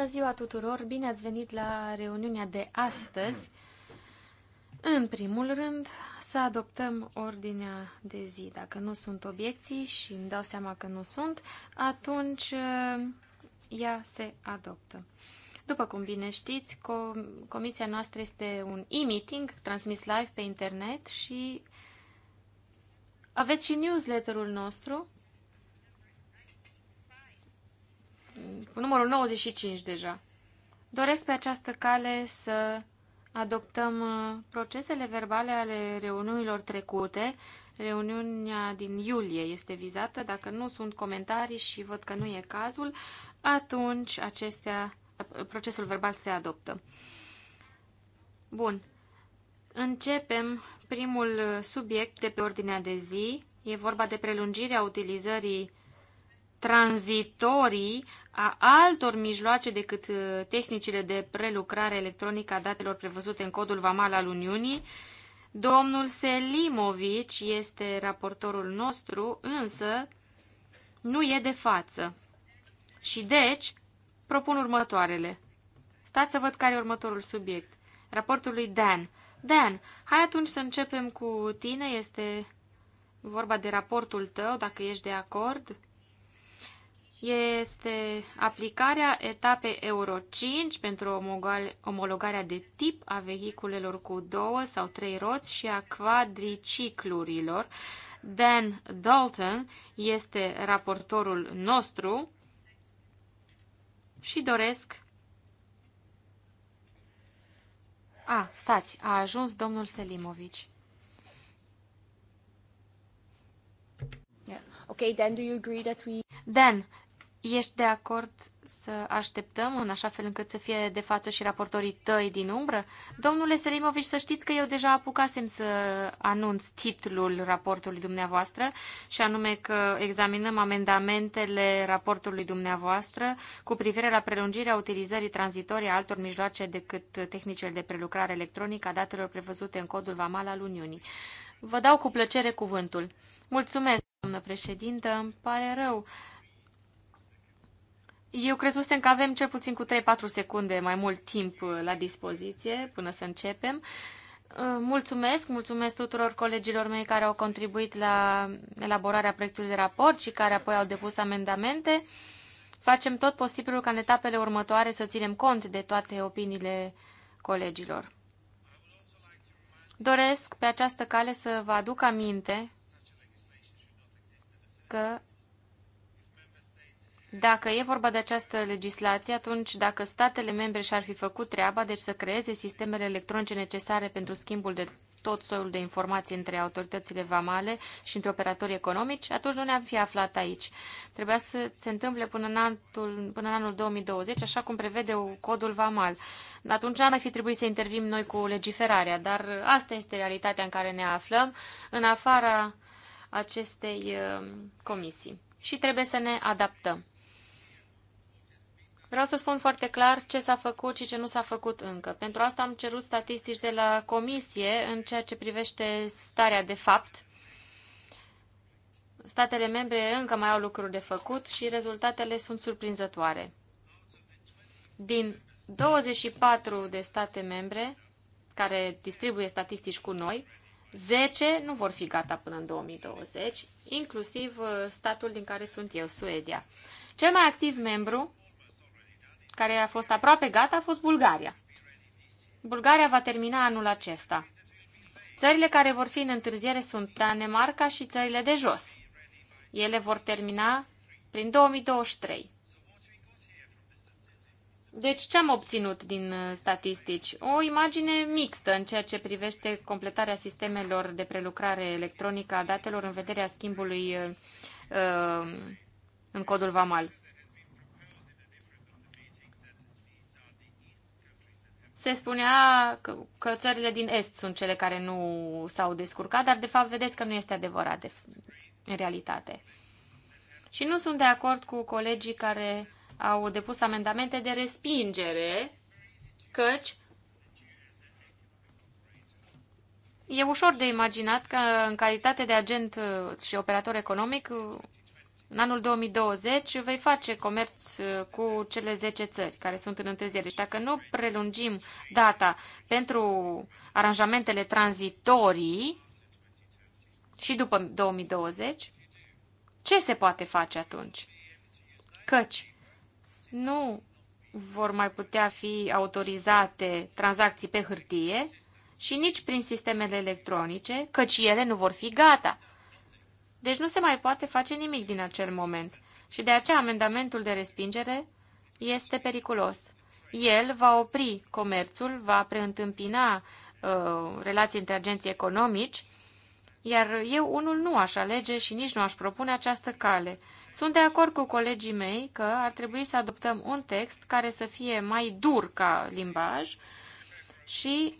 Bună ziua tuturor! Bine ați venit la reuniunea de astăzi. În primul rând, să adoptăm ordinea de zi. Dacă nu sunt obiecții și îmi dau seama că nu sunt, atunci uh, ea se adoptă. După cum bine știți, comisia noastră este un e-meeting transmis live pe internet și aveți și newsletterul nostru cu numărul 95 deja. Doresc pe această cale să adoptăm uh, procesele verbale ale reuniunilor trecute. Reuniunea din iulie este vizată. Dacă nu sunt comentarii și văd că nu e cazul, atunci acestea, uh, procesul verbal se adoptă. Bun. Începem primul uh, subiect de pe ordinea de zi. E vorba de prelungirea utilizării tranzitorii a altor mijloace decât uh, tehnicile de prelucrare electronică a datelor prevăzute în codul vamal al Uniunii. Domnul Selimovic este raportorul nostru, însă nu e de față. Și deci, propun următoarele. Stați să văd care e următorul subiect. Raportul lui Dan. Dan, hai atunci să începem cu tine. Este vorba de raportul tău, dacă ești de acord este aplicarea etapei Euro 5 pentru omologarea de tip a vehiculelor cu două sau trei roți și a quadriciclurilor. Dan Dalton este raportorul nostru și doresc... A, stați, a ajuns domnul Selimovici. Yeah. Okay, Dan, do you agree that we... Dan, Ești de acord să așteptăm în așa fel încât să fie de față și raportorii tăi din umbră? Domnule Selimovici, să știți că eu deja apucasem să anunț titlul raportului dumneavoastră și anume că examinăm amendamentele raportului dumneavoastră cu privire la prelungirea utilizării tranzitorii a altor mijloace decât tehnicile de prelucrare electronică a datelor prevăzute în codul VAMAL al Uniunii. Vă dau cu plăcere cuvântul. Mulțumesc, doamnă președintă, îmi pare rău. Eu crezusem că avem cel puțin cu 3-4 secunde mai mult timp uh, la dispoziție până să începem. Uh, mulțumesc, mulțumesc tuturor colegilor mei care au contribuit la elaborarea proiectului de raport și care apoi au depus amendamente. Facem tot posibilul ca în etapele următoare să ținem cont de toate opiniile colegilor. Doresc pe această cale să vă aduc aminte că dacă e vorba de această legislație, atunci dacă statele membre și-ar fi făcut treaba, deci să creeze sistemele electronice necesare pentru schimbul de tot soiul de informații între autoritățile vamale și între operatori economici, atunci nu ne-am fi aflat aici. Trebuia să se întâmple până în anul, până în anul 2020, așa cum prevede codul vamal. Atunci n-ar fi trebuit să intervim noi cu legiferarea, dar asta este realitatea în care ne aflăm, în afara acestei uh, comisii. Și trebuie să ne adaptăm. Vreau să spun foarte clar ce s-a făcut și ce nu s-a făcut încă. Pentru asta am cerut statistici de la comisie în ceea ce privește starea de fapt. Statele membre încă mai au lucruri de făcut și rezultatele sunt surprinzătoare. Din 24 de state membre care distribuie statistici cu noi, 10 nu vor fi gata până în 2020, inclusiv uh, statul din care sunt eu, Suedia. Cel mai activ membru care a fost aproape gata a fost Bulgaria. Bulgaria va termina anul acesta. Țările care vor fi în întârziere sunt Danemarca și țările de jos. Ele vor termina prin 2023. Deci ce am obținut din uh, statistici? O imagine mixtă în ceea ce privește completarea sistemelor de prelucrare electronică a datelor în vederea schimbului uh, uh în codul VAMAL. se spunea că, că țările din Est sunt cele care nu s-au descurcat, dar de fapt vedeți că nu este adevărat de, în realitate. Și nu sunt de acord cu colegii care au depus amendamente de respingere, căci e ușor de imaginat că în calitate de agent și operator economic în anul 2020 vei face comerț uh, cu cele 10 țări care sunt în întârziere. Și deci dacă nu prelungim data pentru aranjamentele tranzitorii și după 2020, ce se poate face atunci? Căci nu vor mai putea fi autorizate tranzacții pe hârtie și nici prin sistemele electronice, căci ele nu vor fi gata. Deci nu se mai poate face nimic din acel moment și de aceea amendamentul de respingere este periculos. El va opri comerțul, va preîntâmpina uh, relații între agenții economici, iar eu unul nu aș alege și nici nu aș propune această cale. Sunt de acord cu colegii mei că ar trebui să adoptăm un text care să fie mai dur ca limbaj și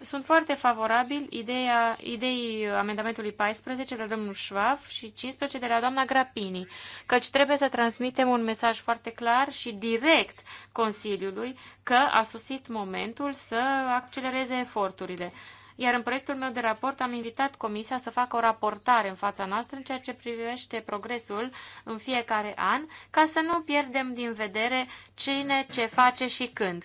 sunt foarte favorabil ideea, ideii amendamentului 14 de la domnul Schwab și 15 de la doamna Grapini, căci trebuie să transmitem un mesaj foarte clar și direct Consiliului că a sosit momentul să accelereze eforturile. Iar în proiectul meu de raport am invitat Comisia să facă o raportare în fața noastră în ceea ce privește progresul în fiecare an, ca să nu pierdem din vedere cine ce face și când.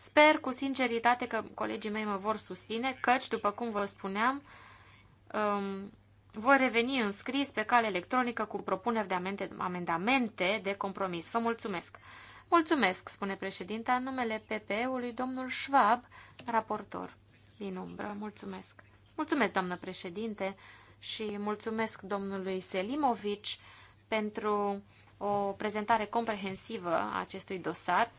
Sper cu sinceritate că colegii mei mă vor susține, căci, după cum vă spuneam, um, voi reveni în scris pe cale electronică cu propuneri de amendamente de compromis. Vă mulțumesc! Mulțumesc, spune președinta, în numele PPE-ului domnul Schwab, raportor din umbră. Mulțumesc! Mulțumesc, doamnă președinte, și mulțumesc domnului Selimovici pentru o prezentare comprehensivă a acestui dosar.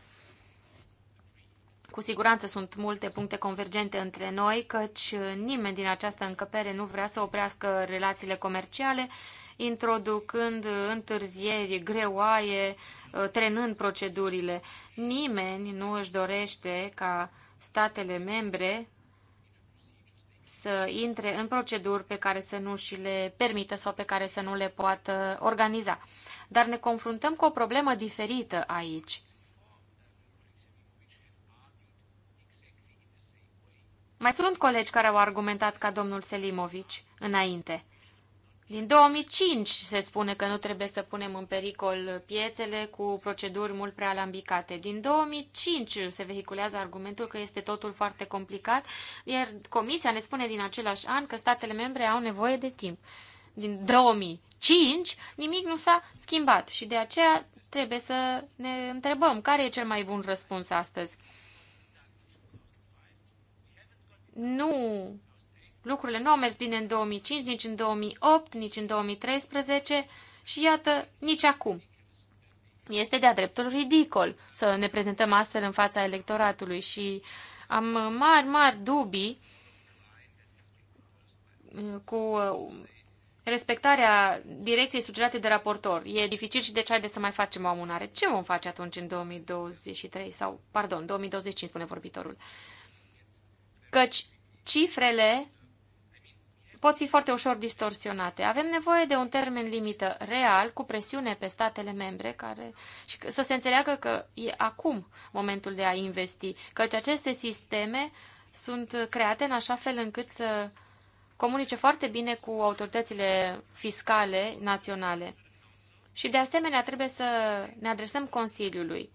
Cu siguranță sunt multe puncte convergente între noi, căci nimeni din această încăpere nu vrea să oprească relațiile comerciale, introducând întârzieri greoaie, ă, trenând procedurile. Nimeni nu își dorește ca statele membre să intre în proceduri pe care să nu și le permită sau pe care să nu le poată organiza. Dar ne confruntăm cu o problemă diferită aici. Mai sunt colegi care au argumentat ca domnul Selimovici înainte. Din 2005 se spune că nu trebuie să punem în pericol piețele cu proceduri mult prea alambicate. Din 2005 se vehiculează argumentul că este totul foarte complicat, iar Comisia ne spune din același an că statele membre au nevoie de timp. Din 2005 nimic nu s-a schimbat și de aceea trebuie să ne întrebăm care e cel mai bun răspuns astăzi nu, lucrurile nu au mers bine în 2005, nici în 2008, nici în 2013 și iată, nici acum. Este de-a dreptul ridicol să ne prezentăm astfel în fața electoratului și am mari, mari dubii uh, cu uh, respectarea direcției sugerate de raportor. E dificil și de ce de să mai facem o amânare. Ce vom face atunci în 2023 sau, pardon, 2025, spune vorbitorul. Uh, căci cifrele pot fi foarte ușor distorsionate. Avem nevoie de un termen limită real, cu presiune pe statele membre, care, și să se înțeleagă că e acum momentul de a investi, căci aceste sisteme sunt create în așa fel încât să comunice foarte bine cu autoritățile fiscale naționale. Și de asemenea trebuie să ne adresăm Consiliului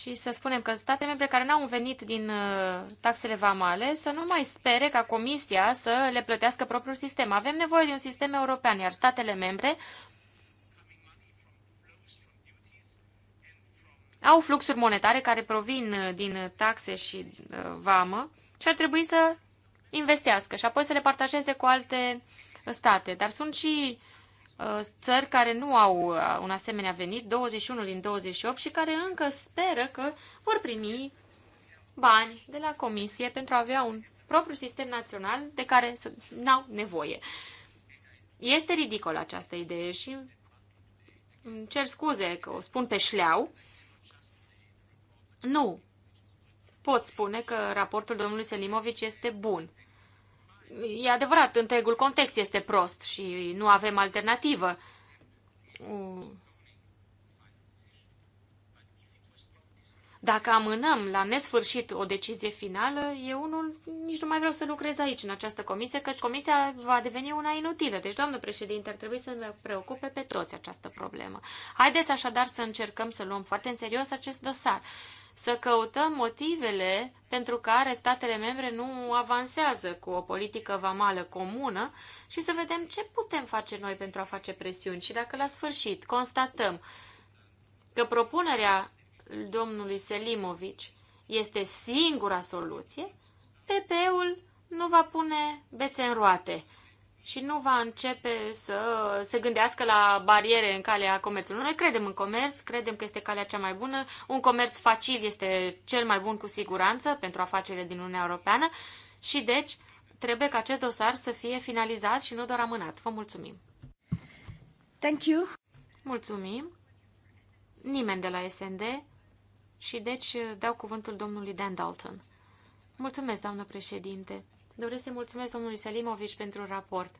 și să spunem că statele membre care n-au venit din uh, taxele vamale să nu mai spere ca Comisia să le plătească propriul sistem. Avem nevoie de un sistem european, iar statele membre au fluxuri monetare care provin uh, din taxe și uh, vamă și ar trebui să investească și apoi să le partajeze cu alte state. Dar sunt și uh, Uh, țări care nu au uh, un asemenea venit, 21 din 28, și care încă speră că vor primi bani de la Comisie pentru a avea un propriu sistem național de care n-au nevoie. Este ridicol această idee și îmi cer scuze că o spun pe șleau. Nu pot spune că raportul domnului Selimovic este bun. E adevărat, întregul context este prost și nu avem alternativă. Dacă amânăm la nesfârșit o decizie finală, eu unul nici nu mai vreau să lucrez aici, în această comisie, căci comisia va deveni una inutilă. Deci, doamnă președinte, ar trebui să ne preocupe pe toți această problemă. Haideți așadar să încercăm să luăm foarte în serios acest dosar să căutăm motivele pentru care statele membre nu avansează cu o politică vamală comună și să vedem ce putem face noi pentru a face presiuni și dacă la sfârșit constatăm că propunerea domnului Selimovici este singura soluție, PP-ul nu va pune bețe în roate și nu va începe să se gândească la bariere în calea comerțului. Noi credem în comerț, credem că este calea cea mai bună. Un comerț facil este cel mai bun cu siguranță pentru afacerile din Uniunea Europeană și deci trebuie ca acest dosar să fie finalizat și nu doar amânat. Vă mulțumim! Thank you! Mulțumim! Nimeni de la SND și deci dau cuvântul domnului Dan Dalton. Mulțumesc, doamnă președinte! Doresc să mulțumesc domnului Selimovici pentru raport.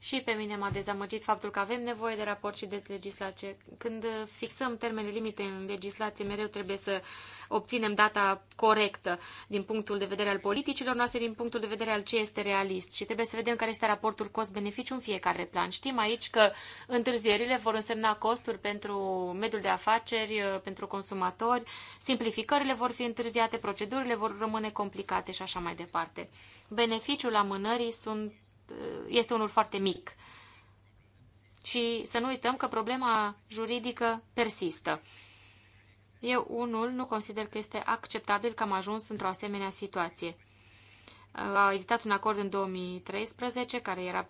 Și pe mine m-a dezamăgit faptul că avem nevoie de raport și de legislație. Când fixăm termene limite în legislație, mereu trebuie să obținem data corectă din punctul de vedere al politicilor noastre, din punctul de vedere al ce este realist. Și trebuie să vedem care este raportul cost-beneficiu în fiecare plan. Știm aici că întârzierile vor însemna costuri pentru mediul de afaceri, pentru consumatori, simplificările vor fi întârziate, procedurile vor rămâne complicate și așa mai departe. Beneficiul amânării sunt este unul foarte mic. Și să nu uităm că problema juridică persistă. Eu, unul, nu consider că este acceptabil că am ajuns într-o asemenea situație. A existat un acord în 2013 care era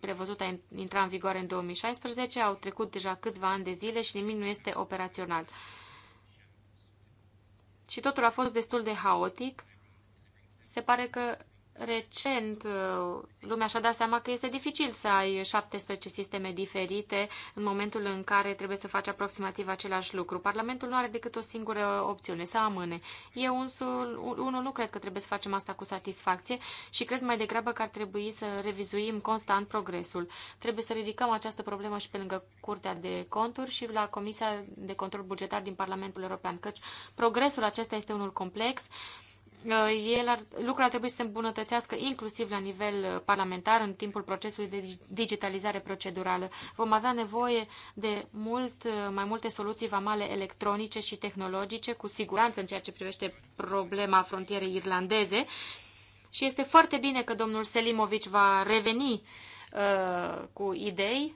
prevăzut a intra în vigoare în 2016, au trecut deja câțiva ani de zile și nimic nu este operațional. Și totul a fost destul de haotic. Se pare că recent uh, lumea și-a dat seama că este dificil să ai 17 sisteme diferite în momentul în care trebuie să faci aproximativ același lucru. Parlamentul nu are decât o singură opțiune, să amâne. Eu însul, unul nu cred că trebuie să facem asta cu satisfacție și cred mai degrabă că ar trebui să revizuim constant progresul. Trebuie să ridicăm această problemă și pe lângă Curtea de Conturi și la Comisia de Control Bugetar din Parlamentul European, căci progresul acesta este unul complex Uh, el ar, lucrul ar trebui să se îmbunătățească inclusiv la nivel uh, parlamentar în timpul procesului de digitalizare procedurală. Vom avea nevoie de mult uh, mai multe soluții vamale electronice și tehnologice, cu siguranță în ceea ce privește problema frontierei irlandeze. Și este foarte bine că domnul Selimovic va reveni uh, cu idei.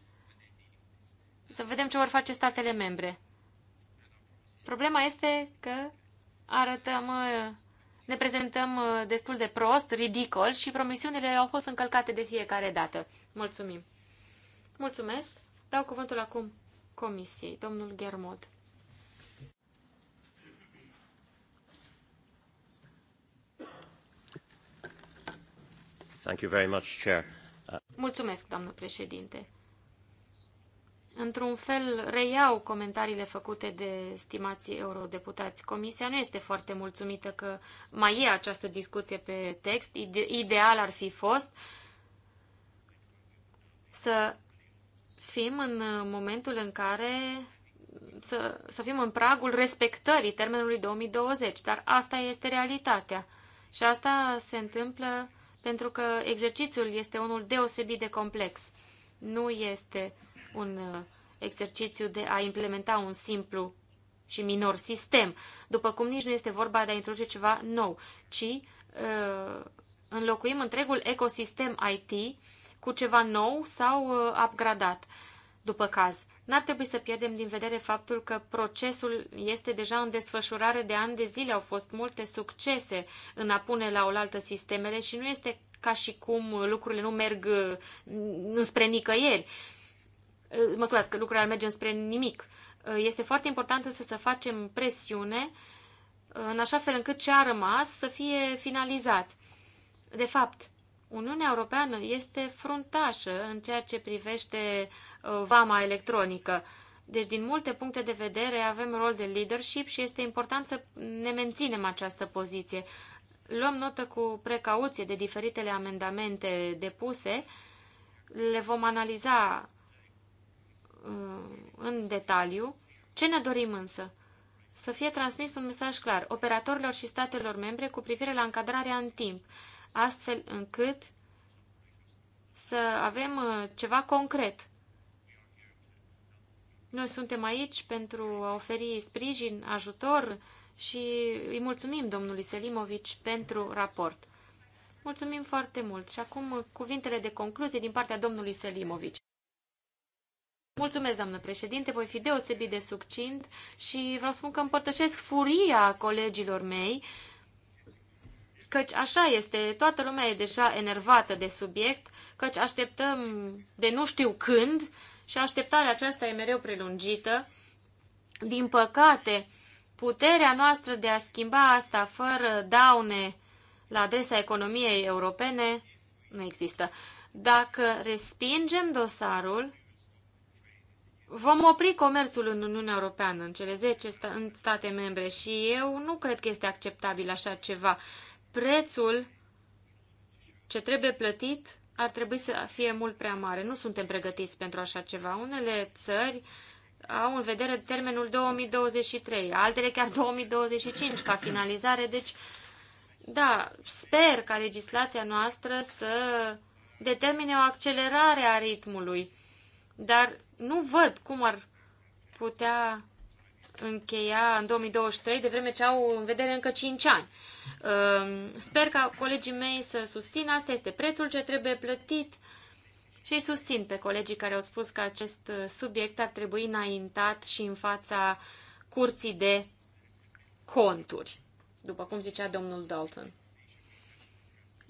Să vedem ce vor face statele membre. Problema este că arătăm... Uh, ne prezentăm uh, destul de prost, ridicol și promisiunile au fost încălcate de fiecare dată. Mulțumim! Mulțumesc! Dau cuvântul acum Comisiei, domnul Germod. Thank you very much, Chair. Uh, Mulțumesc, doamnă președinte într-un fel reiau comentariile făcute de stimații eurodeputați. Comisia nu este foarte mulțumită că mai e această discuție pe text. Ideal ar fi fost să fim în momentul în care să, să fim în pragul respectării termenului 2020, dar asta este realitatea. Și asta se întâmplă pentru că exercițiul este unul deosebit de complex. Nu este un uh, exercițiu de a implementa un simplu și minor sistem, după cum nici nu este vorba de a introduce ceva nou, ci uh, înlocuim întregul ecosistem IT cu ceva nou sau uh, upgradat, după caz. N-ar trebui să pierdem din vedere faptul că procesul este deja în desfășurare de ani de zile, au fost multe succese în a pune la oaltă sistemele și nu este ca și cum lucrurile nu merg uh, înspre nicăieri. Uh, mă scuzați că lucrurile ar merge spre nimic. Uh, este foarte important însă să facem presiune uh, în așa fel încât ce a rămas să fie finalizat. De fapt, Uniunea Europeană este fruntașă în ceea ce privește uh, vama electronică. Deci, din multe puncte de vedere, avem rol de leadership și este important să ne menținem această poziție. Luăm notă cu precauție de diferitele amendamente depuse, le vom analiza Uh, în detaliu. Ce ne dorim însă? Să fie transmis un mesaj clar operatorilor și statelor membre cu privire la încadrarea în timp, astfel încât să avem uh, ceva concret. Noi suntem aici pentru a oferi sprijin, ajutor și îi mulțumim domnului Selimovic pentru raport. Mulțumim foarte mult și acum uh, cuvintele de concluzie din partea domnului Selimovici. Mulțumesc, doamnă președinte, voi fi deosebit de succint și vreau să spun că împărtășesc furia colegilor mei, căci așa este, toată lumea e deja enervată de subiect, căci așteptăm de nu știu când și așteptarea aceasta e mereu prelungită. Din păcate, puterea noastră de a schimba asta fără daune la adresa economiei europene nu există. Dacă respingem dosarul, vom opri comerțul în Uniunea Europeană, în cele 10 sta- în state membre și eu nu cred că este acceptabil așa ceva. Prețul ce trebuie plătit ar trebui să fie mult prea mare. Nu suntem pregătiți pentru așa ceva. Unele țări au în vedere termenul 2023, altele chiar 2025 ca finalizare. Deci, da, sper ca legislația noastră să determine o accelerare a ritmului. Dar nu văd cum ar putea încheia în 2023, de vreme ce au în vedere încă 5 ani. Ehm, sper ca colegii mei să susțină, asta este prețul ce trebuie plătit și îi susțin pe colegii care au spus că acest subiect ar trebui înaintat și în fața curții de conturi, după cum zicea domnul Dalton.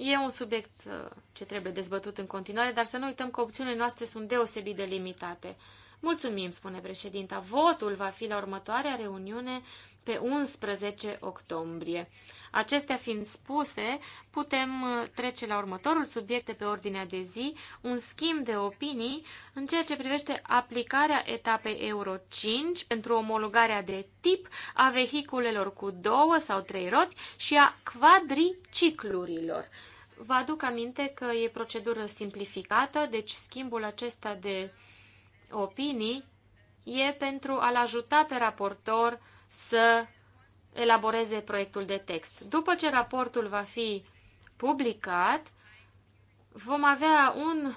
E un subiect uh, ce trebuie dezbătut în continuare, dar să nu uităm că opțiunile noastre sunt deosebit de limitate. Mulțumim, spune președinta. Votul va fi la următoarea reuniune pe 11 octombrie. Acestea fiind spuse, putem uh, trece la următorul subiect de pe ordinea de zi, un schimb de opinii în ceea ce privește aplicarea etapei Euro 5 pentru omologarea de tip a vehiculelor cu două sau trei roți și a quadriciclurilor. Vă aduc aminte că e procedură simplificată, deci schimbul acesta de opinii e pentru a-l ajuta pe raportor să elaboreze proiectul de text. După ce raportul va fi publicat, vom avea un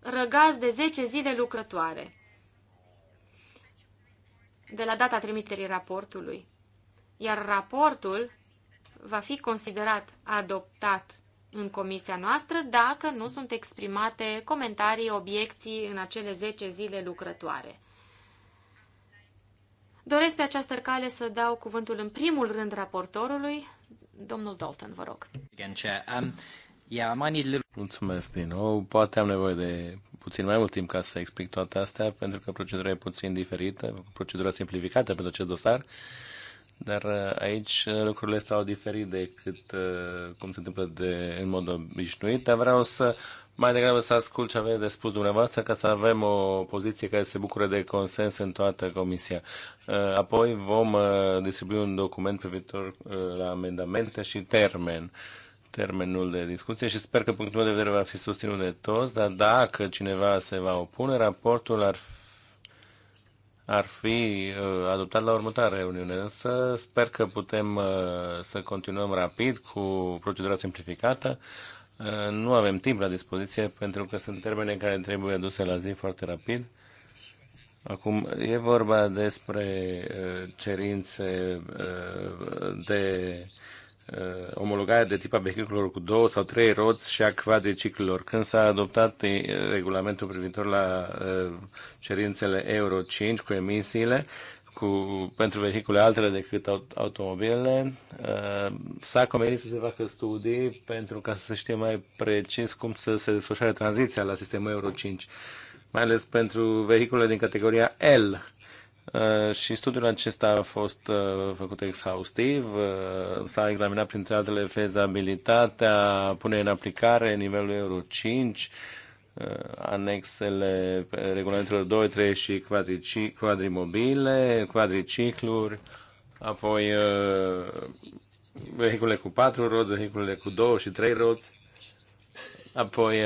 răgaz de 10 zile lucrătoare de la data trimiterii raportului, iar raportul va fi considerat adoptat în comisia noastră dacă nu sunt exprimate comentarii, obiecții în acele 10 zile lucrătoare. Doresc pe această cale să dau cuvântul în primul rând raportorului, domnul Dalton, vă rog. Um, Mulțumesc din nou. Poate am nevoie de puțin mai mult timp ca să explic toate astea, pentru că procedura e puțin diferită, procedura simplificată pentru acest dosar. Dar uh, aici uh, lucrurile stau diferit decât uh, cum se întâmplă de, în mod obișnuit, dar vreau să mai degrabă să ascult ce aveți de spus dumneavoastră ca să avem o poziție care se bucure de consens în toată comisia. Apoi vom distribui un document privitor la amendamente și termen termenul de discuție și sper că punctul meu de vedere va fi susținut de toți, dar dacă cineva se va opune, raportul ar ar fi uh, adoptat la următoarea reuniune, însă sper că putem uh, să continuăm rapid cu procedura simplificată. Uh, nu avem timp la dispoziție pentru că sunt termene care trebuie aduse la zi foarte rapid. Acum, e vorba despre cerințe de uh, omologarea de tip a vehiculelor cu două sau trei roți și a quadriciclilor. Când s-a adoptat uh, regulamentul privitor la uh, cerințele Euro 5 cu emisiile, cu, pentru vehicule altele decât automobile, uh, s-a convenit să se facă studii pentru ca să se știe mai precis cum să se desfășoare tranziția la sistemul Euro 5, mai ales pentru vehicule din categoria L Uh, și studiul acesta a fost uh, făcut exhaustiv, uh, s-a examinat printre altele fezabilitatea, pune în aplicare nivelul Euro 5, anexele regulamentelor 2, 3 și quadrici, quadrimobile, quadricicluri, apoi vehicule cu 4 roți, vehicule cu 2 și 3 roți, apoi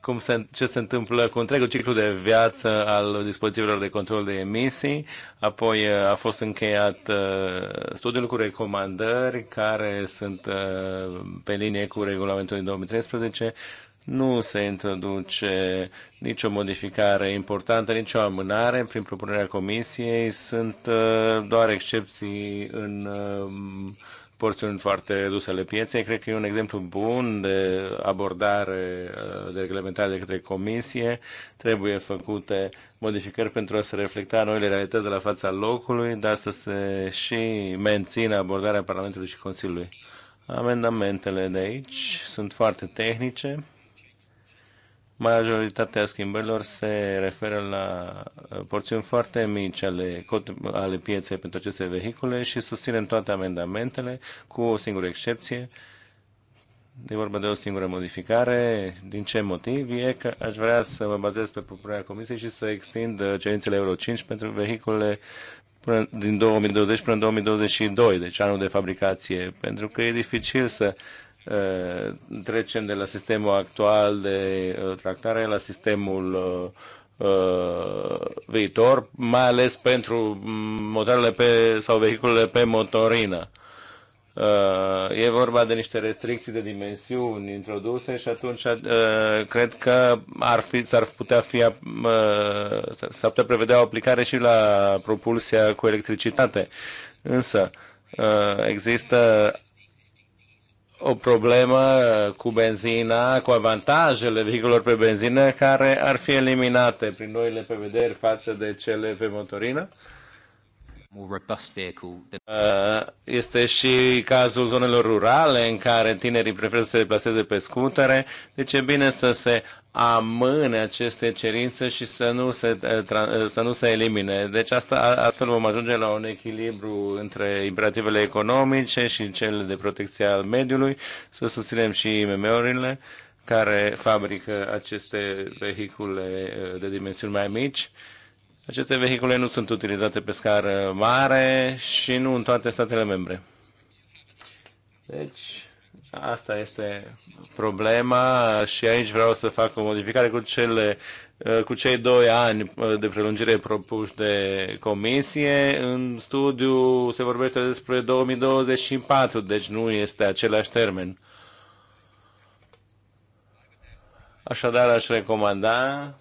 cum se, ce se întâmplă cu întregul ciclu de viață al dispozitivelor de control de emisii. Apoi uh, a fost încheiat uh, studiul cu recomandări care sunt uh, pe linie cu regulamentul din 2013. Nu se introduce nicio modificare importantă, nicio amânare prin propunerea comisiei. Sunt doar excepții în um, porțiuni foarte reduse ale pieței. Cred că e un exemplu bun de abordare, de reglementare de către comisie. Trebuie făcute modificări pentru a se reflecta noile realități de la fața locului, dar să se și mențină abordarea Parlamentului și Consiliului. Amendamentele de aici sunt foarte tehnice Majoritatea schimbărilor se referă la uh, porțiuni foarte mici ale, ale pieței pentru aceste vehicule și susținem toate amendamentele, cu o singură excepție. E vorba de o singură modificare. Din ce motiv? E că aș vrea să mă bazez pe propunerea Comisiei și să extind uh, cerințele Euro 5 pentru vehicule până, din 2020 până în 2022, deci anul de fabricație, pentru că e dificil să Uh, trecem de la sistemul actual de uh, tractare la sistemul uh, viitor, mai ales pentru motoarele pe, sau vehiculele pe motorină. e vorba de niște restricții de dimensiuni introduse și atunci cred că ar fi, s-ar putea fi s-ar putea prevedea o aplicare și la propulsia cu electricitate. Însă există o problemă cu benzina, cu avantajele vehiculelor pe benzină care ar fi eliminate prin noile prevederi față de cele pe motorină? Uh, este și cazul zonelor rurale în care tinerii preferă să se deplaseze pe scutere, deci e bine să se amâne aceste cerințe și să nu se, uh, uh, să nu se elimine. Deci asta, astfel vom ajunge la un echilibru între imperativele economice și cele de protecție al mediului, să susținem și IMM-urile care fabrică aceste vehicule de dimensiuni mai mici aceste vehicule nu sunt utilizate pe scară mare și nu în toate statele membre. Deci, asta este problema și aici vreau să fac o modificare cu cele cu cei doi ani de prelungire propuși de comisie. În studiu se vorbește despre 2024, deci nu este același termen. Așadar, aș recomanda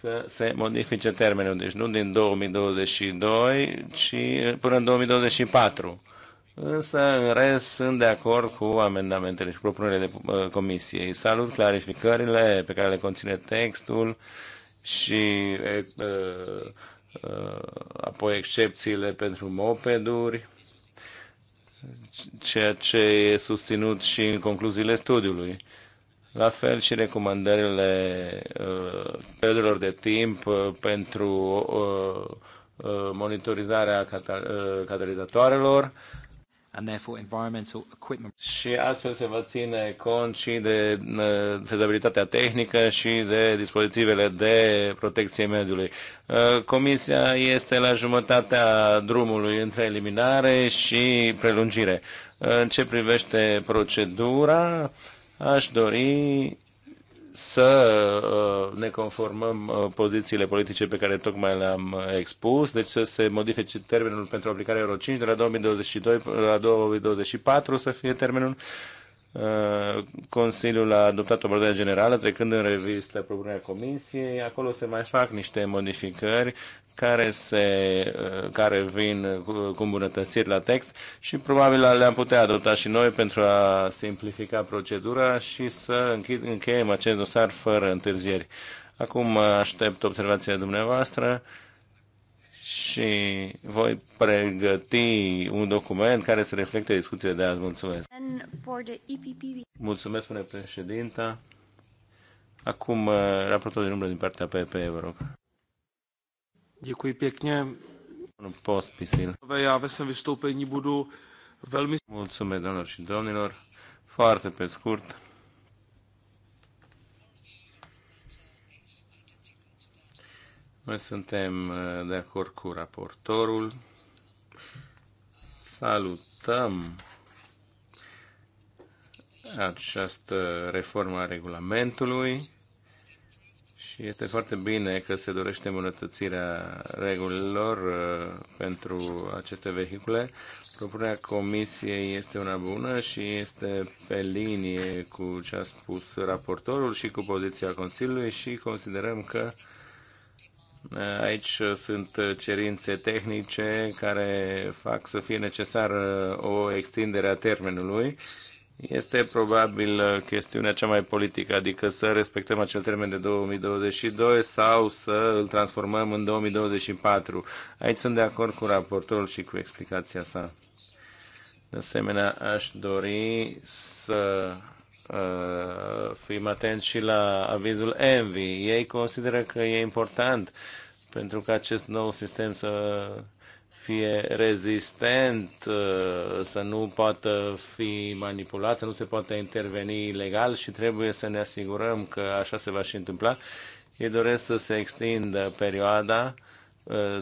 să se modifice termenul, deci nu din 2022, ci până în 2024. Însă, în rest, sunt de acord cu amendamentele și propunerile de uh, comisiei. Salut clarificările pe care le conține textul și uh, uh, apoi excepțiile pentru mopeduri, ceea ce e susținut și în concluziile studiului. La fel și recomandările uh, perioadelor de timp uh, pentru uh, uh, monitorizarea catal- uh, catalizatoarelor. And therefore environmental equipment. Și astfel se va ține cont și de uh, fezabilitatea tehnică și de dispozitivele de protecție mediului. Uh, comisia este la jumătatea drumului între eliminare și prelungire. Uh, în ce privește procedura, uh, Aș dori să uh, ne conformăm uh, pozițiile politice pe care tocmai le-am uh, expus, deci să se modifice termenul pentru aplicarea Euro 5 de la 2022 la 2024 să fie termenul Uh, Consiliul a adoptat o abordare generală, trecând în revistă propunerea Comisiei. Acolo se mai fac niște modificări care, se, uh, care vin cu îmbunătățiri la text și probabil le-am putea adopta și noi pentru a simplifica procedura și să încheiem acest dosar fără întârzieri. Acum uh, aștept observația dumneavoastră și voi pregăti un document care să reflecte discuțiile de azi. Mulțumesc! Mulțumesc, spune președinta. Acum, uh, raportul din umbră din partea PP, vă rog. Děkuji pěkně. Pospisil. Já ve svém vystoupení budu velmi... Mulțumesc, doamnelor și domnilor. Foarte pe scurt. Noi suntem uh, de acord cu raportorul. Salutăm această reformă a regulamentului și este foarte bine că se dorește îmbunătățirea regulilor uh, pentru aceste vehicule. Propunerea comisiei este una bună și este pe linie cu ce a spus raportorul și cu poziția Consiliului și considerăm că Aici sunt cerințe tehnice care fac să fie necesară o extindere a termenului. Este probabil chestiunea cea mai politică, adică să respectăm acel termen de 2022 sau să îl transformăm în 2024. Aici sunt de acord cu raportorul și cu explicația sa. De asemenea, aș dori să Uh, fim atenți și la avizul Envy. Ei consideră că e important pentru că acest nou sistem să fie rezistent, uh, să nu poată fi manipulat, să nu se poată interveni ilegal și trebuie să ne asigurăm că așa se va și întâmpla. Ei doresc să se extindă perioada uh,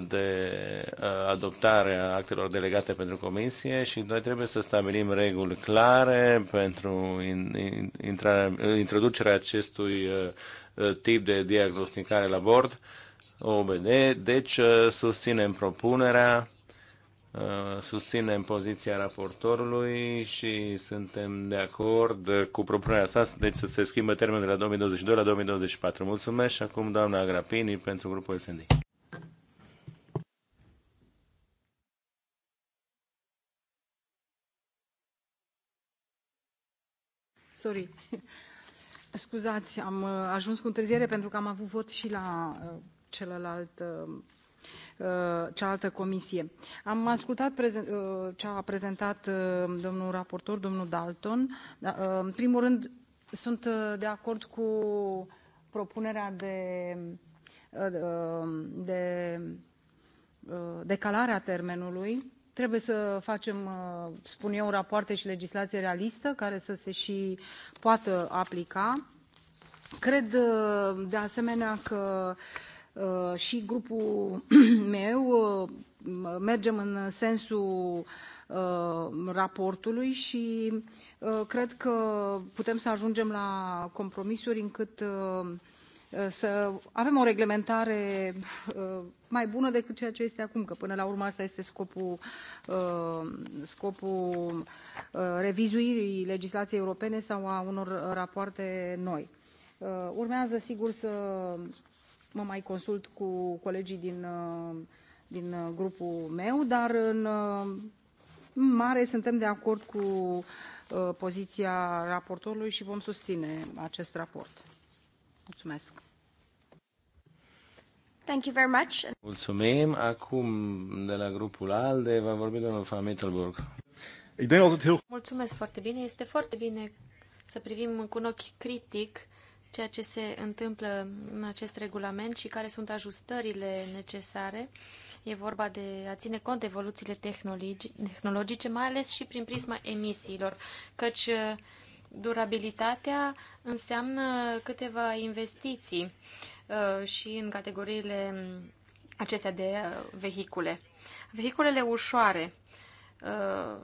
de uh, adoptare a actelor delegate pentru comisie și noi trebuie să stabilim reguli clare pentru introducerea acestui uh, uh, tip de diagnosticare la bord OBD. Deci susținem propunerea, susținem poziția raportorului și suntem de acord cu propunerea sa, deci să se schimbă termenul de la 2022 la 2024. Mulțumesc și acum doamna agrapini pentru grupul SND. Sorry. Scuzați, am uh, ajuns cu întârziere pentru că am avut vot și la uh, celălalt uh, cealaltă comisie. Am ascultat ce a prezentat domnul raportor, domnul Dalton. Da, în primul rând, sunt de acord cu propunerea de, de decalarea termenului Trebuie să facem, uh, spun eu, rapoarte și legislație realistă care să se și poată aplica. Cred, uh, de asemenea, că uh, și grupul meu mergem în sensul raportului și cred că putem să ajungem la compromisuri încât să avem o reglementare uh, mai bună decât ceea ce este acum, că până la urmă asta este scopul, uh, scopul uh, revizuirii legislației europene sau a unor rapoarte noi. Urmează, sigur, să mă mai consult cu colegii din, din grupul meu, dar în mare suntem de acord cu poziția raportorului și vom susține acest raport. Mulțumesc! Thank you very much. Mulțumim. Acum, de la grupul ALDE, va vorbi domnul Van Mittelburg. Mulțumesc foarte bine. Este foarte bine să privim cu un ochi critic ceea ce se întâmplă în acest regulament și care sunt ajustările necesare. E vorba de a ține cont de evoluțiile tehnologice, mai ales și prin prisma emisiilor, căci Durabilitatea înseamnă câteva investiții uh, și în categoriile acestea de uh, vehicule. Vehiculele ușoare, uh,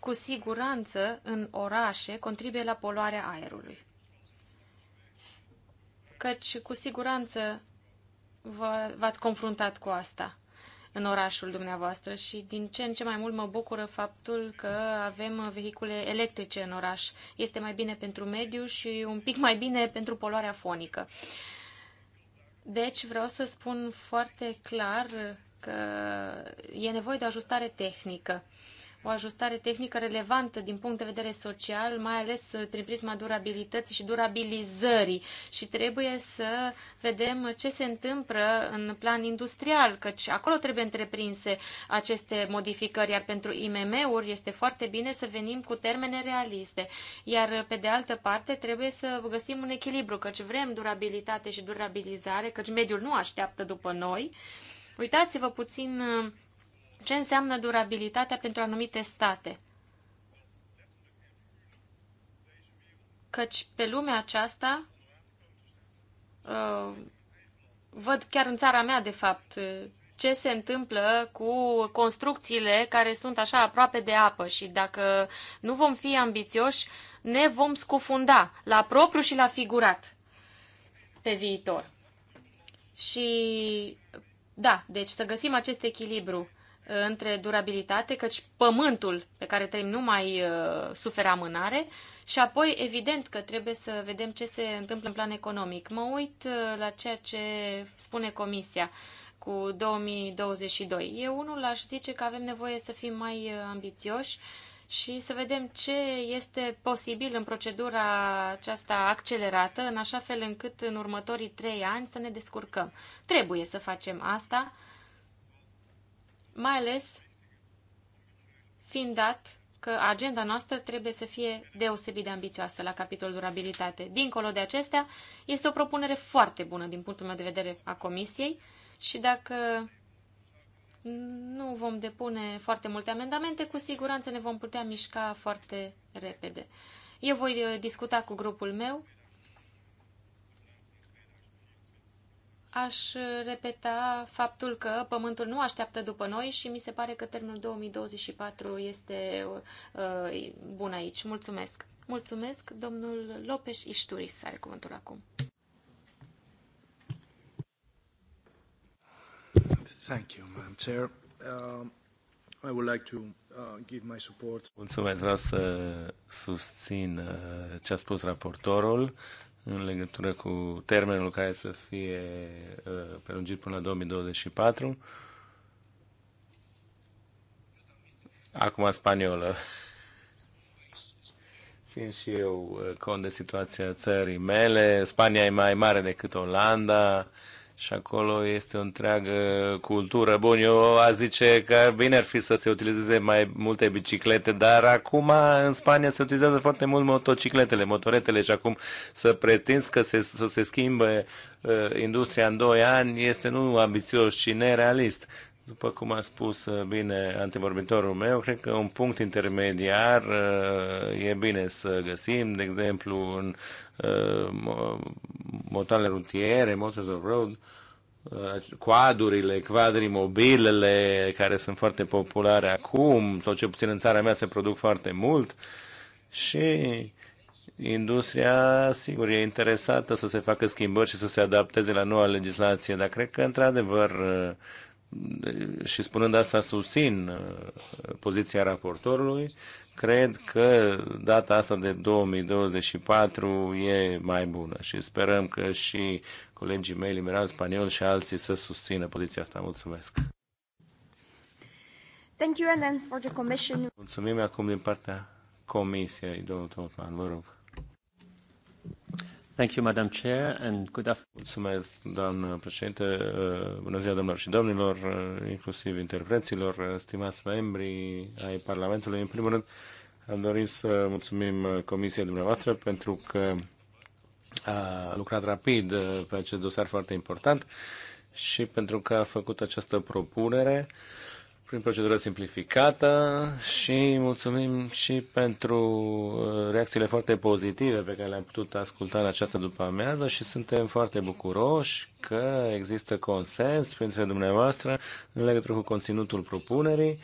cu siguranță, în orașe, contribuie la poluarea aerului. Căci, cu siguranță, v-ați confruntat cu asta în orașul dumneavoastră și din ce în ce mai mult mă bucură faptul că avem vehicule electrice în oraș. Este mai bine pentru mediu și un pic mai bine pentru poluarea fonică. Deci vreau să spun foarte clar că e nevoie de o ajustare tehnică. Uh, o ajustare tehnică relevantă din punct de vedere social, mai ales uh, prin prisma durabilității și durabilizării. Și trebuie să vedem ce se întâmplă în plan industrial, căci acolo trebuie întreprinse aceste modificări, iar pentru IMM-uri este foarte bine să venim cu termene realiste. Iar uh, pe de altă parte trebuie să găsim un echilibru, căci vrem durabilitate și durabilizare, căci mediul nu așteaptă după noi. Uitați-vă puțin uh, ce înseamnă durabilitatea pentru anumite state. Căci pe lumea aceasta, uh, văd chiar în țara mea, de fapt, ce se întâmplă cu construcțiile care sunt așa aproape de apă și dacă nu vom fi ambițioși, ne vom scufunda la propriu și la figurat pe viitor. Și da, deci să găsim acest echilibru între durabilitate, căci pământul pe care trăim nu mai uh, suferă amânare și apoi, evident că trebuie să vedem ce se întâmplă în plan economic. Mă uit uh, la ceea ce spune Comisia cu 2022. Eu unul aș zice că avem nevoie să fim mai uh, ambițioși și să vedem ce este posibil în procedura aceasta accelerată, în așa fel încât în următorii trei ani să ne descurcăm. Trebuie să facem asta mai ales fiind dat că agenda noastră trebuie să fie deosebit de ambițioasă la capitolul durabilitate. Dincolo de acestea, este o propunere foarte bună din punctul meu de vedere a Comisiei și dacă nu vom depune foarte multe amendamente, cu siguranță ne vom putea mișca foarte repede. Eu voi discuta cu grupul meu aș repeta faptul că Pământul nu așteaptă după noi și mi se pare că termenul 2024 este uh, bun aici. Mulțumesc! Mulțumesc, domnul Lopes Ișturis are cuvântul acum. Thank you, Madam Chair. Uh, I would like to uh, give my support. Mulțumesc, vreau să susțin uh, ce a spus raportorul în legătură cu termenul care să fie uh, prelungit până la 2024. Acum spaniolă. Țin și eu uh, cont de situația țării mele. Spania e mai mare decât Olanda și acolo este o întreagă cultură. Bun, eu a zice că bine ar fi să se utilizeze mai multe biciclete, dar acum în Spania se utilizează foarte mult motocicletele, motoretele și acum să pretinzi că se, să se schimbe uh, industria în 2 ani este nu ambițios, ci nerealist. După cum a spus uh, bine antevorbitorul meu, cred că un punct intermediar uh, e bine să găsim, de exemplu, în Uh, motoarele rutiere, motors of road, uh, quadurile, quadrimobilele care sunt foarte populare acum, sau ce puțin în țara mea se produc foarte mult și industria, sigur, e interesată să se facă schimbări și să se adapteze la noua legislație, dar cred că, într-adevăr, uh, și spunând asta, susțin poziția raportorului cred că data asta de 2024 e mai bună și sperăm că și colegii mei liberal spaniol și alții să susțină poziția asta. Mulțumesc! Thank you, and then for the commission. Mulțumim acum din partea Comisiei, domnul Totman, vă rog. Mulțumesc, doamnă președinte, uh, bună ziua, domnilor și domnilor, uh, inclusiv interpreților, uh, stimați membri ai Parlamentului. În primul rând, am dorit să mulțumim Comisiei dumneavoastră pentru că a lucrat rapid pe acest dosar foarte important și pentru că a făcut această propunere uh, prin procedură simplificată și mulțumim și pentru uh, reacțiile foarte pozitive pe care le-am putut asculta în această după amiază și suntem foarte bucuroși că există consens printre dumneavoastră în legătură cu conținutul propunerii.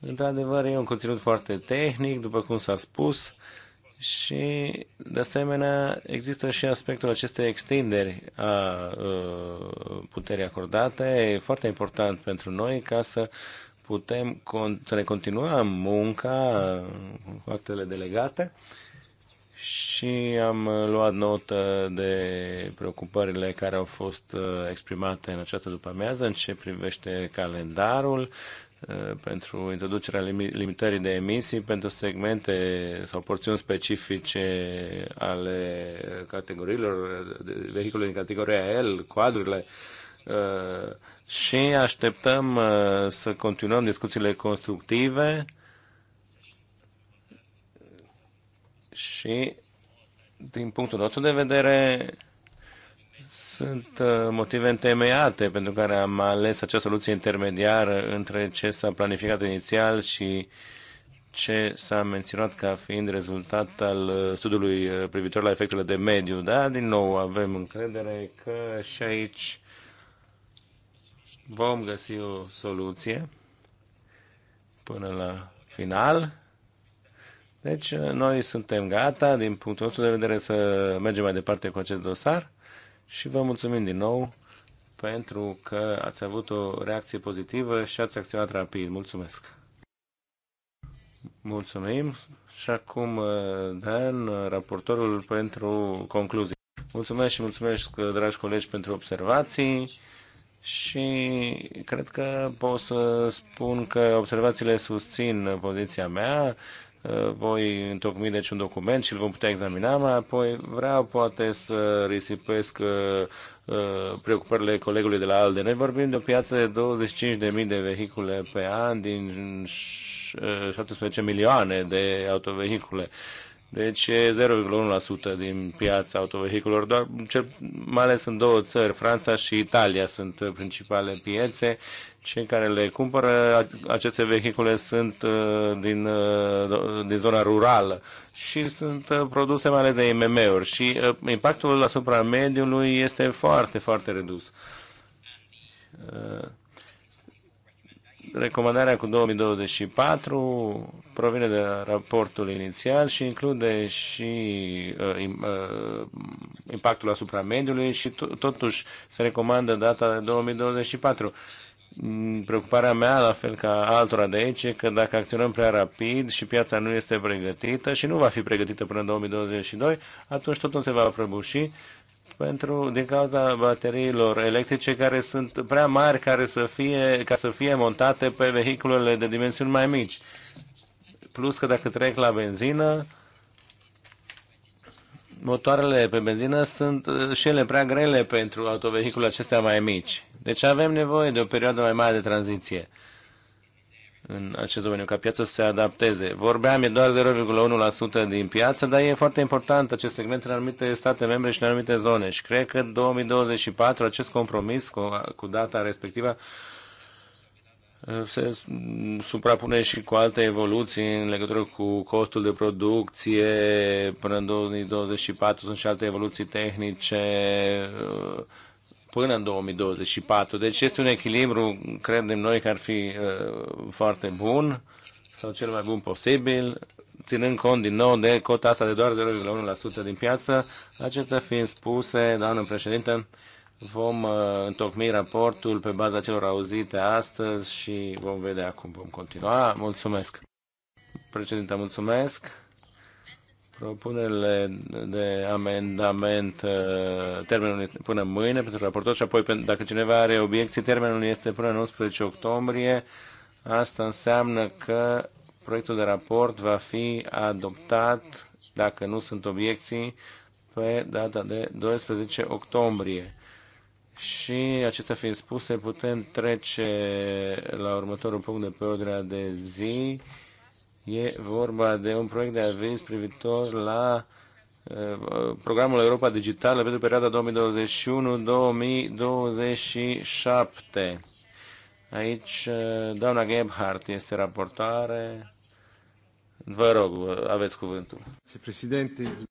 Într-adevăr, e un conținut foarte tehnic, după cum s-a spus, și, de asemenea, există și aspectul acestei extinderi a, a uh, puterii acordate. E foarte important pentru noi ca să putem să ne continuăm munca cu actele delegate și am luat notă de preocupările care au fost uh, exprimate în această după-amiază în ce privește calendarul uh, pentru introducerea limitării de emisii pentru segmente sau porțiuni specifice ale categoriilor, vehicule din categoria L, quadrurile, Uh, și așteptăm uh, să continuăm discuțiile constructive și din punctul nostru de vedere sunt uh, motive întemeiate pentru care am ales acea soluție intermediară între ce s-a planificat inițial și ce s-a menționat ca fiind rezultat al studiului privitor la efectele de mediu. Da, din nou avem încredere că și aici vom găsi o soluție până la final. Deci noi suntem gata din punctul nostru de vedere să mergem mai departe cu acest dosar și vă mulțumim din nou pentru că ați avut o reacție pozitivă și ați acționat rapid. Mulțumesc! Mulțumim și acum uh, Dan, raportorul pentru concluzii. Mulțumesc și mulțumesc, uh, dragi colegi, pentru observații și cred că pot să spun că observațiile susțin poziția mea. Voi întocmi deci un document și îl vom putea examina mai apoi. Vreau poate să risipesc uh, uh, preocupările colegului de la ALDE. Noi vorbim de o piață de 25.000 de vehicule pe an din 17 uh, milioane de autovehicule. Deci e 0,1% din piața autovehiculor, doar, cel, mai ales în două țări, Franța și Italia sunt principale piețe. Cei care le cumpără aceste vehicule sunt uh, din, uh, din zona rurală și sunt uh, produse mai ales de IMM-uri și impactul asupra mediului este foarte, foarte redus Recomandarea cu 2024 provine de raportul inițial și include și uh, uh impactul asupra mediului și totuși se recomandă data de 2024. Mm, preocuparea mea, la fel ca altora de aici, e că dacă acționăm prea rapid și piața nu este pregătită și nu va fi pregătită până în 2022, atunci totul se va prăbuși pentru, din cauza bateriilor electrice care sunt prea mari care să fie, ca să fie montate pe vehiculele de dimensiuni mai mici. Plus că dacă trec la benzină, motoarele pe benzină sunt uh, și ele prea grele pentru autovehiculele acestea mai mici. Deci avem nevoie de o perioadă mai mare de tranziție în acest domeniu, ca piața să se adapteze. Vorbeam, e doar 0,1% din piață, dar e foarte important acest segment în anumite state membre și în anumite zone. Și cred că 2024 acest compromis cu, cu data respectivă se suprapune și cu alte evoluții în legătură cu costul de producție. Până în 2024 sunt și alte evoluții tehnice până în 2024. Deci este un echilibru, credem noi, că ar fi uh, foarte bun sau cel mai bun posibil, ținând cont din nou de cota asta de doar 0,1% din piață. Acestea fiind spuse, doamnă președinte, vom uh, întocmi raportul pe baza celor auzite astăzi și vom vedea cum vom continua. Mulțumesc! Președinte, mulțumesc! propunerile de amendament, uh, termenul până mâine pentru raportor și apoi dacă cineva are obiecții, termenul este până în 11 octombrie. Asta înseamnă că proiectul de raport va fi adoptat, dacă nu sunt obiecții, pe data de 12 octombrie. Și acestea fiind spuse, putem trece la următorul punct de pe ordinea de zi. E vorba de un proiect de avins privitor la uh, programul Europa Digitală pentru perioada 2021-2027. Aici uh, doamna Gebhardt este raportoare. Vă rog, uh, aveți cuvântul.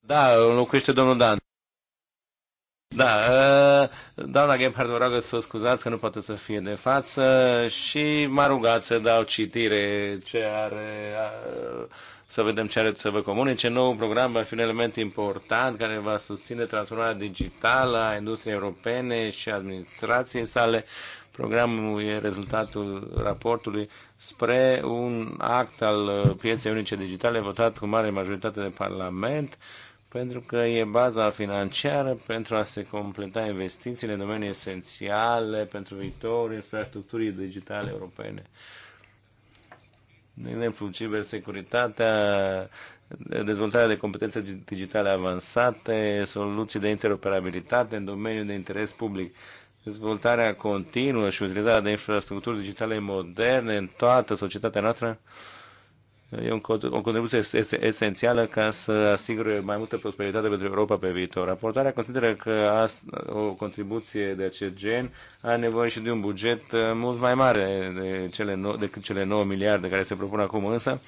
Da, locuiește domnul Dan. Da, doamna Gebhardt, vă rog să o scuzați că nu poate să fie de față și m-a rugat să dau citire ce are, să vedem ce are să vă comunice. Nou program va fi un element important care va susține transformarea digitală a industriei europene și administrației sale. Programul e rezultatul raportului spre un act al pieței unice digitale votat cu mare majoritate de Parlament pentru că e baza financiară pentru a se completa investițiile în domenii esențiale pentru viitorul infrastructurii digitale europene. De exemplu, cibersecuritatea, dezvoltarea de competențe digitale avansate, soluții de interoperabilitate în domeniul de interes public, dezvoltarea continuă și utilizarea de infrastructuri digitale moderne în toată societatea noastră, E un, o contribuție esențială ca să asigure mai multă prosperitate pentru Europa pe viitor. Raportarea consideră că o contribuție de acest gen are nevoie și de un buget uh, mult mai mare de cele no, decât cele 9 miliarde care se propun acum, însă,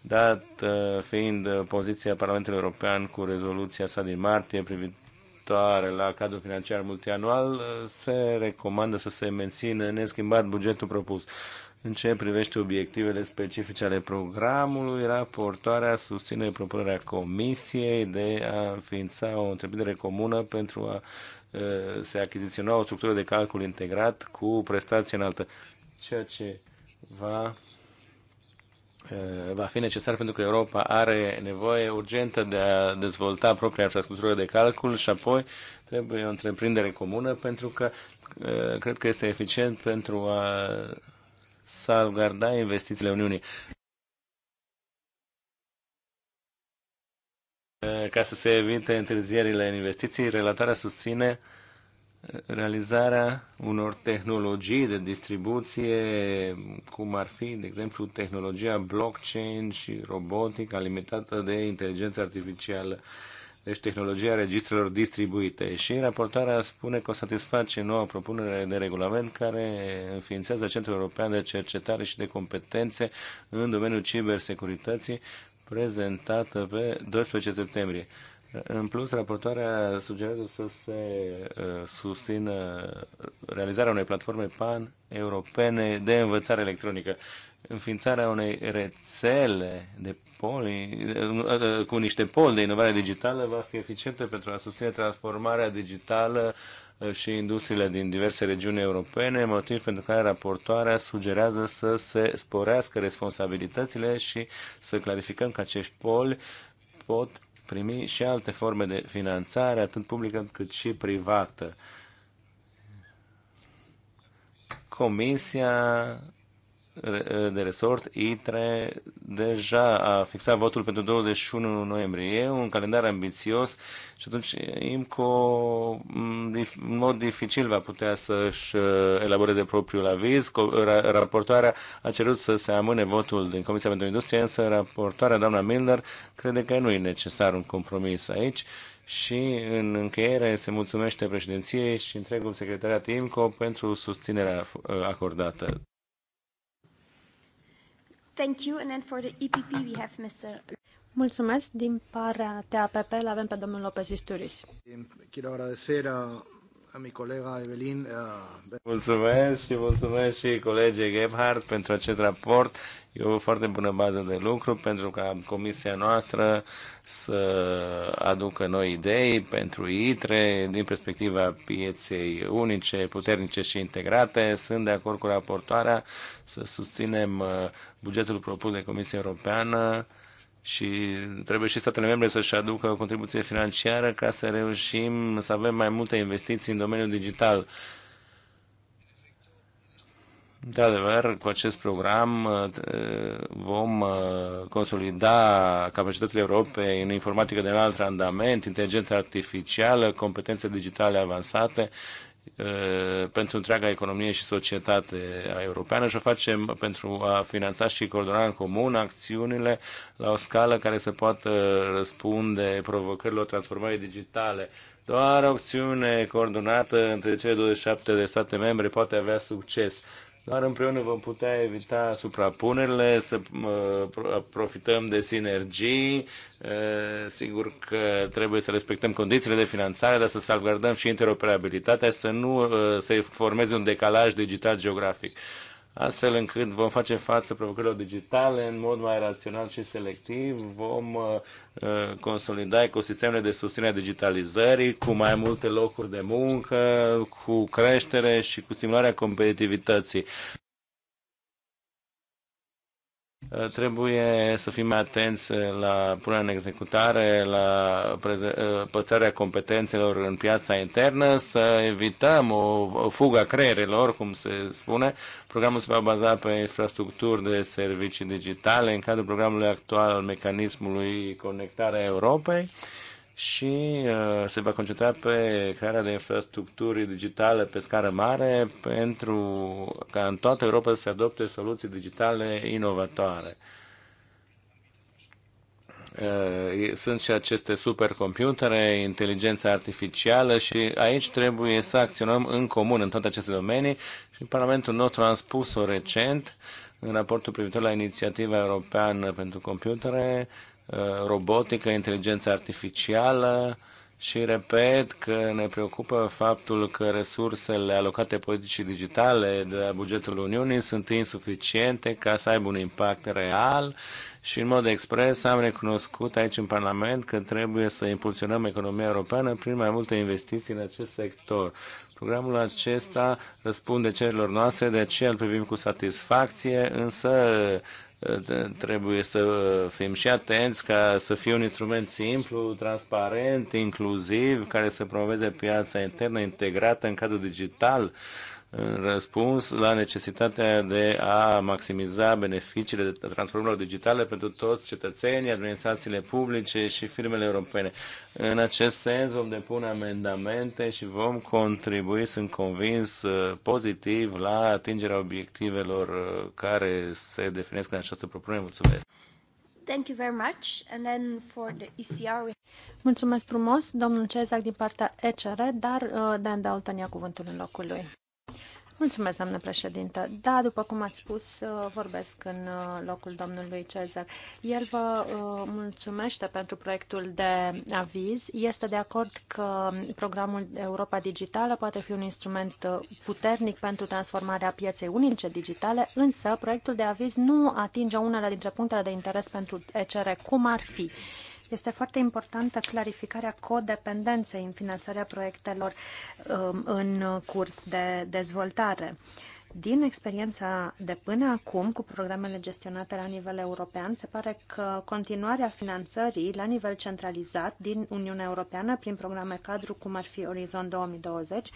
dat uh, fiind uh, poziția Parlamentului European cu rezoluția sa din martie privitoare la cadrul financiar multianual, se recomandă să se mențină neschimbat bugetul propus. În ce privește obiectivele specifice ale programului, raportoarea susține propunerea Comisiei de a înființa o întreprindere comună pentru a se achiziționa o structură de calcul integrat cu prestație înaltă, ceea ce va va fi necesar pentru că Europa are nevoie urgentă de a dezvolta propria infrastructură de calcul și apoi trebuie o întreprindere comună pentru că cred că este eficient pentru a salvgarda investițiile Uniunii. Ca să se evite întârzierile în investiții, relatarea susține eh, realizarea unor tehnologii de distribuție, cum ar fi, de exemplu, tehnologia blockchain și robotică alimentată de inteligență artificială deci tehnologia registrelor distribuite. Și raportarea spune că o satisface noua propunere de regulament care înființează Centrul European de Cercetare și de Competențe în domeniul cibersecurității, prezentată pe 12 septembrie. În plus, raportarea sugerează să se uh, susțină realizarea unei platforme pan-europene de învățare electronică înființarea unei rețele de poli, cu niște poli de inovare digitală va fi eficientă pentru a susține transformarea digitală uh, și industriile din diverse regiuni europene, motiv pentru care raportoarea sugerează să se sporească responsabilitățile și să clarificăm că acești poli pot primi și alte forme de finanțare, atât publică cât și privată. Comisia de resort, ITRE, deja a fixat votul pentru 21 noiembrie. E un calendar ambițios și atunci IMCO în mod dificil va putea să-și uh, elaboreze propriul aviz. Raportoarea a cerut să se amâne votul din Comisia pentru Industrie, însă raportoarea, doamna Milner, crede că nu e necesar un compromis aici și în încheiere se mulțumește președinției și întregul secretariat IMCO pentru susținerea uh, acordată. Thank you. And then for the EPP we have Mr. Mulțumesc. Din partea TAPP l avem pe domnul Lopez Isturiz. Quiero agradecer a mi colega Uh... Mulțumesc și mulțumesc și colegii Gebhardt pentru acest raport. E o foarte bună bază de lucru pentru ca comisia noastră să aducă noi idei pentru ITRE din perspectiva pieței unice, puternice și integrate. Sunt de acord cu raportoarea să susținem eh, bugetul propus de Comisia Europeană și trebuie și statele membre să-și aducă o contribuție financiară ca să reușim să avem mai multe investiții în domeniul digital. de adevăr cu acest program uh, vom uh, consolida capacitățile Europei în informatică de înalt randament, inteligență artificială, competențe digitale avansate Uh, pentru întreaga economie și societate europeană și o facem pentru a finanța și coordona în comun acțiunile la o scală care să poată răspunde provocărilor transformării digitale. Doar o acțiune coordonată între cele 27 de state membre poate avea succes doar împreună vom putea evita suprapunerile, să profităm de sinergii, sigur că trebuie să respectăm condițiile de finanțare, dar să salvgardăm și interoperabilitatea, să nu se formeze un decalaj digital geografic astfel încât vom face față provocărilor digitale în mod mai rațional și selectiv, vom uh, uh, consolida ecosistemele de susținere a digitalizării cu mai multe locuri de muncă, cu creștere și cu stimularea competitivității. Uh, trebuie să fim atenți la punerea în executare, la uh, păstrarea competențelor în piața internă, să evităm o, fugă a creierelor, cum se spune. Programul se va baza pe infrastructuri de servicii digitale în cadrul programului actual al mecanismului Conectarea Europei și uh, se va concentra pe crearea de infrastructuri digitale pe scară mare pentru ca în toată Europa să se adopte soluții digitale inovatoare. Uh, sunt și aceste supercomputere, inteligența artificială și aici trebuie să acționăm în comun în toate aceste domenii și Parlamentul nostru a spus-o recent în raportul privitor la inițiativa europeană pentru computere, Uh, robotică, inteligența artificială și repet că ne preocupă faptul că resursele alocate politicii digitale de la bugetul Uniunii sunt insuficiente ca să aibă un impact real și în mod expres am recunoscut aici în Parlament că trebuie să impulsionăm economia europeană prin mai multe investiții în acest sector. Programul acesta răspunde cerilor noastre, de aceea îl privim cu satisfacție, însă trebuie să fim și atenți ca să fie un instrument simplu, transparent, inclusiv, care să promoveze piața internă integrată în cadrul digital în răspuns la necesitatea de a maximiza beneficiile de transformărilor digitale pentru toți cetățenii, administrațiile publice și firmele europene. În acest sens vom depune amendamente și vom contribui, sunt convins, uh, pozitiv la atingerea obiectivelor uh, care se definesc în această propunere. Mulțumesc! Thank you very much. And then for the ECR we... Mulțumesc frumos, domnul Cezac din partea ECR, dar uh, Dan Dalton ia cuvântul în locul lui. Mulțumesc, doamnă președintă. Da, după cum ați spus, uh, vorbesc în uh, locul domnului Cezar. El vă uh, mulțumește pentru proiectul de aviz. Este de acord că programul Europa Digitală poate fi un instrument puternic pentru transformarea pieței unice digitale, însă proiectul de aviz nu atinge unele dintre punctele de interes pentru ECR, cum ar fi este foarte importantă clarificarea codependenței în finanțarea proiectelor um, în curs de dezvoltare. Din experiența de până acum cu programele gestionate la nivel european, se pare că continuarea finanțării la nivel centralizat din Uniunea Europeană prin programe cadru, cum ar fi Orizont 2020,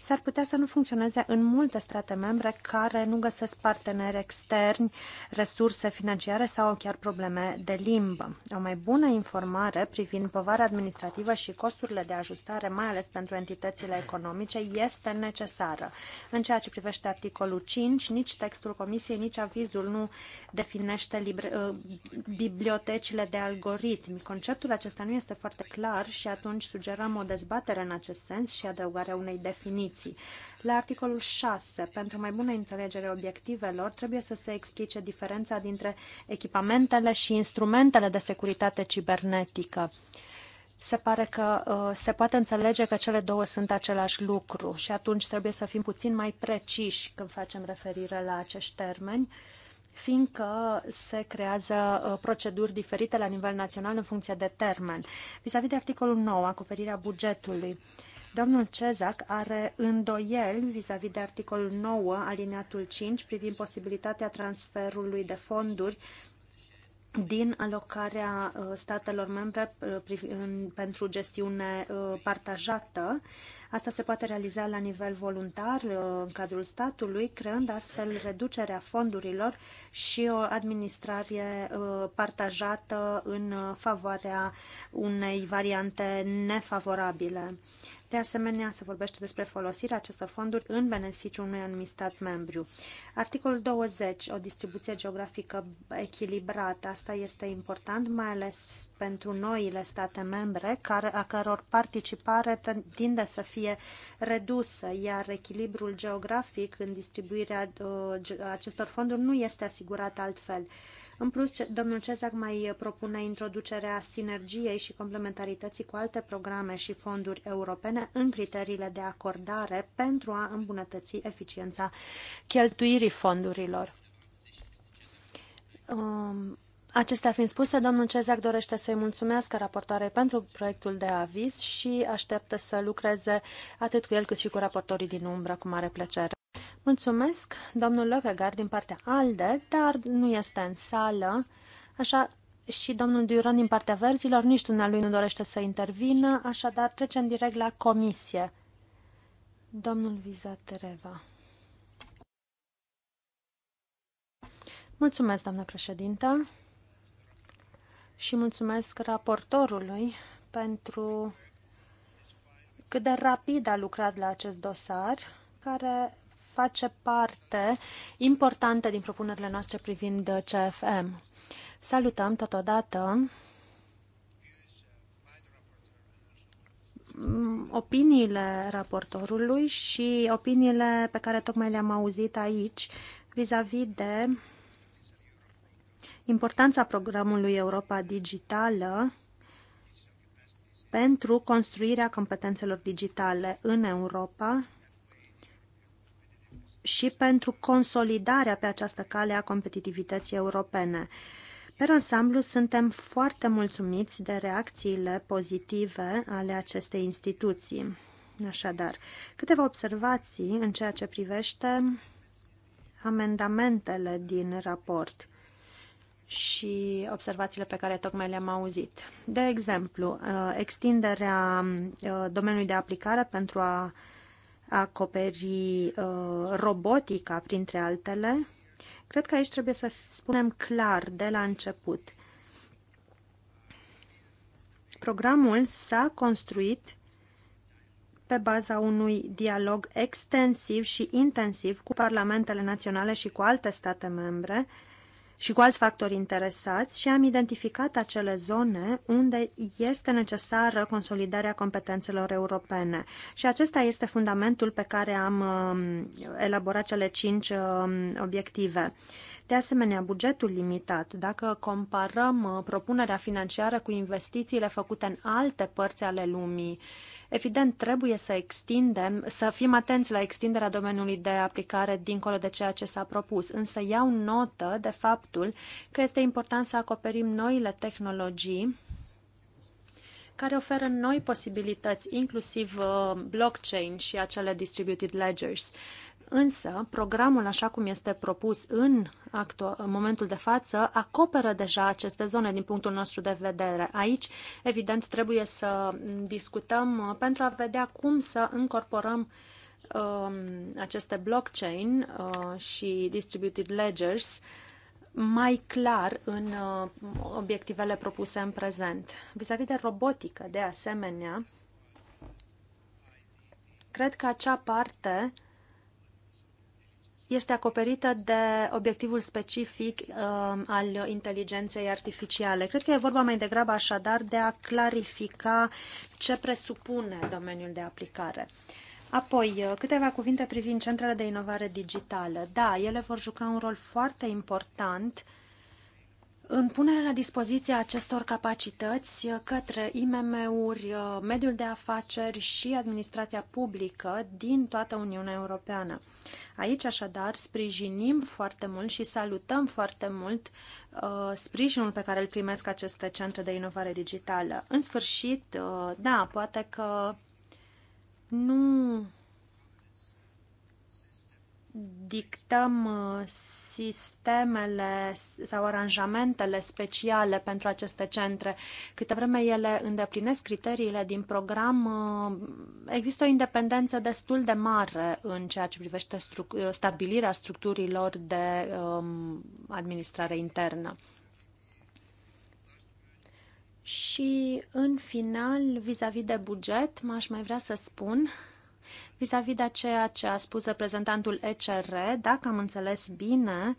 s-ar putea să nu funcționeze în multe state membre care nu găsesc parteneri externi, resurse financiare sau chiar probleme de limbă. O mai bună informare privind povara administrativă și costurile de ajustare, mai ales pentru entitățile economice, este necesară. În ceea ce privește articolul articolul 5, nici textul comisiei, nici avizul nu definește libre, uh, bibliotecile de algoritmi. Conceptul acesta nu este foarte clar și atunci sugerăm o dezbatere în acest sens și adăugarea unei definiții. La articolul 6, pentru mai bună înțelegere obiectivelor, trebuie să se explice diferența dintre echipamentele și instrumentele de securitate cibernetică se pare că uh, se poate înțelege că cele două sunt același lucru și atunci trebuie să fim puțin mai preciși când facem referire la acești termeni, fiindcă se creează uh, proceduri diferite la nivel național în funcție de termen. Vis-a-vis -vis de articolul 9, acoperirea bugetului, domnul Cezac are îndoieli vis-a-vis de articolul 9, aliniatul 5, privind posibilitatea transferului de fonduri uh, din alocarea uh, statelor membre uh, pentru gestiune uh, partajată. Asta se poate realiza la nivel voluntar în cadrul statului, creând astfel reducerea fondurilor și o administrare partajată în favoarea unei variante nefavorabile. De asemenea, se vorbește despre folosirea acestor fonduri în beneficiul unui anumit stat membru. Articolul 20, o distribuție geografică echilibrată, asta este important, mai ales pentru noile state membre, care, a căror participare tinde să fie redusă, iar echilibrul geografic în distribuirea uh, acestor fonduri nu este asigurat altfel. Uh, în plus, domnul Cezac mai propune introducerea sinergiei și complementarității cu alte programe și fonduri europene în criteriile de acordare pentru a îmbunătăți eficiența cheltuirii fondurilor. Um, Acestea fiind spuse, domnul Cezac dorește să-i mulțumească raportoarei pentru proiectul de aviz și așteaptă să lucreze atât cu el cât și cu raportorii din umbră cu mare plăcere. Mulțumesc, domnul Lockegaard din partea ALDE, dar nu este în sală, așa și domnul Duron din partea verzilor, nici dumnealui nu dorește să intervină, așadar trecem direct la comisie. Domnul Vizatereva. Mulțumesc, doamnă președintă și mulțumesc raportorului pentru cât de rapid a lucrat la acest dosar, care face parte importantă din propunerile noastre privind CFM. Salutăm totodată opiniile raportorului și opiniile pe care tocmai le-am auzit aici vis-a-vis -vis de importanța programului Europa Digitală pentru construirea competențelor digitale în Europa și pentru consolidarea pe această cale a competitivității europene. Pe ansamblu, suntem foarte mulțumiți de reacțiile pozitive ale acestei instituții. Așadar, câteva observații în ceea ce privește amendamentele din raport și observațiile pe care tocmai le-am auzit. De exemplu, uh, extinderea uh, domeniului de aplicare pentru a acoperi uh, robotica, printre altele, cred că aici trebuie să spunem clar de la început. Programul s-a construit pe baza unui dialog extensiv și intensiv cu parlamentele naționale și cu alte state membre, și cu alți factori interesați și am identificat acele zone unde este necesară consolidarea competențelor europene. Și acesta este fundamentul pe care am um, elaborat cele cinci um, obiective. De asemenea, bugetul limitat, dacă comparăm uh, propunerea financiară cu investițiile făcute în alte părți ale lumii, Evident, trebuie să extindem, să fim atenți la extinderea domeniului de aplicare dincolo de ceea ce s-a propus, însă iau notă de faptul că este important să acoperim noile tehnologii care oferă noi posibilități, inclusiv uh, blockchain și acele distributed ledgers. Însă, programul așa cum este propus în, acto- în momentul de față acoperă deja aceste zone din punctul nostru de vedere. Aici, evident, trebuie să discutăm uh, pentru a vedea cum să incorporăm um, aceste blockchain uh, și distributed ledgers mai clar în uh, obiectivele propuse în prezent. Vis-a-vis -vis de robotică, de asemenea, cred că acea parte uh, este acoperită de obiectivul specific uh, al inteligenței artificiale. Cred că e vorba mai degrabă așadar de a clarifica ce presupune domeniul de aplicare. Apoi, uh, câteva cuvinte privind centrele de inovare digitală. Da, ele vor juca un rol foarte important uh, în punerea la dispoziție acestor capacități către IMM-uri, mediul de afaceri și administrația publică din toată Uniunea Europeană. Aici, așadar, sprijinim foarte mult și salutăm foarte mult uh, sprijinul pe care îl primesc aceste centre de inovare digitală. În sfârșit, uh, da, poate că nu dictăm uh, sistemele sau aranjamentele speciale pentru aceste centre. Câte vreme ele îndeplinesc criteriile din program, uh, există o independență destul de mare în ceea ce privește stru uh, stabilirea structurilor de um, administrare internă. Și, în final, vis-a-vis -vis de buget, m-aș mai vrea să spun Vis-a-vis -vis de ceea ce a spus reprezentantul ECR, dacă am înțeles bine,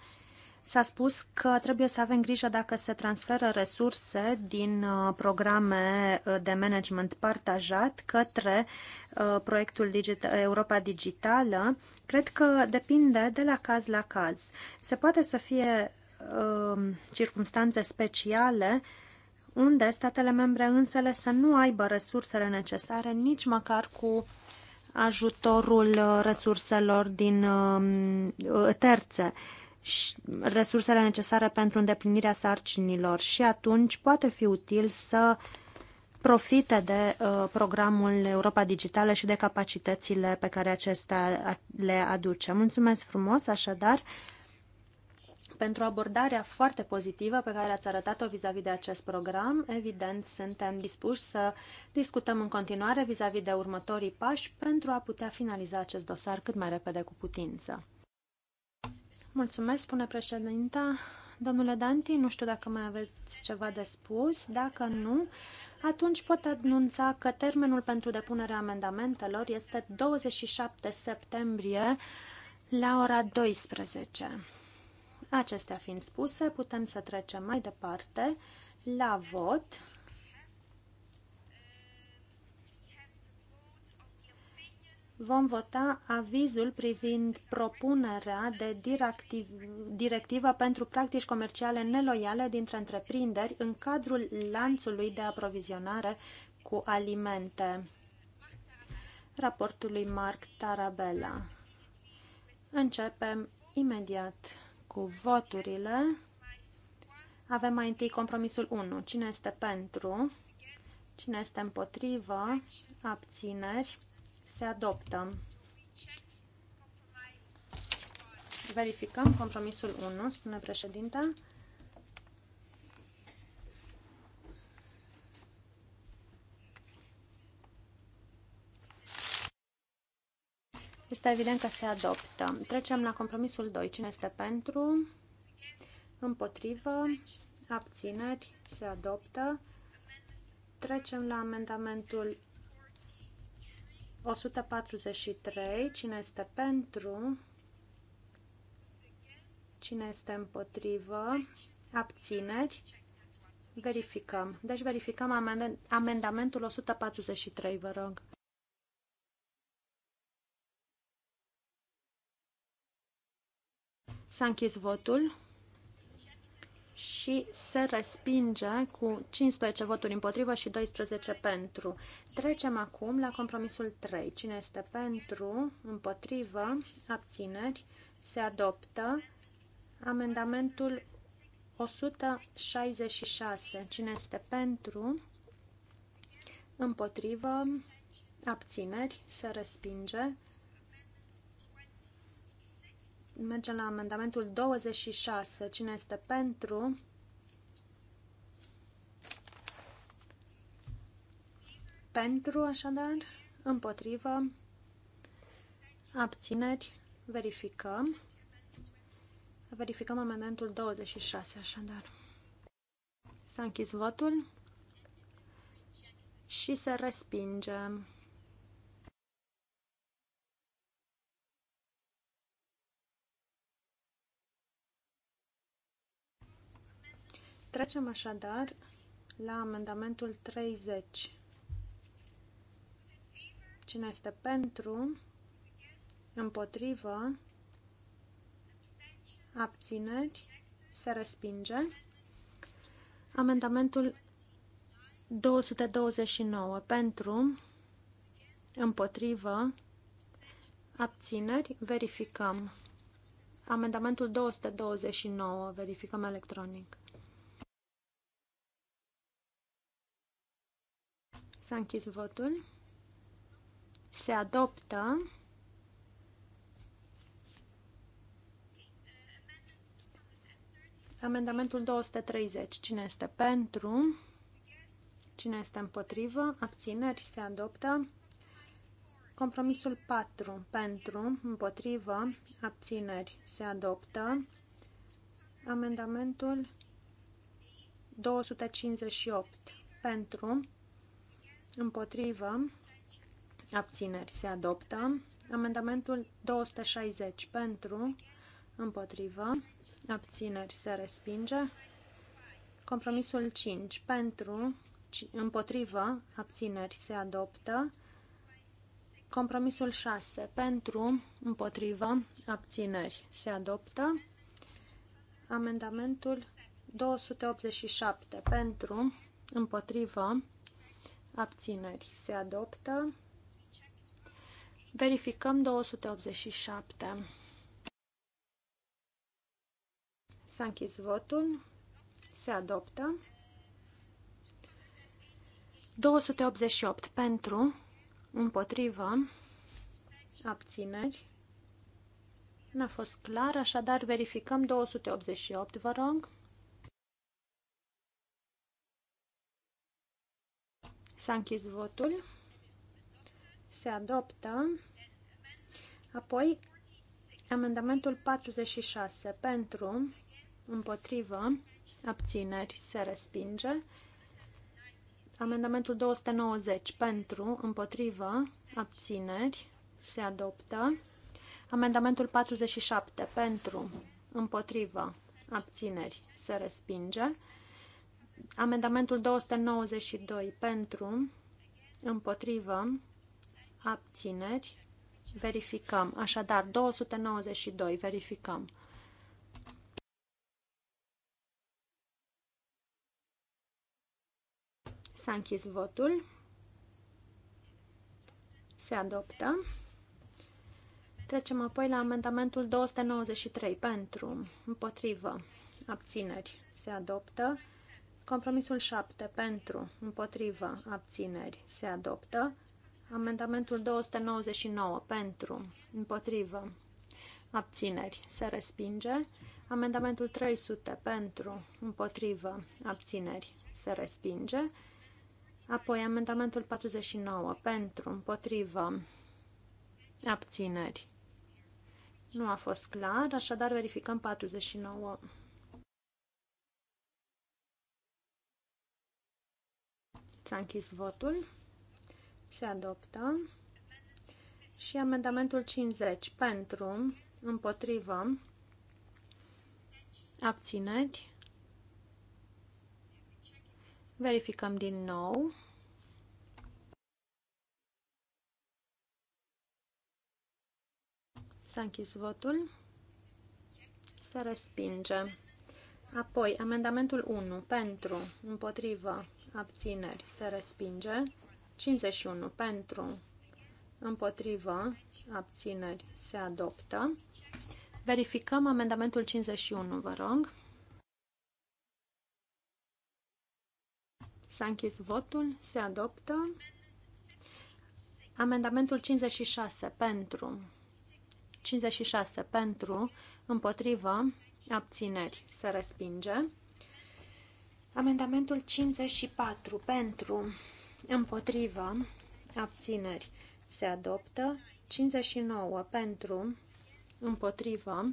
S-a spus că trebuie să avem grijă dacă se transferă resurse din uh, programe uh, de management partajat către uh, proiectul Digita Europa Digitală. Cred că depinde de la caz la caz. Se poate să fie circumstanțe speciale unde statele membre însele să nu aibă resursele necesare nici măcar cu ajutorul uh, resurselor din um, uh, terțe resursele necesare pentru îndeplinirea sarcinilor și atunci poate fi util să profite de uh, programul Europa Digitală și de capacitățile pe care acesta le aduce. Mulțumesc frumos, așadar pentru abordarea foarte pozitivă pe care ați arătat-o vis-a-vis de acest program. Evident, suntem dispuși să discutăm în continuare vis-a-vis de următorii pași pentru a putea finaliza acest dosar cât mai repede cu putință. Mulțumesc, spune președinta. Domnule Danti, nu știu dacă mai aveți ceva de spus. Dacă nu, atunci pot anunța că termenul pentru depunerea amendamentelor este 27 septembrie la ora 12. Acestea fiind spuse, putem să trecem mai departe la vot. Vom vota avizul privind propunerea de directiv, directivă pentru practici comerciale neloiale dintre întreprinderi în cadrul lanțului de aprovizionare cu alimente. Raportul lui Marc Tarabella. Începem imediat cu voturile. Avem mai întâi compromisul 1. Cine este pentru? Cine este împotrivă? Abțineri? Se adoptă. Verificăm compromisul 1, spune președinte. Este evident că se adoptă. Trecem la compromisul 2. Cine este pentru? Împotrivă? Abțineri? Se adoptă. Trecem la amendamentul 143. Cine este pentru? Cine este împotrivă? Abțineri? Verificăm. Deci verificăm amendamentul 143, vă rog. S-a închis votul și se respinge cu 15 voturi împotrivă și 12 pentru. Trecem acum la compromisul 3. Cine este pentru, împotrivă, abțineri, se adoptă amendamentul 166. Cine este pentru, împotrivă, abțineri, se respinge. Mergem la amendamentul 26. Cine este pentru? Pentru, așadar, împotrivă, abțineri, verificăm. Verificăm amendamentul 26, așadar. S-a închis votul și se respinge. Trecem așadar la amendamentul 30. Cine este pentru, împotrivă, abțineri, se respinge. Amendamentul 229 pentru, împotrivă, abțineri, verificăm. Amendamentul 229, verificăm electronic. S-a închis votul. Se adoptă. Amendamentul 230. Cine este pentru? Cine este împotrivă? Abțineri se adoptă. Compromisul 4. Pentru, împotrivă, abțineri se adoptă. Amendamentul 258. Pentru, împotrivă, abțineri se adoptă. Amendamentul 260 pentru, împotrivă, abțineri se respinge. Compromisul 5 pentru, împotrivă, abțineri se adoptă. Compromisul 6 pentru, împotrivă, abțineri se adoptă. Amendamentul 287 pentru, împotrivă, abțineri se adoptă. Verificăm 287. S-a închis votul. Se adoptă. 288 pentru, împotrivă, abțineri. N-a fost clar, așadar verificăm 288, vă rog. S-a închis votul. Se adoptă. Apoi, amendamentul 46 pentru, împotrivă, abțineri, se respinge. Amendamentul 290 pentru, împotrivă, abțineri, se adoptă. Amendamentul 47 pentru, împotrivă, abțineri, se respinge. Amendamentul 292 pentru, împotrivă, abțineri, verificăm. Așadar, 292, verificăm. S-a închis votul. Se adoptă. Trecem apoi la amendamentul 293 pentru, împotrivă, abțineri, se adoptă. Compromisul 7 pentru, împotrivă, abțineri se adoptă. Amendamentul 299 pentru, împotrivă, abțineri se respinge. Amendamentul 300 pentru, împotrivă, abțineri se respinge. Apoi amendamentul 49 pentru, împotrivă, abțineri. Nu a fost clar, așadar verificăm 49. S-a închis votul. Se adoptă. Și amendamentul 50 pentru, împotrivă, abțineri. Verificăm din nou. S-a închis votul. Se respinge. Apoi, amendamentul 1 pentru, împotrivă, abțineri, se respinge. 51 pentru, împotrivă, abțineri, se adoptă. Verificăm amendamentul 51, vă rog. S-a închis votul, se adoptă. Amendamentul 56 pentru, 56 pentru, împotrivă, abțineri, se respinge. Amendamentul 54 pentru, împotrivă, abțineri se adoptă. 59 pentru, împotrivă,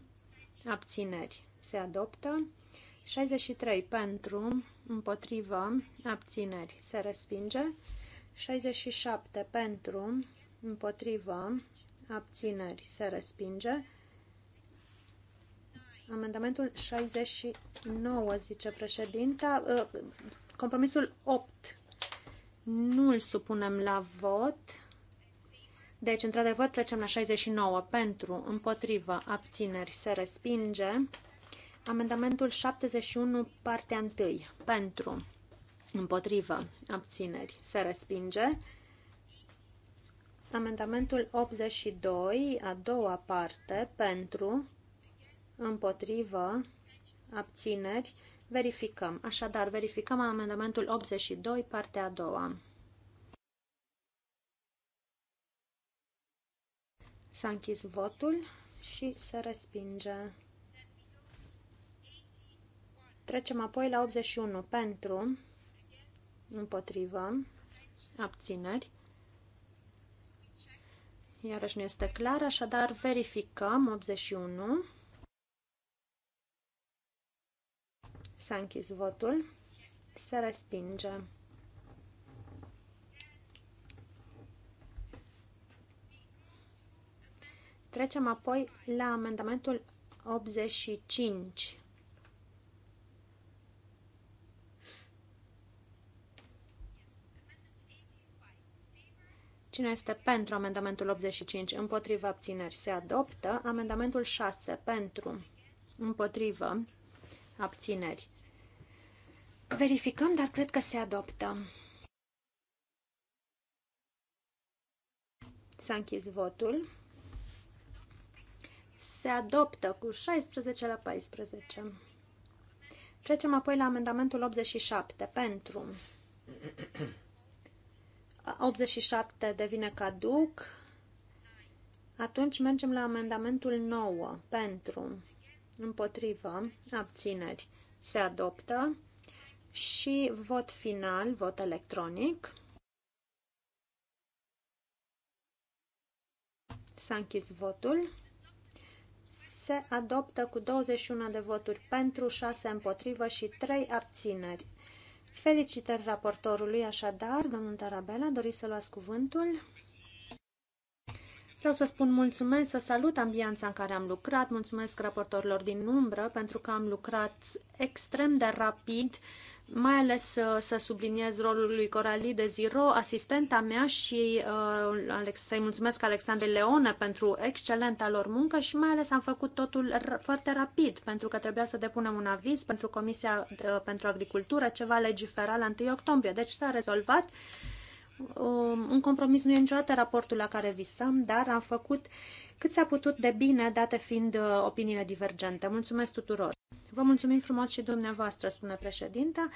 abțineri se adoptă. 63 pentru, împotrivă, abțineri se respinge. 67 pentru, împotrivă, abțineri se respinge. Amendamentul 69, zice președinta. Uh, compromisul 8. nu îl supunem la vot. Deci, într-adevăr, trecem la 69. Pentru, împotrivă, abțineri, se respinge. Amendamentul 71, partea 1. Pentru, împotrivă, abțineri, se respinge. Amendamentul 82, a doua parte, pentru, împotrivă, abțineri, verificăm. Așadar, verificăm amendamentul 82, partea a doua. S-a închis votul și se respinge. Trecem apoi la 81. Pentru, împotrivă, abțineri. Iarăși nu este clar, așadar verificăm 81. S-a închis votul. Se respinge. Trecem apoi la amendamentul 85. Cine este pentru amendamentul 85? Împotriva abțineri. Se adoptă. Amendamentul 6. Pentru. Împotrivă. Abțineri. Verificăm, dar cred că se adoptă. S-a închis votul. Se adoptă cu 16 la 14. Trecem apoi la amendamentul 87. Pentru 87 devine caduc. Atunci mergem la amendamentul 9. Pentru împotrivă abțineri se adoptă și vot final, vot electronic. S-a închis votul. Se adoptă cu 21 de voturi pentru, 6 împotrivă și 3 abțineri. Felicitări raportorului, așadar, domnul Tarabela, doriți să luați cuvântul? Vreau să spun mulțumesc, să salut ambianța în care am lucrat, mulțumesc raportorilor din umbră pentru că am lucrat extrem de rapid mai ales uh, să subliniez rolul lui Coralie de Ziro, asistenta mea și uh, să-i mulțumesc Alexandrei Leone pentru excelenta lor muncă și mai ales am făcut totul foarte rapid, pentru că trebuia să depunem un aviz pentru Comisia uh, pentru Agricultură, ceva legifera la 1 octombrie, deci s-a rezolvat. Uh, Um, un compromis nu e niciodată raportul la care visăm, dar am făcut cât s-a putut de bine, date fiind uh, opiniile divergente. Mulțumesc tuturor! Vă mulțumim frumos și dumneavoastră, spune președinta.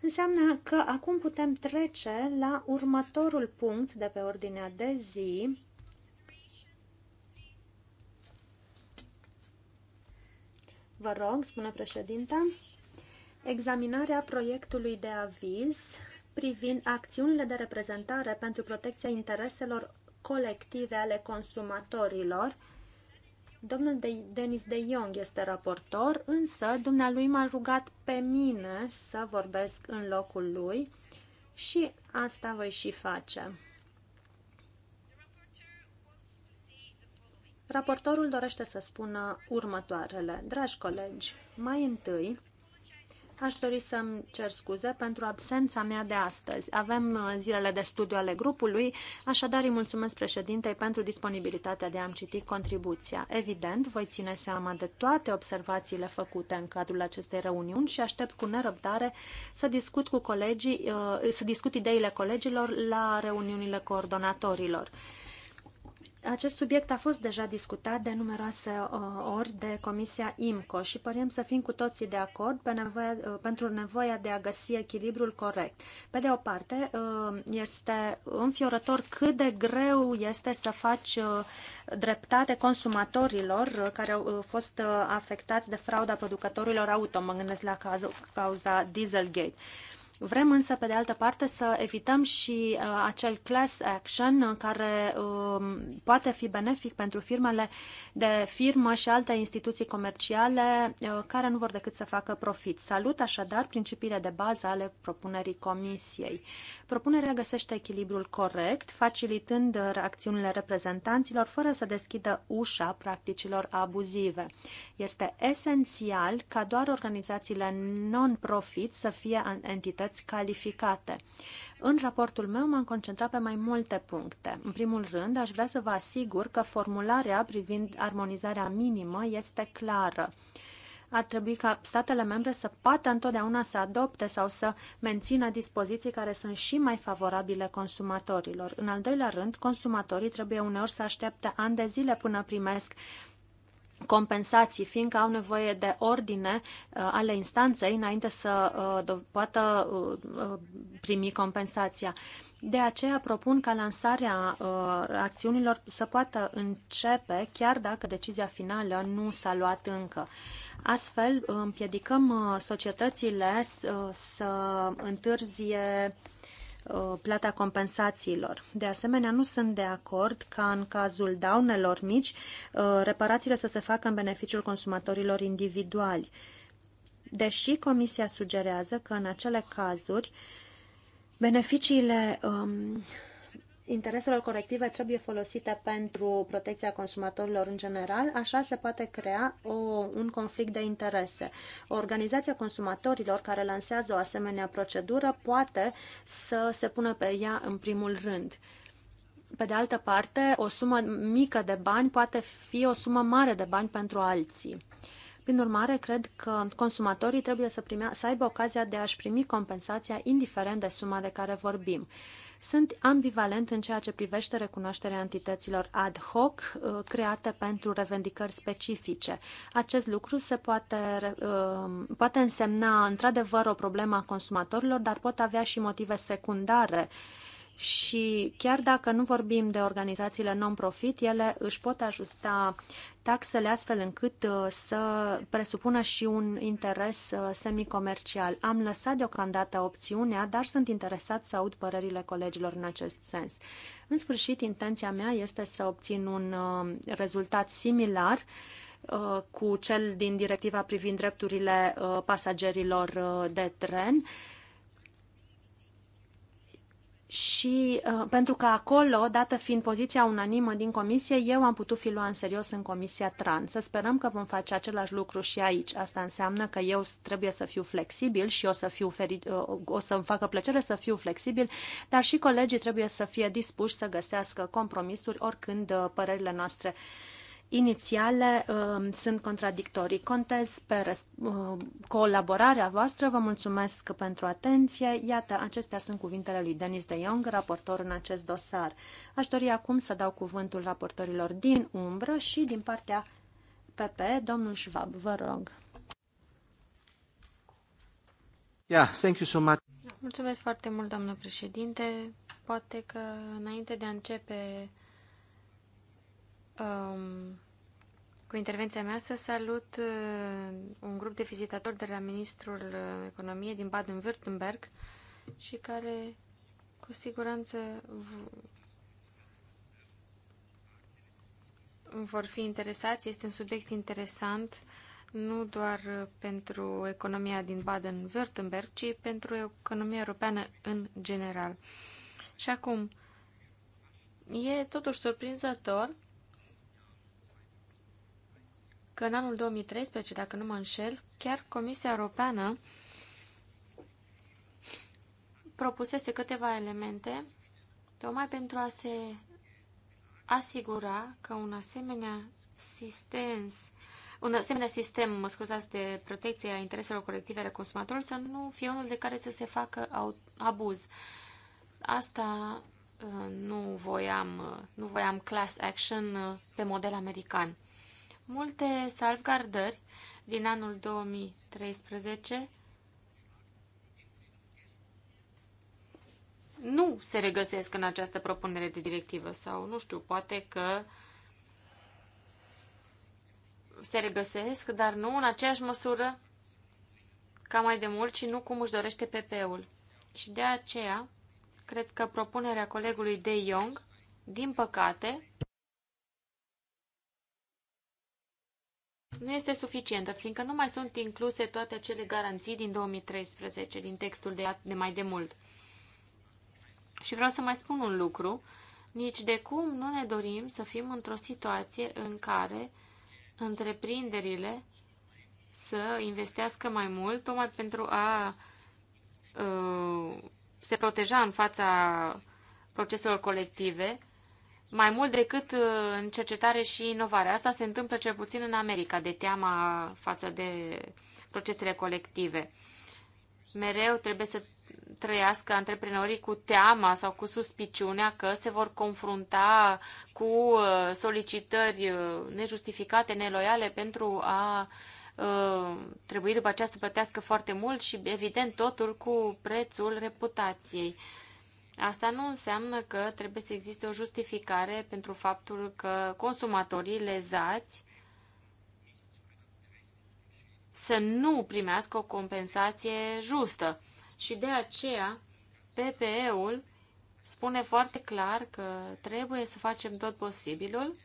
Înseamnă că acum putem trece la următorul punct de pe ordinea de zi, Vă rog, spune președinta, examinarea proiectului de aviz privind acțiunile de reprezentare pentru protecția intereselor colective ale consumatorilor. Domnul de Denis de Jong este raportor, însă dumnealui m-a rugat pe mine să vorbesc în locul lui și asta voi și face. Raportorul dorește să spună următoarele. Dragi colegi, mai întâi Aș dori să-mi cer scuze pentru absența mea de astăzi. Avem uh, zilele de studiu ale grupului, așadar îi mulțumesc președintei pentru disponibilitatea de a-mi citi contribuția. Evident, voi ține seama de toate observațiile făcute în cadrul acestei reuniuni și aștept cu nerăbdare să discut cu colegii, uh, să discut ideile colegilor la reuniunile coordonatorilor. Acest subiect a fost deja discutat de numeroase uh, ori de Comisia IMCO și părem să fim cu toții de acord pe nevoia, uh, pentru nevoia de a găsi echilibrul corect. Pe de o parte, uh, este înfiorător cât de greu este să faci dreptate consumatorilor care au fost afectați de frauda producătorilor auto. Mă gândesc la cauza Dieselgate. Vrem însă, pe de altă parte, să evităm și uh, acel class action care uh, poate fi benefic pentru firmele de firmă și alte instituții comerciale uh, care nu vor decât să facă profit. Salut așadar principiile de bază ale propunerii Comisiei. Propunerea găsește echilibrul corect, facilitând reacțiunile reprezentanților fără să deschidă ușa practicilor abuzive. Este esențial ca doar organizațiile non-profit să fie entități majorități calificate. În raportul meu m-am concentrat pe mai multe puncte. În primul rând, aș vrea să vă asigur că formularea privind armonizarea minimă este clară ar trebui ca statele membre să poată întotdeauna să adopte sau să mențină dispoziții care sunt și mai favorabile consumatorilor. În al doilea rând, consumatorii trebuie uneori să aștepte ani de zile până primesc compensații, fiindcă au nevoie de ordine uh, ale instanței înainte să uh, poată uh, primi compensația. De aceea propun ca lansarea acțiunilor să poată începe chiar dacă decizia finală nu s-a luat încă. Astfel împiedicăm societățile să întârzie Uh, plata compensațiilor. De asemenea, nu sunt de acord ca în cazul daunelor mici uh, reparațiile să se facă în beneficiul consumatorilor individuali, deși Comisia sugerează că în acele cazuri beneficiile um, intereselor colective trebuie folosite pentru protecția consumatorilor în general, așa se poate crea o, un conflict de interese. O organizație consumatorilor care lansează o asemenea procedură poate să se pună pe ea în primul rând. Pe de altă parte, o sumă mică de bani poate fi o sumă mare de bani pentru alții. Prin urmare, cred că consumatorii trebuie să, primea, să aibă ocazia de a-și primi compensația indiferent de suma de care vorbim. Sunt ambivalent în ceea ce privește recunoașterea entităților ad hoc uh, create pentru revendicări specifice. Acest lucru se poate, uh, poate însemna într-adevăr o problemă a consumatorilor, dar pot avea și motive secundare și chiar dacă nu vorbim de organizațiile non-profit, ele își pot ajusta taxele astfel încât uh, să presupună și un interes uh, semicomercial. Am lăsat deocamdată opțiunea, dar sunt interesat să aud părerile colegilor în acest sens. În sfârșit, intenția mea este să obțin un uh, rezultat similar cu cel din directiva privind drepturile pasagerilor de tren, și uh, pentru că acolo, dată fiind poziția unanimă din comisie, eu am putut fi luat în serios în comisia TRAN. Să sperăm că vom face același lucru și aici. Asta înseamnă că eu trebuie să fiu flexibil și o, să fiu feri, uh, o să-mi facă plăcere să fiu flexibil, dar și colegii trebuie să fie dispuși să găsească compromisuri oricând uh, părerile noastre uh, inițiale uh, sunt contradictorii. Contez pe uh, colaborarea voastră, vă mulțumesc pentru atenție. Iată, acestea sunt cuvintele lui Denis de Jong, raportor în acest dosar. Aș dori acum să dau cuvântul raportorilor din umbră și din partea PP, domnul Schwab, vă rog. Yeah, thank you so much. Mulțumesc foarte mult, doamnă președinte. Poate că înainte de a începe um, cu intervenția mea să salut uh, un grup de vizitatori de la Ministrul uh, Economiei din Baden-Württemberg și care cu siguranță vor fi interesați. Este un subiect interesant nu doar pentru economia din Baden-Württemberg, ci pentru economia europeană în general. Și acum, e totuși surprinzător că în anul 2013, dacă nu mă înșel, chiar Comisia Europeană propusese câteva elemente tocmai pentru a se asigura că un asemenea sistem, un asemenea sistem, mă scuzați, de protecție a intereselor colective ale consumatorilor să nu fie unul de care să se facă abuz. Asta uh, nu voiam, uh, nu voiam class action uh, pe model american multe salvgardări din anul 2013 nu se regăsesc în această propunere de directivă sau, nu știu, poate că se regăsesc, dar nu în aceeași măsură ca mai de mult și nu cum își dorește PP-ul. Și de aceea, cred că propunerea colegului De Jong, din păcate, nu este suficientă, fiindcă nu mai sunt incluse toate acele garanții din 2013, din textul de, de mai de mult. Și vreau să mai spun un lucru. Nici de cum nu ne dorim să fim într-o situație în care întreprinderile să investească mai mult, tocmai pentru a uh, se proteja în fața proceselor colective mai mult decât uh, în cercetare și inovare. Asta se întâmplă cel puțin în America, de teama față de procesele colective. Mereu trebuie să trăiască antreprenorii cu teama sau cu suspiciunea că se vor confrunta cu uh, solicitări uh, nejustificate, neloiale pentru a trebui după aceea să plătească foarte mult și, evident, totul cu prețul reputației. Asta nu înseamnă că trebuie să existe o justificare pentru faptul că consumatorii lezați să nu primească o compensație justă. Și de aceea PPE-ul spune foarte clar că trebuie să facem tot posibilul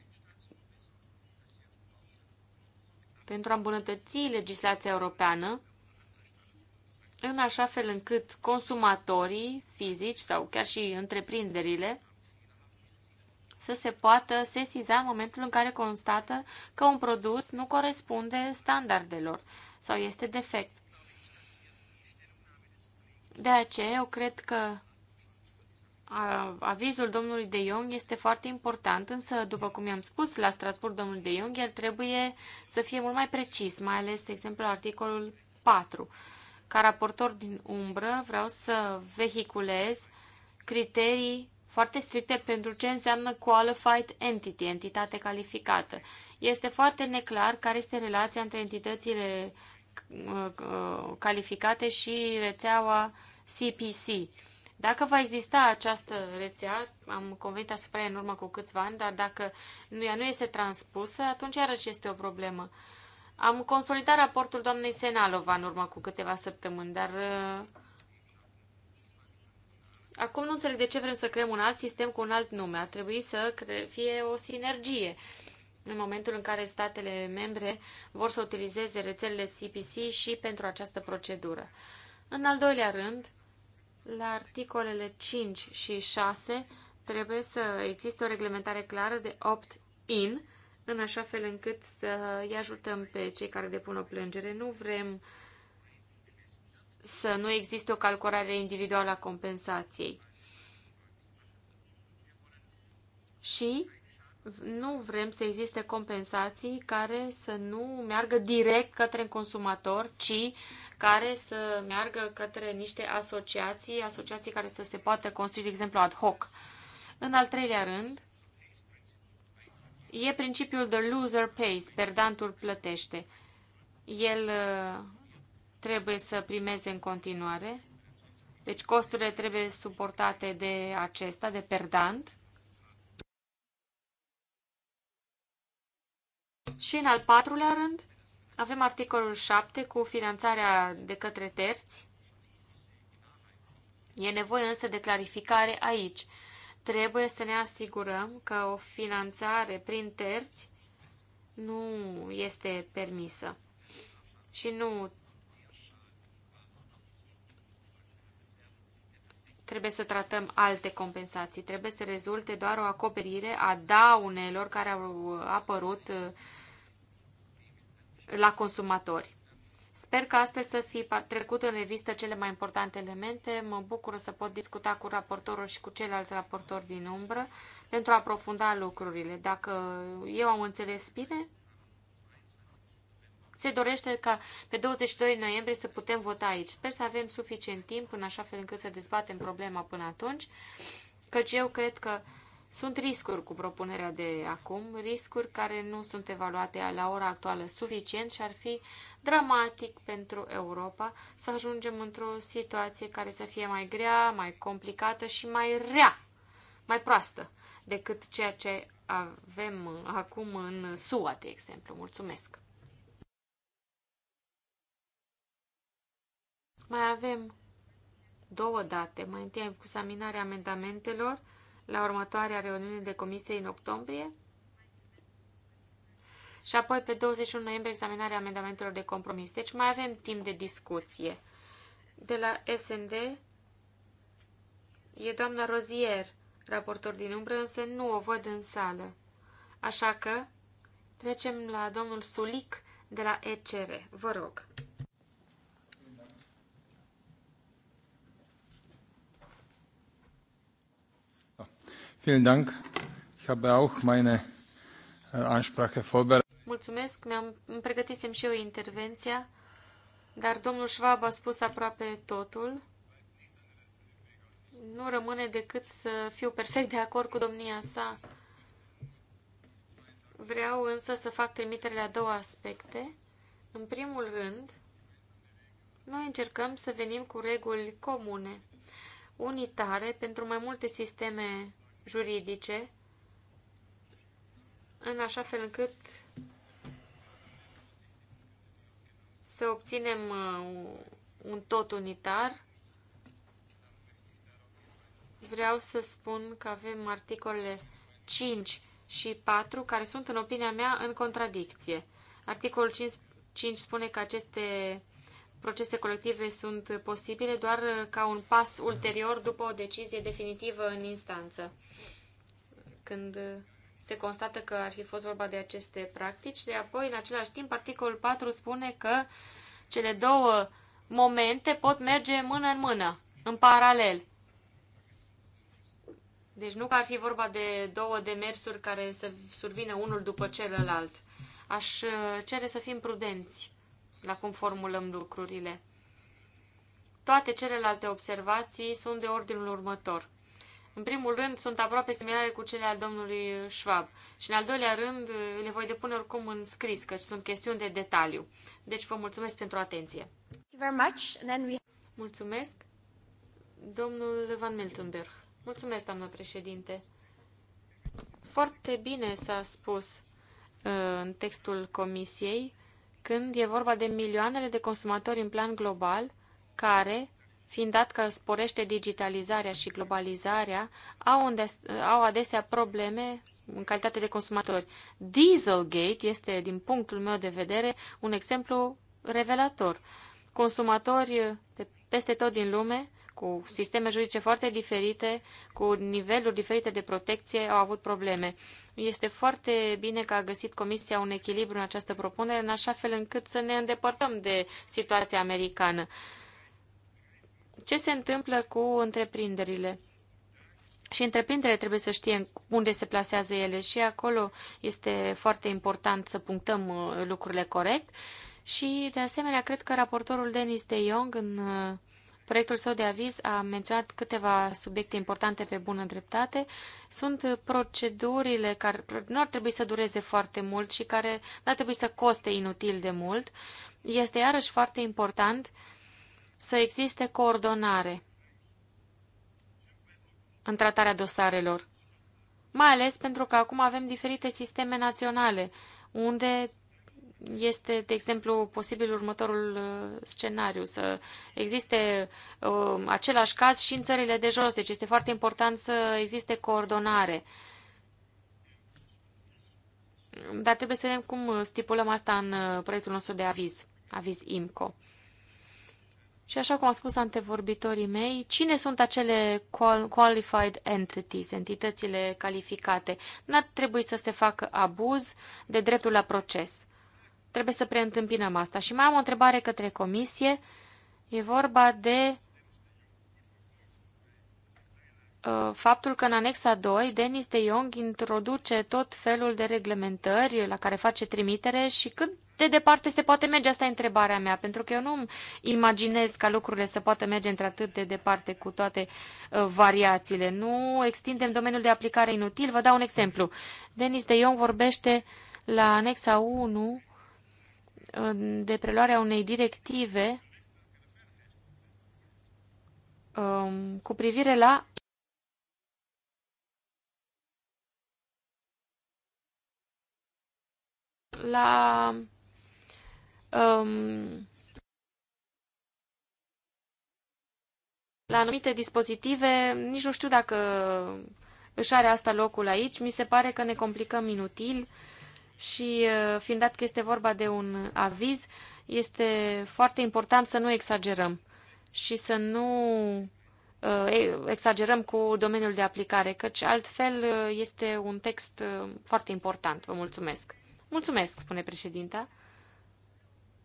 pentru a îmbunătăți legislația europeană în așa fel încât consumatorii fizici sau chiar și întreprinderile să se poată sesiza în momentul în care constată că un produs nu corespunde standardelor sau este defect. De aceea, eu cred că avizul domnului de Jong este foarte important, însă, după cum i-am spus la Strasburg, domnul de Jong, el trebuie să fie mult mai precis, mai ales, de exemplu, articolul 4 ca raportor din umbră, vreau să vehiculez criterii foarte stricte pentru ce înseamnă qualified entity, entitate calificată. Este foarte neclar care este relația între entitățile uh, uh, calificate și rețeaua CPC. Dacă va exista această rețea, am convenit asupra ei în urmă cu câțiva ani, dar dacă ea nu este transpusă, atunci iarăși este o problemă. Am consolidat raportul doamnei Senalova în urmă cu câteva săptămâni, dar uh, acum nu înțeleg de ce vrem să creăm un alt sistem cu un alt nume. Ar trebui să fie o sinergie în momentul în care statele membre vor să utilizeze rețelele CPC și pentru această procedură. În al doilea rând, la articolele 5 și 6 trebuie să existe o reglementare clară de opt-in în așa fel încât să îi ajutăm pe cei care depun o plângere. Nu vrem să nu existe o calculare individuală a compensației. Și nu vrem să existe compensații care să nu meargă direct către un consumator, ci care să meargă către niște asociații, asociații care să se poată construi, de exemplu, ad hoc. În al treilea rând, e principiul the loser pays, perdantul plătește. El uh, trebuie să primeze în continuare, deci costurile trebuie suportate de acesta, de perdant. Și în al patrulea rând, avem articolul 7 cu finanțarea de către terți. E nevoie însă de clarificare aici. Trebuie să ne asigurăm că o finanțare prin terți nu este permisă și nu trebuie să tratăm alte compensații. Trebuie să rezulte doar o acoperire a daunelor care au apărut uh, la consumatori. Sper că astfel să fi trecut în revistă cele mai importante elemente. Mă bucur să pot discuta cu raportorul și cu ceilalți raportori din umbră pentru a aprofunda lucrurile. Dacă eu am înțeles bine, se dorește ca pe 22 noiembrie să putem vota aici. Sper să avem suficient timp în așa fel încât să dezbatem problema până atunci, căci eu cred că sunt riscuri cu propunerea de acum, riscuri care nu sunt evaluate la ora actuală suficient și ar fi dramatic pentru Europa să ajungem într-o situație care să fie mai grea, mai complicată și mai rea, mai proastă decât ceea ce avem acum în SUA, de exemplu. Mulțumesc! Mai avem două date. Mai întâi examinarea amendamentelor la următoarea reuniune de comisie în octombrie și apoi pe 21 noiembrie examinarea amendamentelor de compromis. Deci mai avem timp de discuție. De la SND e doamna Rozier, raportor din umbră, însă nu o văd în sală. Așa că trecem la domnul Sulic de la ECR. Vă rog. Vielen Dank. Ich habe auch meine äh, Ansprache vorbereitet. Mulțumesc, mi-am pregătisem și eu intervenția, dar domnul Schwab a spus aproape totul. Nu rămâne decât să fiu perfect de acord cu domnia sa. Vreau însă să fac trimitere la două aspecte. În primul rând, noi încercăm să venim cu reguli comune, unitare, pentru mai multe sisteme juridice în așa fel încât să obținem uh, un tot unitar. Vreau să spun că avem articolele 5 și 4 care sunt, în opinia mea, în contradicție. Articolul 5, 5 spune că aceste procese colective sunt posibile doar uh, ca un pas ulterior după o decizie definitivă în instanță. Când uh, se constată că ar fi fost vorba de aceste practici, de apoi, în același timp, articolul 4 spune că cele două momente pot merge mână în mână, în paralel. Deci nu că ar fi vorba de două demersuri care să survină unul după celălalt. Aș uh, cere să fim prudenți la cum formulăm lucrurile. Toate celelalte observații sunt de ordinul următor. În primul rând, sunt aproape similare cu cele al domnului Schwab și în al doilea rând le voi depune oricum în scris, căci sunt chestiuni de detaliu. Deci vă mulțumesc pentru atenție. Mulțumesc, domnul Van Miltenberg. Mulțumesc, doamnă președinte. Foarte bine s-a spus uh, în textul comisiei când e vorba de milioanele de consumatori în plan global care, fiind dat că sporește digitalizarea și globalizarea, au, unde, au adesea probleme în calitate de consumatori. Dieselgate este, din punctul meu de vedere, un exemplu revelator. Consumatori de peste tot din lume cu sisteme juridice foarte diferite, cu niveluri diferite de protecție, au avut probleme. Este foarte bine că a găsit Comisia un echilibru în această propunere, în așa fel încât să ne îndepărtăm de situația americană. Ce se întâmplă cu întreprinderile? Și întreprinderile trebuie să știe unde se plasează ele și acolo este foarte important să punctăm uh, lucrurile corect. Și, de asemenea, cred că raportorul Denis de Jong în uh, proiectul său de aviz a menționat câteva subiecte importante pe bună dreptate. Sunt procedurile care nu ar trebui să dureze foarte mult și care nu ar trebui să coste inutil de mult. Este iarăși foarte important să existe coordonare în tratarea dosarelor, mai ales pentru că acum avem diferite sisteme naționale unde este, de exemplu, posibil următorul uh, scenariu, să existe uh, același caz și în țările de jos, deci este foarte important să existe coordonare. Dar trebuie să vedem cum stipulăm asta în uh, proiectul nostru de aviz, aviz IMCO. Și așa cum au spus antevorbitorii mei, cine sunt acele qualified entities, entitățile calificate? N-ar trebui să se facă abuz de dreptul la proces. Trebuie să preîntâmpinăm asta. Și mai am o întrebare către comisie. E vorba de uh, faptul că în anexa 2, Denis de Jong introduce tot felul de reglementări la care face trimitere și cât de departe se poate merge, asta e întrebarea mea, pentru că eu nu imaginez ca lucrurile să poată merge într-atât de departe cu toate uh, variațiile. Nu extindem domeniul de aplicare inutil. Vă dau un exemplu. Denis de Jong vorbește la anexa 1 de preluarea unei directive um, cu privire la la um, la anumite dispozitive, nici nu știu dacă își are asta locul aici, mi se pare că ne complicăm inutil. Uh, și uh, fiind dat că este vorba de un aviz, este foarte important să nu exagerăm și să nu uh, exagerăm cu domeniul de aplicare, căci altfel uh, este un text foarte important. Vă mulțumesc. Mulțumesc, spune președinta.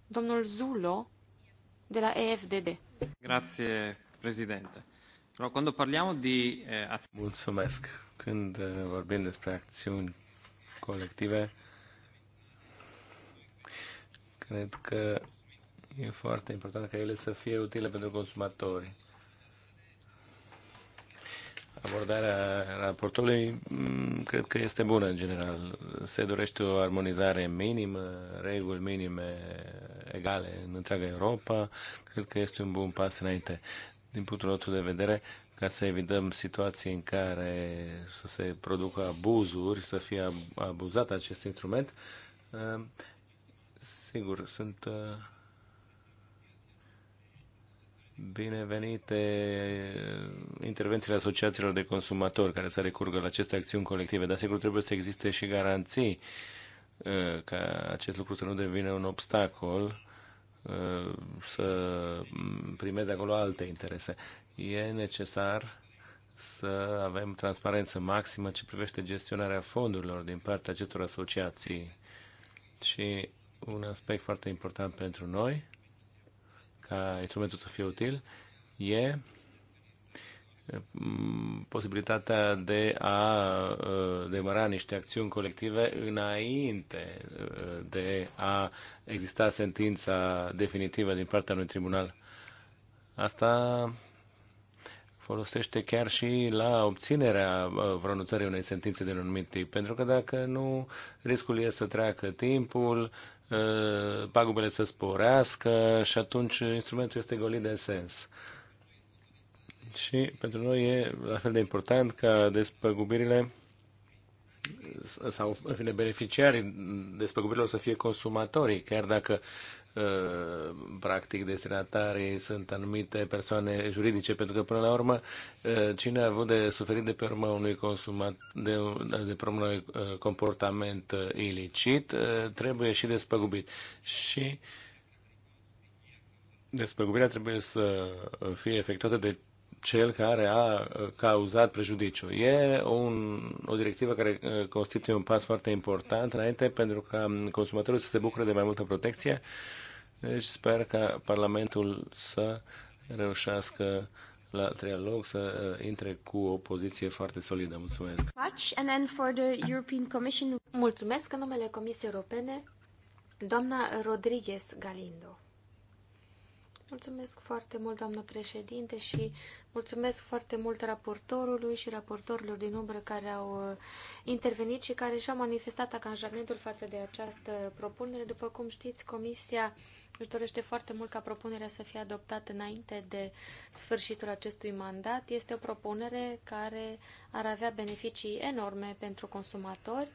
Domnul Zulo, de la EFDD. Grație, președinte. Când parliamo di... Eh, mulțumesc. Când eh, vorbim despre acțiuni colective, Cred că e foarte important ca ele să fie utile pentru consumatori. Abordarea raportului mm, cred că este bună în general. Se dorește o armonizare minimă, reguli minime egale în întreaga Europa. Cred că este un bun pas înainte. Din punctul nostru de vedere, ca să evităm situații în care să se producă abuzuri, să fie abuzat acest instrument, Sigur, sunt uh, binevenite uh, intervențiile asociațiilor de consumatori care să recurgă la aceste acțiuni colective, dar sigur trebuie să existe și garanții uh, ca acest lucru să nu devină un obstacol să primeze acolo alte interese. E necesar să avem transparență maximă ce privește gestionarea fondurilor din partea acestor asociații și un aspect foarte important pentru noi, ca instrumentul să fie util, e mm, posibilitatea de a uh, demara niște acțiuni colective înainte uh, de a exista sentința definitivă din partea unui tribunal. Asta folosește chiar și la obținerea uh, pronunțării unei sentințe de un anumit tip, pentru că dacă nu, riscul este să treacă timpul, Eh, pagubele să sporească și atunci instrumentul este golit de sens. Și pentru noi e la fel de important ca despăgubirile sau în fine, beneficiarii despăgubirilor să fie consumatorii, chiar dacă Uh, practic destinatarii sunt anumite persoane juridice, pentru că până la urmă uh, cine a avut de suferit de pe urma unui consumat, de, de pe urma unui uh, comportament ilicit, trebuie și despăgubit. Și despăgubirea trebuie să fie efectuată de cel care a uh, cauzat prejudiciu. E un, o directivă care uh, constituie un pas foarte important înainte pentru ca consumatorul să se bucure de mai multă protecție. Deci sper ca Parlamentul să reușească la trialog să uh, intre cu o poziție foarte solidă. Mulțumesc! Mulțumesc în numele Comisiei Europene, doamna Rodriguez Galindo. Mulțumesc foarte mult, doamnă președinte, și mulțumesc foarte mult raportorului și raportorilor din umbră care au uh, intervenit și care și-au manifestat angajamentul față de această propunere. După cum știți, Comisia își dorește foarte mult ca propunerea să fie adoptată înainte de sfârșitul acestui mandat. Este o propunere care ar avea beneficii enorme pentru consumatori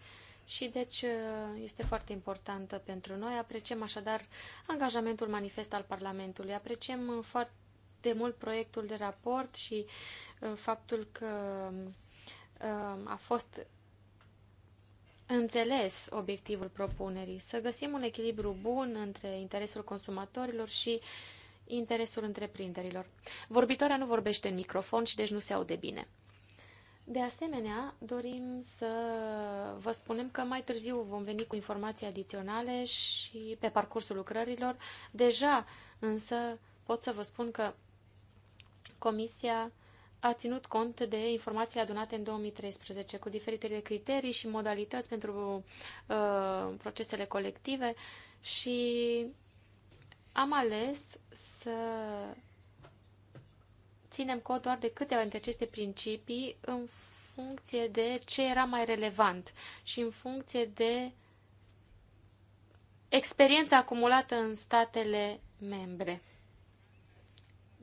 și deci uh, este foarte importantă pentru noi. Apreciem așadar angajamentul manifest al Parlamentului. Apreciem foarte mult proiectul de raport și uh, faptul că uh, a fost înțeles obiectivul propunerii, să găsim un echilibru bun între interesul consumatorilor și interesul întreprinderilor. Vorbitoarea nu vorbește în microfon și deci nu se aude bine. De asemenea, dorim să vă spunem că mai târziu vom veni cu informații adiționale și pe parcursul lucrărilor. Deja, însă, pot să vă spun că Comisia a ținut cont de informațiile adunate în 2013 cu diferitele criterii și modalități pentru uh, procesele colective și am ales să ținem cont doar de câteva dintre aceste principii în funcție de ce era mai relevant și în funcție de experiența acumulată în statele membre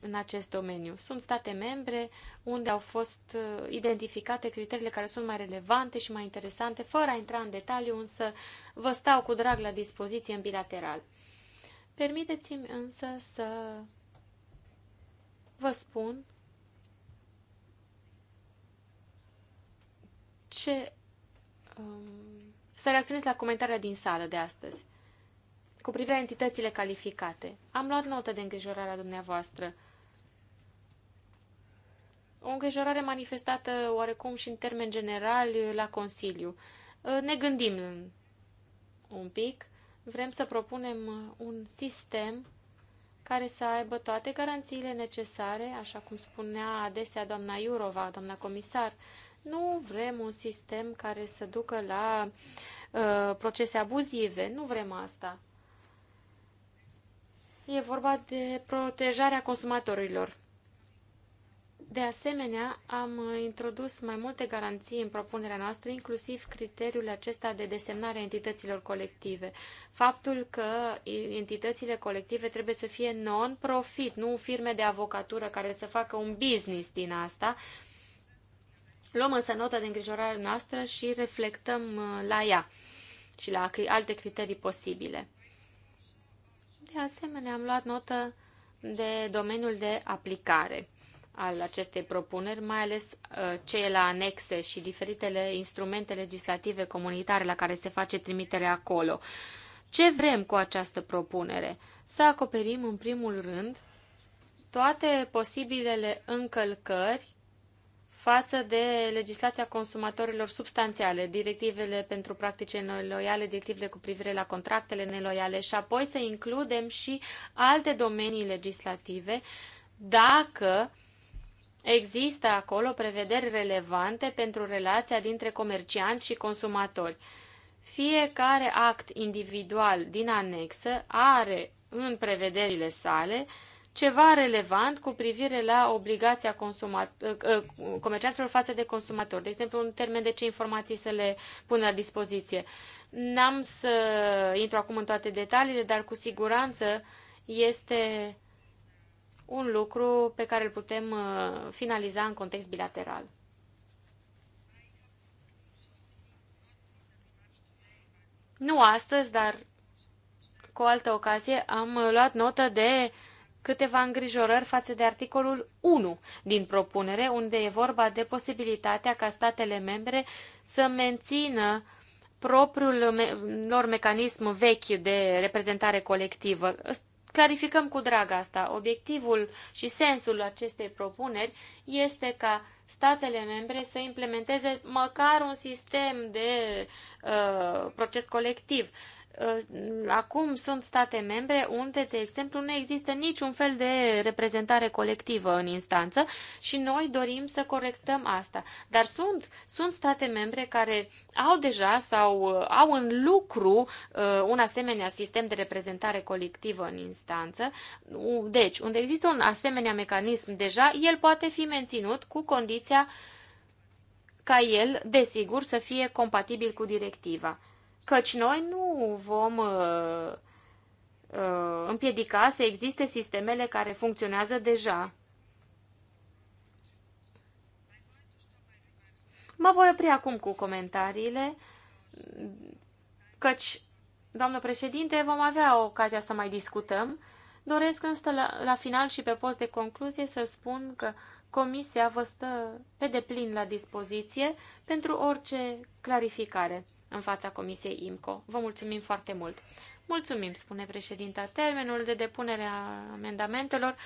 în acest domeniu. Sunt state membre unde au fost uh, identificate criteriile care sunt mai relevante și mai interesante, fără a intra în detaliu, însă vă stau cu drag la dispoziție în bilateral. Permiteți-mi însă să vă spun ce... Um, să reacționez la comentarea din sală de astăzi cu privire la entitățile calificate. Am luat notă de îngrijorarea dumneavoastră. O îngrijorare manifestată oarecum și în termen general la Consiliu. Uh, ne gândim un pic. Vrem să propunem un sistem care să aibă toate garanțiile necesare, așa cum spunea adesea doamna Iurova, doamna comisar. Nu vrem un sistem care să ducă la uh, procese abuzive, nu vrem asta. E vorba de protejarea consumatorilor. De asemenea, am introdus mai multe garanții în propunerea noastră, inclusiv criteriul acesta de desemnare a entităților colective. Faptul că entitățile colective trebuie să fie non-profit, nu firme de avocatură care să facă un business din asta. Luăm însă notă de îngrijorare noastră și reflectăm uh, la ea și la alte criterii posibile. De asemenea, am luat notă de domeniul de aplicare al acestei propuneri, mai ales uh, cei la anexe și diferitele instrumente legislative comunitare la care se face trimitere acolo. Ce vrem cu această propunere? Să acoperim în primul rând toate posibilele încălcări față de legislația consumatorilor substanțiale, directivele pentru practice neloiale, directivele cu privire la contractele neloiale și apoi să includem și alte domenii legislative dacă uh, Există acolo prevederi relevante pentru relația dintre comercianți și consumatori. Fiecare act individual din anexă are în prevederile sale ceva relevant cu privire la obligația ă, ă, comercianților față de consumatori. De exemplu, un termen de ce informații să le pună la dispoziție. N-am să intru acum în toate detaliile, dar cu siguranță este un lucru pe care îl putem uh, finaliza în context bilateral. Nu astăzi, dar cu o altă ocazie am luat notă de câteva îngrijorări față de articolul 1 din propunere, unde e vorba de posibilitatea ca statele membre să mențină propriul lor mecanism vechi de reprezentare colectivă clarificăm cu drag asta. Obiectivul și sensul acestei propuneri este ca statele membre să implementeze măcar un sistem de uh, proces colectiv. Uh, Uh, acum sunt state membre unde, de exemplu, nu există niciun fel de reprezentare colectivă în instanță și noi dorim să corectăm asta. Dar sunt, sunt state membre care au deja sau uh, au în lucru uh, un asemenea sistem de reprezentare colectivă în instanță. Deci, unde există un asemenea mecanism deja, el poate fi menținut cu condiția ca el, desigur, să fie compatibil cu directiva căci noi nu vom uh, uh, împiedica să existe sistemele care funcționează deja. Mă voi opri acum cu comentariile, căci, doamnă președinte, vom avea ocazia să mai discutăm. Doresc însă la, la final și pe post de concluzie să spun că Comisia vă stă pe deplin la dispoziție pentru orice clarificare în fața Comisiei IMCO. Vă mulțumim foarte mult! Mulțumim, spune președinta. Termenul de depunere a amendamentelor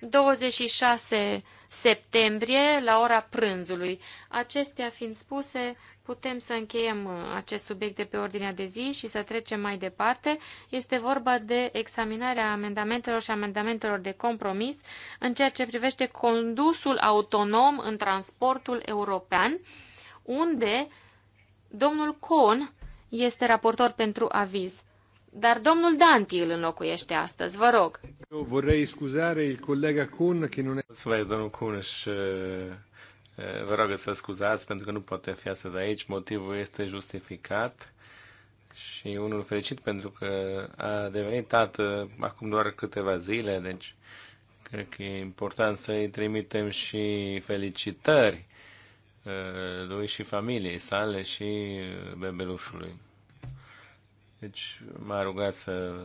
26 septembrie la ora prânzului. Acestea fiind spuse, putem să încheiem uh, acest subiect de pe ordinea de zi și să trecem mai departe. Este vorba de examinarea amendamentelor și amendamentelor de compromis în ceea ce privește condusul autonom în transportul european, unde Domnul Cohn este raportor pentru aviz, dar domnul Danti îl înlocuiește astăzi, vă rog. Eu vorrei scuzare il colega Kuhn, che non è... Mulțumesc, domnul Kuhn, și vă rog să scuzați pentru că nu poate fi astăzi aici. Motivul este justificat și unul fericit pentru că a devenit tată acum doar câteva zile, deci cred că e important să-i trimitem și felicitări Uh, lui și familiei sale și uh, bebelușului. Deci m-a rugat să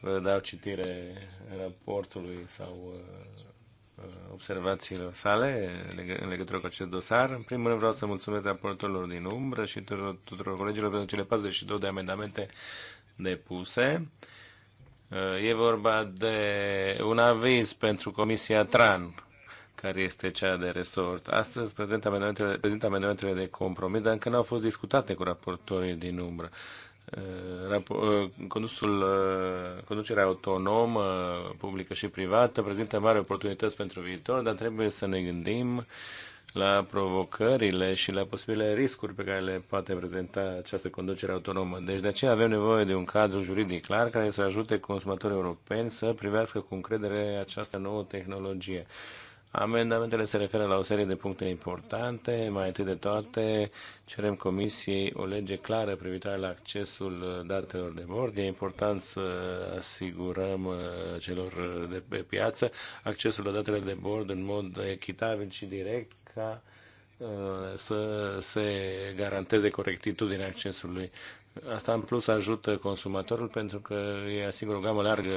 vă dau citire raportului sau uh, observațiilor sale în legătură cu acest dosar. În primul rând vreau să mulțumesc raportorilor din umbră și tuturor colegilor pentru cele 42 de amendamente depuse. E vorba de un aviz pentru Comisia TRAN care este cea de resort. Astăzi prezint amendamentele, prezint amendamentele de compromis, dar încă nu au fost discutate cu raportorii din umbră. Uh, uh, condusul, uh, conducerea autonomă, publică și privată, prezintă mari oportunități pentru viitor, dar trebuie să ne gândim la provocările și la posibile riscuri pe care le poate prezenta această conducere autonomă. Deci de aceea avem nevoie de un cadru juridic clar care să ajute consumatorii europeni să privească cu încredere această nouă tehnologie. Amendamentele se referă la o serie de puncte importante. Mai întâi de toate, cerem Comisiei o lege clară privitoare la accesul uh, datelor de bord. E important să asigurăm uh, celor uh, de pe piață accesul la datele de bord în mod echitabil și direct ca să se garanteze corectitudinea accesului Asta în plus ajută consumatorul pentru că e asigur o gamă largă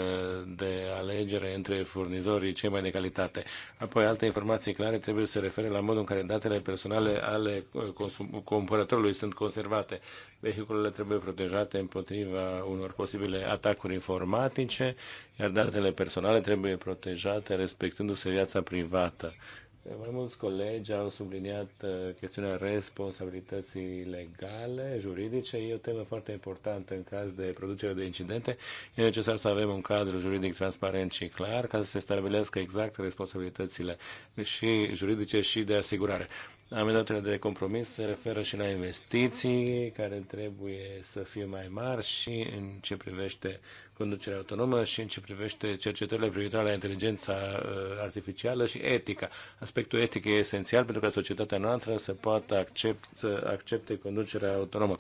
de alegere între furnizorii cei mai de calitate. Apoi alte informații clare trebuie să se refere la modul în care datele personale ale uh, cumpărătorului sunt conservate. Vehiculele trebuie protejate împotriva unor posibile atacuri informatice, iar datele personale trebuie protejate respectându-se viața privată mai mulți colegi au subliniat uh, chestiunea responsabilității legale, juridice. E o temă foarte importantă în caz de producere de incidente. E necesar să avem un cadru juridic transparent și clar ca să se stabilească exact responsabilitățile și juridice și de asigurare. Amendatele de compromis se referă și la investiții care trebuie să fie mai mari și în ce privește conducerea autonomă și în ce privește cercetările privitoare la inteligența uh, artificială și etica. Aspectul etic e esențial pentru ca societatea noastră să poată accept, accepte conducerea autonomă.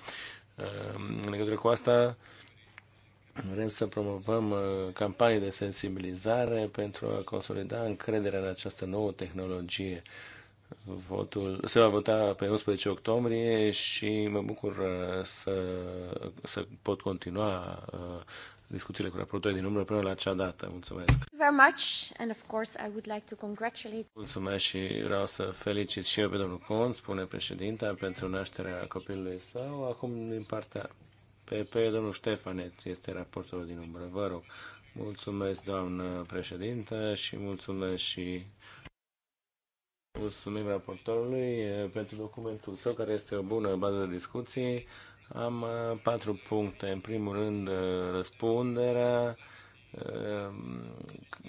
Uh, în legătură cu asta, Vrem să promovăm uh, campanii de sensibilizare pentru a consolida încrederea în această nouă tehnologie. Votul se va vota pe 11 octombrie și mă bucur uh, să, să pot continua uh, discuțiile cu raportorii din umbră până la acea dată. Mulțumesc! Very much and of course I would like to congratulate... Mulțumesc și vreau să felicit și eu pe domnul Con, spune președinta, pentru nașterea copilului său. Acum din partea pe pe domnul Ștefaneț este raportorul din umbră. Vă rog, mulțumesc doamnă președintă și mulțumesc și Mulțumim raportorului pentru documentul său, care este o bună bază de discuții. Am patru puncte. În primul rând, răspunderea,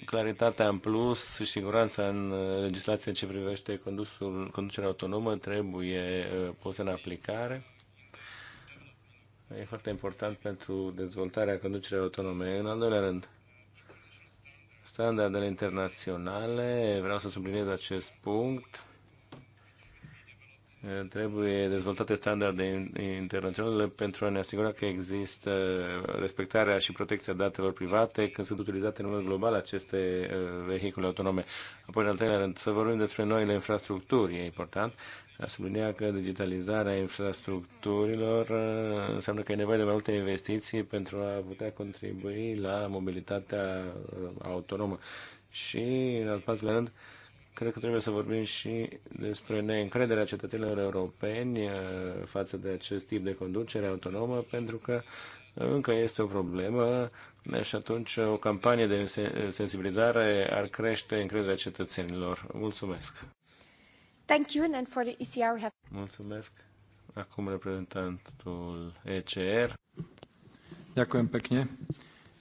claritatea în plus și siguranța în legislația ce privește condusul, conducerea autonomă trebuie pusă în aplicare. E foarte important pentru dezvoltarea conducerii autonome. În al doilea rând, standardele internaționale, vreau să subliniez acest punct, trebuie dezvoltate standarde internaționale pentru a ne asigura că există respectarea și protecția datelor private când sunt utilizate în mod global aceste uh, vehicule autonome. Apoi, în al treilea rând, să vorbim despre noile infrastructuri, e important a sublinia că digitalizarea infrastructurilor uh, înseamnă că e nevoie de mai multe investiții pentru a putea contribui la mobilitatea uh, autonomă. Și, în al patrulea rând, cred că trebuie să vorbim și despre neîncrederea cetățenilor europeni uh, față de acest tip de conducere autonomă, pentru că încă este o problemă și atunci o campanie de sensibilizare ar crește încrederea cetățenilor. Mulțumesc! Thank you and for the ECR we have... Mulțumesc. Acum reprezentantul ECR. Ďakujem pekne.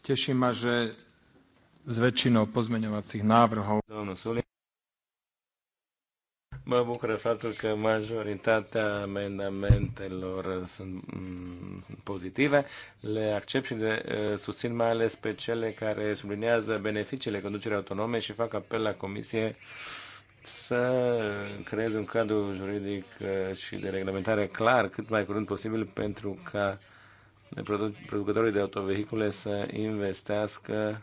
Teší ma, že s väčšinou pozmeňovacích návrhov. Domnul Sulin. Mă bucură faptul că majoritatea amendamentelor sunt mm, pozitive. Le accept și de, susțin mai ales pe cele care sublinează beneficiile conducerii autonome și fac apel la Comisie să creeze un cadru juridic uh, și de reglementare clar cât mai curând posibil pentru ca producătorii de autovehicule să investească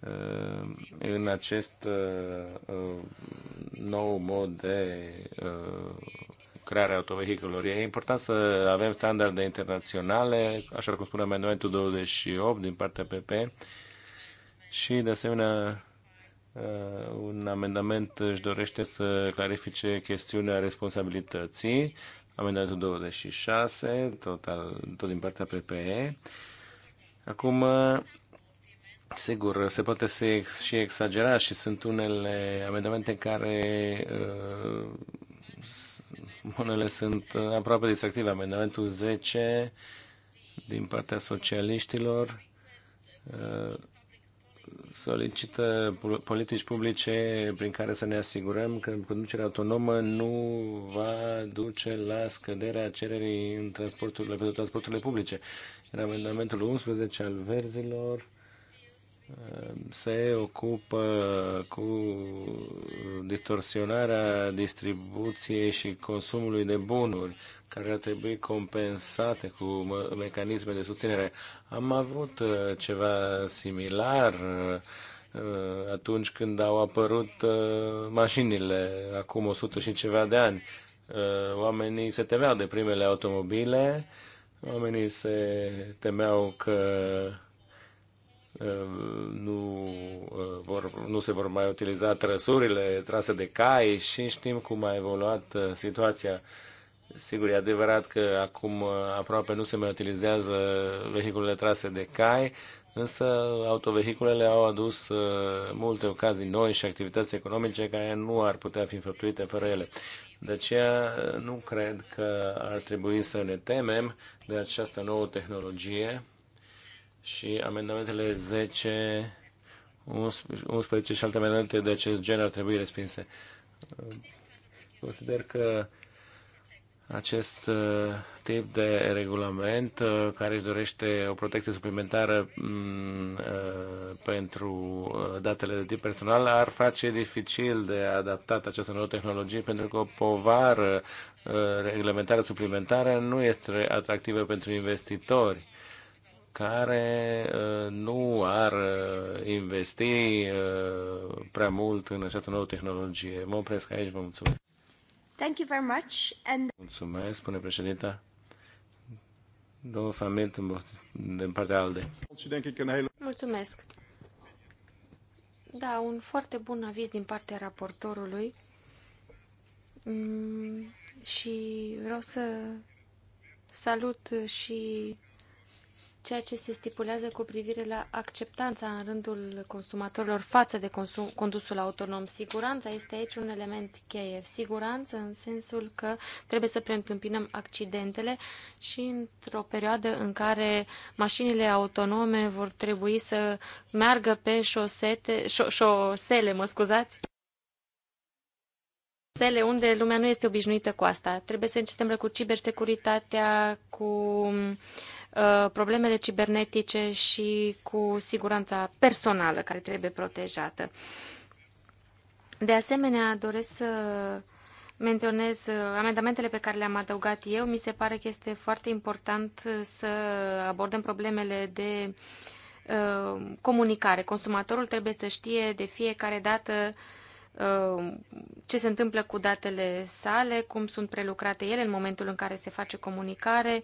uh, în acest uh, nou mod de crearea autovehiculor. E important să avem standarde internaționale, așa cum spune amendamentul 28 din partea PP și, de asemenea, Uh, un amendament își dorește să clarifice chestiunea responsabilității, amendamentul 26, tot, al, tot din partea PPE. Acum, uh, sigur, se poate ex- și exagera și sunt unele amendamente care uh, unele sunt aproape distractive. Amendamentul 10 din partea socialiștilor uh, solicită politici publice prin care să ne asigurăm că conducerea autonomă nu va duce la scăderea cererii în transporturile, pentru transporturile publice. În amendamentul 11 al verzilor se ocupă cu distorsionarea distribuției și consumului de bunuri, care ar trebui compensate cu mecanisme de susținere. Am avut uh, ceva similar uh, atunci când au apărut uh, mașinile, acum 100 și ceva de ani. Oamenii se temeau de primele automobile, oamenii se temeau că Ehm, nu, ehm, vor, nu se vor mai utiliza trăsurile trase de cai și știm cum a evoluat eh, situația. Sigur, e adevărat că acum eh, aproape nu se mai utilizează vehiculele trase de cai, însă autovehiculele au adus eh, multe ocazii noi și activități economice care nu ar putea fi înfăptuite fără ele. De aceea nu cred că ar trebui să ne temem de această nouă tehnologie și amendamentele 10, 11 și alte amendamente de acest gen ar trebui respinse. Consider că acest uh, tip de regulament uh, care își dorește o protecție suplimentară mm, uh, pentru datele de tip personal ar face dificil de adaptat această nouă tehnologie pentru că o povară reglementară suplimentară nu este atractivă pentru investitori care uh, nu ar uh, investi uh, prea mult în această nouă tehnologie. Mă opresc aici, vă mulțumesc. Thank you very much. And... Mulțumesc, spune președinta. Domnul Fament, din partea ALDE. Mulțumesc. Da, un foarte bun aviz din partea raportorului mm, și vreau să salut și ceea ce se stipulează cu privire la acceptanța în rândul consumatorilor față de consum, condusul autonom. Siguranța este aici un element cheie. Siguranță în sensul că trebuie să preîntâmpinăm accidentele și într-o perioadă în care mașinile autonome vor trebui să meargă pe șosete, șo, șosele, mă scuzați, sele unde lumea nu este obișnuită cu asta. Trebuie să începem cu cibersecuritatea, cu uh, Uh, problemele cibernetice și cu siguranța personală care trebuie protejată. De asemenea, doresc să menționez uh, amendamentele pe care le-am adăugat eu. Mi se pare că este foarte important să abordăm problemele de uh, comunicare. Consumatorul trebuie să știe de fiecare dată ce se întâmplă cu datele sale, cum sunt prelucrate ele în momentul în care se face comunicare,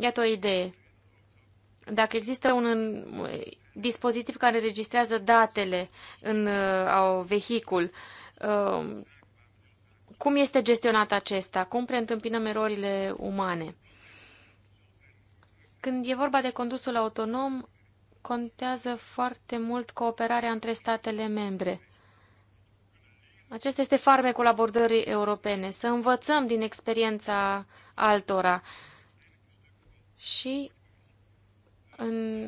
Iată o idee. Dacă există un dispozitiv care înregistrează datele în uh, vehicul, uh, cum este gestionat acesta? Cum preîntâmpinăm erorile umane? Când e vorba de condusul autonom, contează foarte mult cooperarea între statele membre. Acesta este farmecul abordării europene, să învățăm din experiența altora și în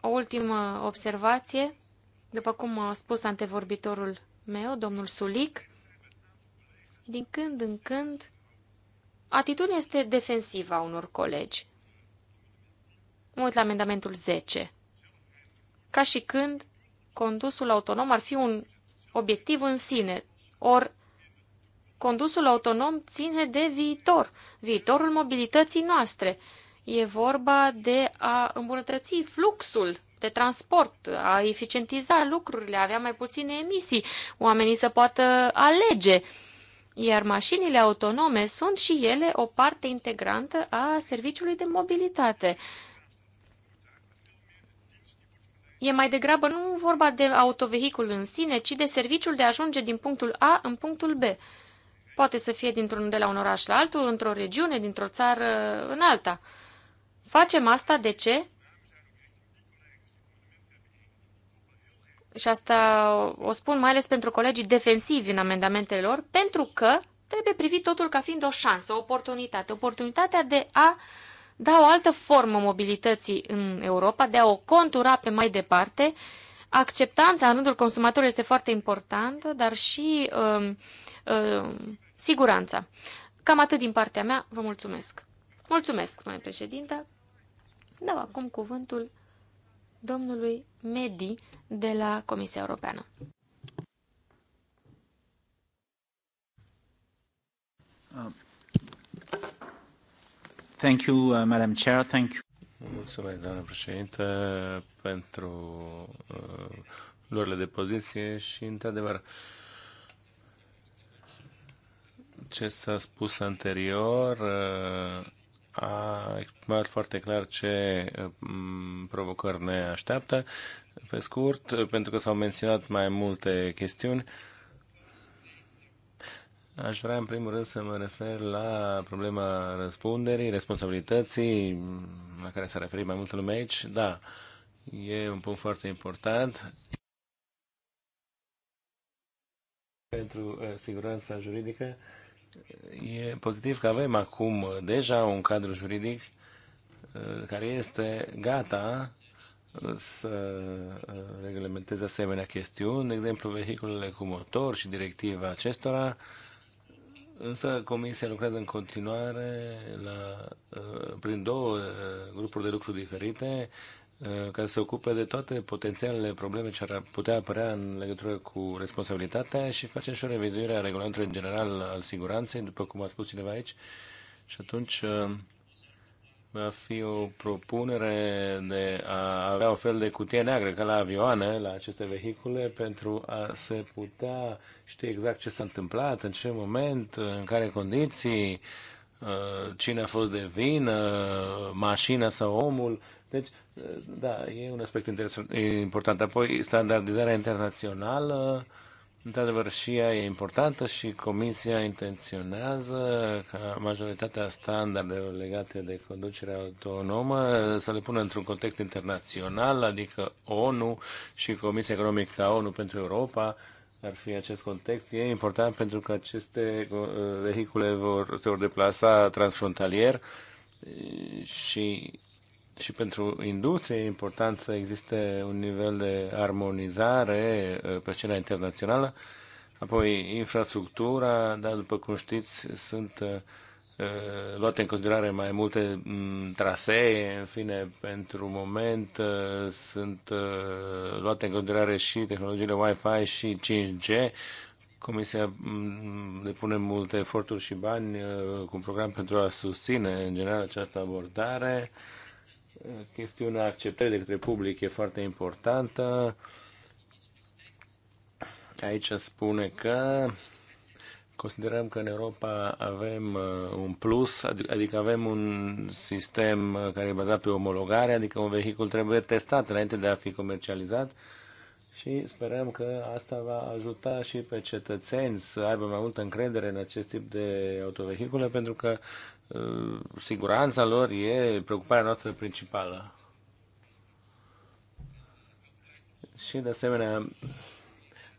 o ultimă observație, după cum a spus antevorbitorul meu, domnul Sulic, din când în când, atitudinea este defensivă a unor colegi. Mă uit la amendamentul 10. Ca și când condusul autonom ar fi un obiectiv în sine, ori condusul autonom ține de viitor, viitorul mobilității noastre – E vorba de a îmbunătăți fluxul de transport, a eficientiza lucrurile, a avea mai puține emisii, oamenii să poată alege. Iar mașinile autonome sunt și ele o parte integrantă a serviciului de mobilitate. E mai degrabă nu vorba de autovehicul în sine, ci de serviciul de a ajunge din punctul A în punctul B. Poate să fie dintr-un de la un oraș la altul, într-o regiune, dintr-o țară în alta. Facem asta de ce? Și asta o spun mai ales pentru colegii defensivi în amendamentele lor, pentru că trebuie privit totul ca fiind o șansă, o oportunitate, oportunitatea de a da o altă formă mobilității în Europa, de a o contura pe mai departe. Acceptanța în rândul consumatorului este foarte importantă, dar și uh, uh, siguranța. Cam atât din partea mea, vă mulțumesc. Mulțumesc, spune președinta. Dau acum cuvântul domnului Medi de la Comisia Europeană. thank you, uh, Madam Chair. Thank you. Mulțumesc, doamnă președinte, pentru uh, luările de poziție și, într-adevăr, ce s-a spus anterior uh, a exprimat foarte clar ce uh, provocări ne așteaptă. Pe scurt, pentru că s-au menționat mai multe chestiuni, aș vrea în primul rând să mă refer la problema răspunderii, responsabilității, la care s-a referit mai multă lume aici. Da, e un punct foarte important. Pentru uh, siguranța juridică, e pozitiv că avem acum deja un cadru juridic uh, care este gata uh, să uh, reglementeze asemenea chestiuni, de exemplu vehiculele cu motor și directiva acestora, însă Comisia lucrează în continuare la, prin două grupuri de lucru diferite, Uh, ca să se ocupe de toate potențialele probleme ce ar putea apărea în legătură cu responsabilitatea și facem și o revizuire a regulamentului general al siguranței, după cum a spus cineva aici. Și atunci uh, va fi o propunere de a avea o fel de cutie neagră ca la avioane, la aceste vehicule, pentru a se putea ști exact ce s-a întâmplat, în ce moment, în care condiții, uh, cine a fost de vină, mașina sau omul, deci, da, e un aspect important. Apoi, standardizarea internațională, într-adevăr, și ea e importantă și Comisia intenționează ca majoritatea standardelor legate de conducerea autonomă să le pună într-un context internațional, adică ONU și Comisia Economică a ONU pentru Europa, ar fi acest context. E important pentru că aceste uh, vehicule vor, se vor deplasa transfrontalier și și pentru industrie e important să existe un nivel de armonizare uh, pe scena internațională. Apoi, infrastructura, dar după cum știți, sunt uh, uh, luate în considerare mai multe mm, trasee, în fine, pentru moment sunt luate în considerare și tehnologiile Wi-Fi și 5G. Comisia mm, depune multe eforturi și bani cu un program pentru a susține, în general, această abordare chestiunea acceptării de către public e foarte importantă. Aici spune că considerăm că în Europa avem uh, un plus, adică avem un sistem uh, care e bazat pe omologare, adică un vehicul trebuie testat înainte de a fi comercializat și sperăm că asta va ajuta și pe cetățeni să aibă mai multă încredere în acest tip de autovehicule, pentru că Uh, siguranța lor e preocuparea noastră principală. Și de asemenea,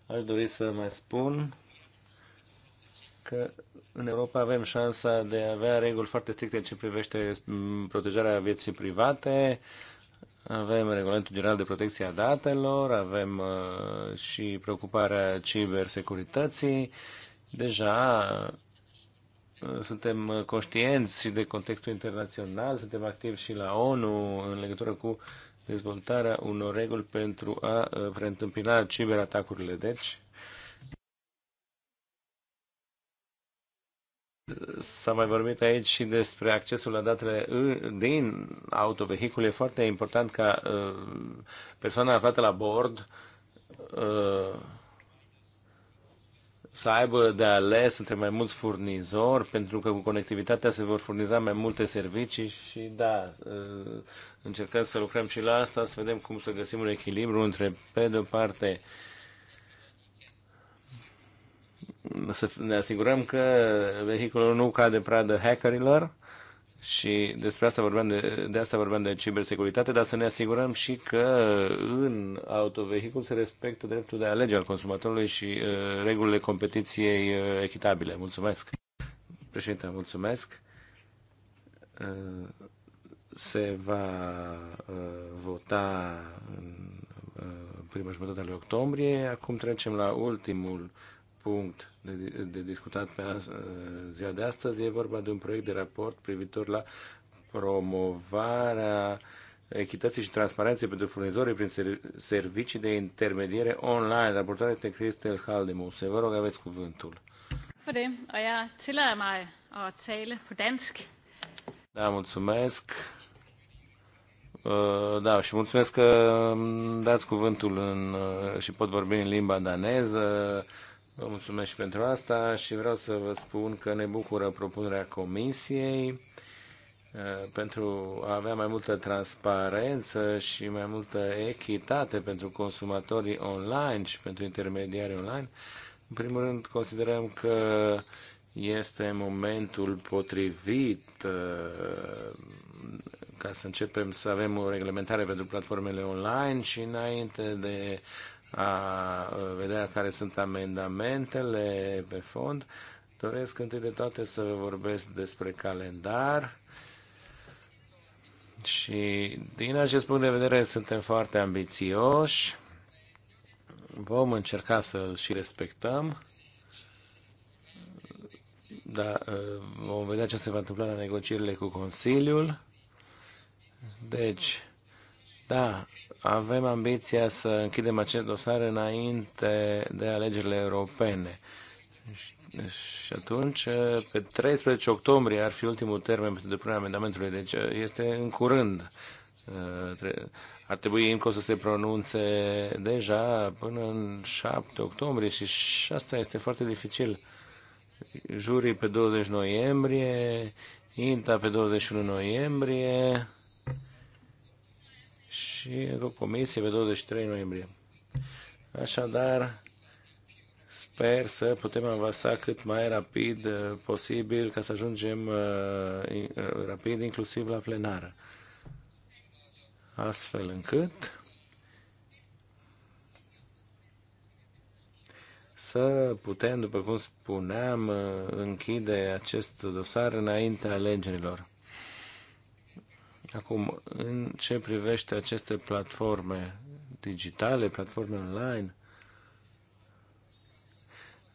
aș dori să mai spun că în Europa avem șansa de a avea reguli foarte stricte în ce privește mm, protejarea vieții private, avem regulamentul general de protecție a datelor, avem uh, și preocuparea cibersecurității. Deja suntem uh, conștienți și de contextul internațional, suntem activi și la ONU în legătură cu dezvoltarea unor reguli pentru a uh, preîntâmpina ciberatacurile. Deci, S-a mai vorbit aici și despre accesul la datele uh, din autovehicul. E foarte important ca persoana aflată la bord să aibă de ales între mai mulți furnizori, pentru că cu conectivitatea se vor furniza mai multe servicii și da, uh, încercăm să lucrăm și la asta, să vedem cum să găsim un echilibru între, pe de-o parte, să ne asigurăm că vehiculul nu cade pradă hackerilor și despre asta vorbeam de, de asta vorbeam de cibersecuritate, dar să ne asigurăm și că în autovehicul se respectă dreptul de alege al consumatorului și uh, regulile competiției uh, echitabile. Mulțumesc. Președinte, mulțumesc. Uh, se va uh, vota în uh, prima jumătate a lui octombrie. Acum trecem la ultimul punct de, de discutat pe ziua de astăzi. E vorba de un proiect de raport privitor la promovarea echității și transparenței pentru furnizorii prin servicii de intermediere online. Raportarea este Cristel Haldemus. Vă rog, aveți cuvântul. Da, mulțumesc. Ă, da, și mulțumesc că dați cuvântul în, și pot vorbi în limba daneză. Vă mulțumesc și pentru asta și vreau să vă spun că ne bucură propunerea Comisiei uh, pentru a avea mai multă transparență și mai multă echitate pentru consumatorii online și pentru intermediari online. În primul rând, considerăm că este momentul potrivit uh, ca să începem să avem o reglementare pentru platformele online și înainte de a vedea care sunt amendamentele pe fond, doresc întâi de toate să vorbesc despre calendar. Și din acest punct de vedere suntem foarte ambițioși. Vom încerca să îl și respectăm. Dar vom vedea ce se va întâmpla la negocierile cu Consiliul. Deci, da, avem ambiția să închidem acest dosar înainte de alegerile europene. Și atunci, pe 13 octombrie ar fi ultimul termen pentru depunerea amendamentului, deci uh, este în curând. Uh, ar trebui încă să se pronunțe deja până în 7 octombrie și asta este foarte dificil. Jurii pe 20 noiembrie, INTA pe 21 noiembrie, și o comisie pe 23 noiembrie. Așadar, sper să putem avansa cât mai rapid uh, posibil ca să ajungem uh, uh, rapid inclusiv la plenară. Astfel încât să putem, după cum spuneam, închide acest dosar înainte alegerilor. Acum, în ce privește aceste platforme digitale, platforme online,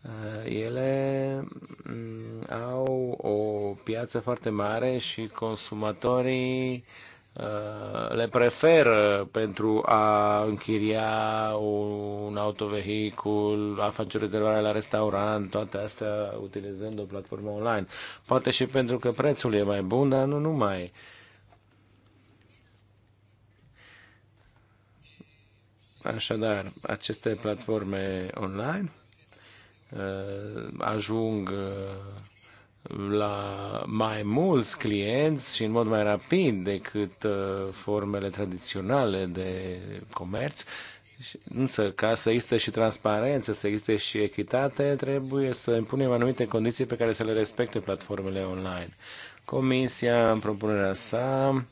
eh, ele mm, au o piață foarte mare și consumatorii eh, le preferă pentru a închiria un autovehicul, a face rezervare la restaurant, toate astea utilizând o platformă online. Poate și pentru că prețul e mai bun, dar nu numai. Uh, Așadar, aceste platforme online uh, ajung uh, la mai mulți clienți și în mod mai rapid decât uh, formele tradiționale de comerț. Însă, ca să existe și transparență, să existe și echitate, trebuie să impunem anumite condiții pe care să le respecte platformele online. Comisia, în propunerea sa, uh,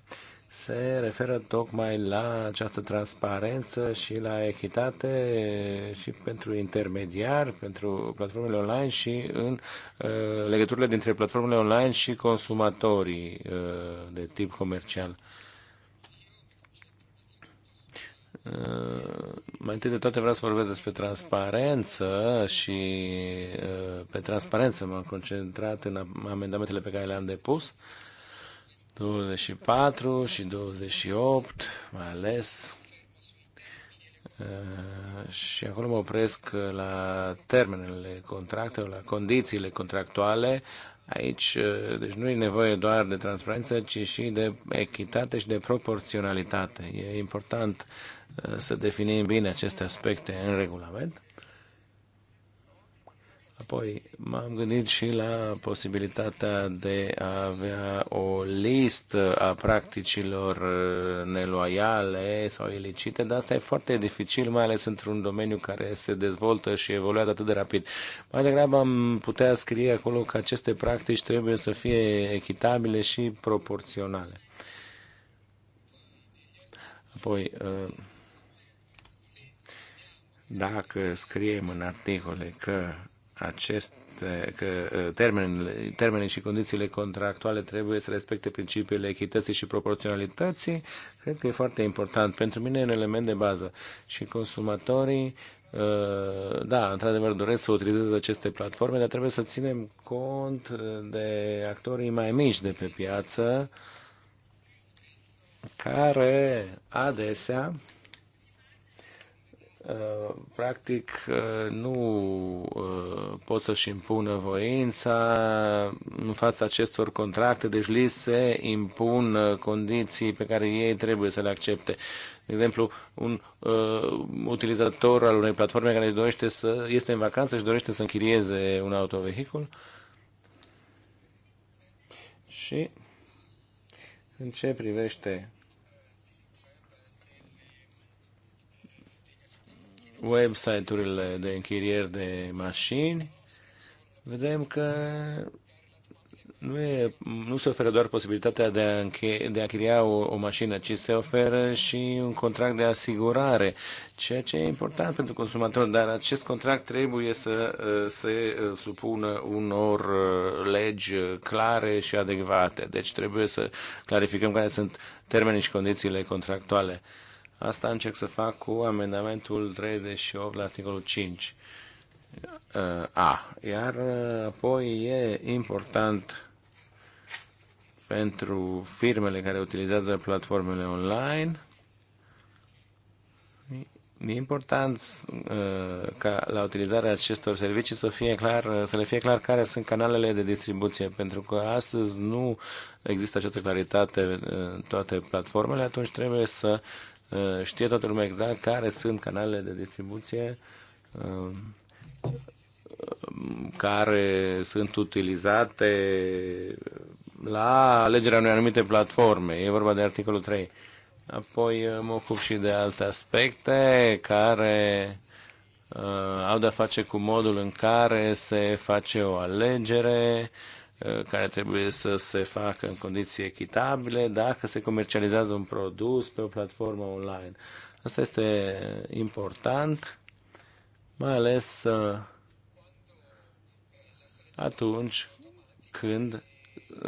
se referă tocmai la această transparență și la echitate și pentru intermediari, pentru platformele online și în uh, legăturile dintre platformele online și consumatorii uh, de tip comercial. Uh, mai întâi de toate vreau să vorbesc despre transparență și uh, pe transparență m-am concentrat în amendamentele pe care le-am depus. Uh, 24 și 28, mai ales. Uh, și acolo mă opresc uh, la termenele contractelor, la condițiile contractuale. Aici, uh, deci nu e nevoie doar de transparență, ci și de echitate și de proporționalitate. E important să definim bine aceste aspecte în regulament. Apoi m-am gândit și la posibilitatea de a avea o listă a practicilor uh, neloiale sau ilicite, dar asta e foarte dificil, mai ales într-un domeniu care se dezvoltă și evoluează atât de rapid. Mai degrabă am putea scrie acolo că aceste practici trebuie să fie echitabile și proporționale. Apoi, uh, dacă scriem în articole că aceste, că ă, termenele, termenii și condițiile contractuale trebuie să respecte principiile echității și proporționalității, cred că e foarte important. Pentru mine e un element de bază și consumatorii ă, da, într-adevăr doresc să utilizez aceste platforme, dar trebuie să ținem cont de actorii mai mici de pe piață care adesea Uh, practic uh, nu uh, pot să-și impună voința în fața acestor contracte, deci li se impun condiții pe care ei trebuie să le accepte. De exemplu, un uh, utilizator al unei platforme care dorește să este în vacanță și dorește să închirieze un autovehicul și în ce privește website-urile de închirieri de mașini, vedem că nu, e, nu se oferă doar posibilitatea de a, de a chiria o, o mașină, ci se oferă și un contract de asigurare, ceea ce e important pentru consumator, dar acest contract trebuie să uh, se uh, supună unor uh, legi clare și adecvate. Deci trebuie să clarificăm care sunt termenii și condițiile contractuale. Asta încerc să fac cu amendamentul 38 la articolul 5. Uh, A. Iar uh, apoi e important pentru firmele care utilizează platformele online. E important uh, ca la utilizarea acestor servicii să, fie clar, să le fie clar care sunt canalele de distribuție, pentru că astăzi nu există această claritate în toate platformele, atunci trebuie să Uh, știe toată lumea exact care sunt canalele de distribuție um, um, care sunt utilizate la alegerea unei anumite platforme. E vorba de articolul 3. Apoi uh, mă ocup și de alte aspecte care uh, au de-a face cu modul în care se face o alegere, uh, Uh, care trebuie să se facă în condiții echitabile dacă se comercializează un produs pe o platformă online. Asta este important, mai ales uh, atunci când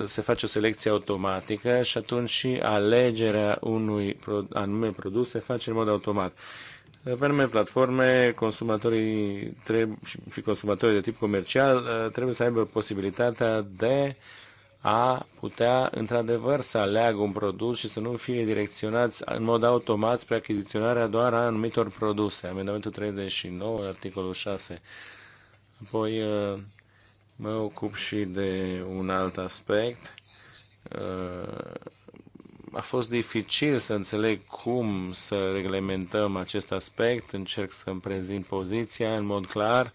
se face o selecție automatică și atunci și alegerea unui anume produs se face în mod automat. Pe platforme, consumatorii și consumatorii de tip comercial uh, trebuie să aibă posibilitatea de a putea într-adevăr să aleagă un produs și să nu fie direcționați în mod automat spre achiziționarea doar a anumitor produse. Amendamentul 39, articolul 6. Apoi uh, mă ocup și de un alt aspect uh, a fost dificil să înțeleg cum să reglementăm acest aspect. Încerc să-mi prezint poziția în mod clar.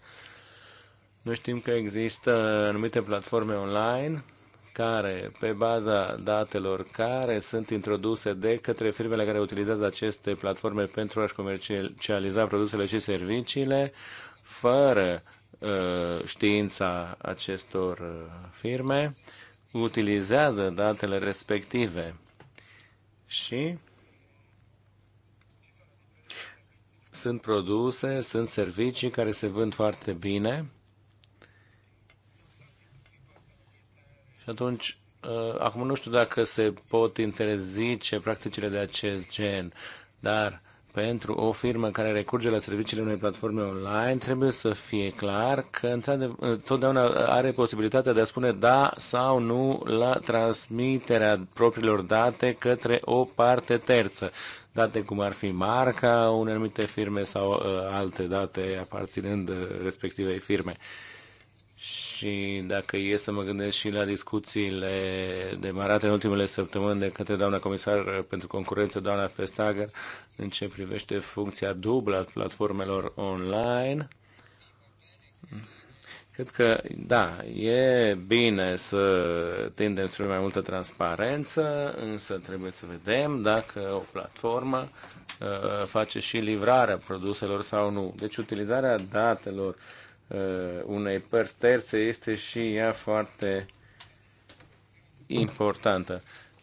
Noi știm că există anumite platforme online care, pe baza datelor care sunt introduse de către firmele care utilizează aceste platforme pentru a-și comercializa produsele și serviciile, fără uh, știința acestor uh, firme, utilizează datele respective și sunt produse, sunt servicii care se vând foarte bine. Și atunci, uh, acum nu știu dacă se pot interzice practicile de acest gen, dar pentru o firmă care recurge la serviciile unei platforme online, trebuie să fie clar că întotdeauna are posibilitatea de a spune da sau nu la transmiterea propriilor date către o parte terță. Date cum ar fi marca unei anumite firme sau uh, alte date aparținând uh, respectivei firme. Uh, și dacă e să mă gândesc și la discuțiile demarate în ultimele săptămâni de către doamna comisar pentru concurență, doamna Festager, în ce privește funcția dublă a platformelor online, Cred că, da, e bine să tindem spre mai multă transparență, însă trebuie să vedem dacă o platformă uh, face și livrarea produselor sau nu. Deci utilizarea datelor uh, Uh, unei părți terțe este și ea foarte importantă.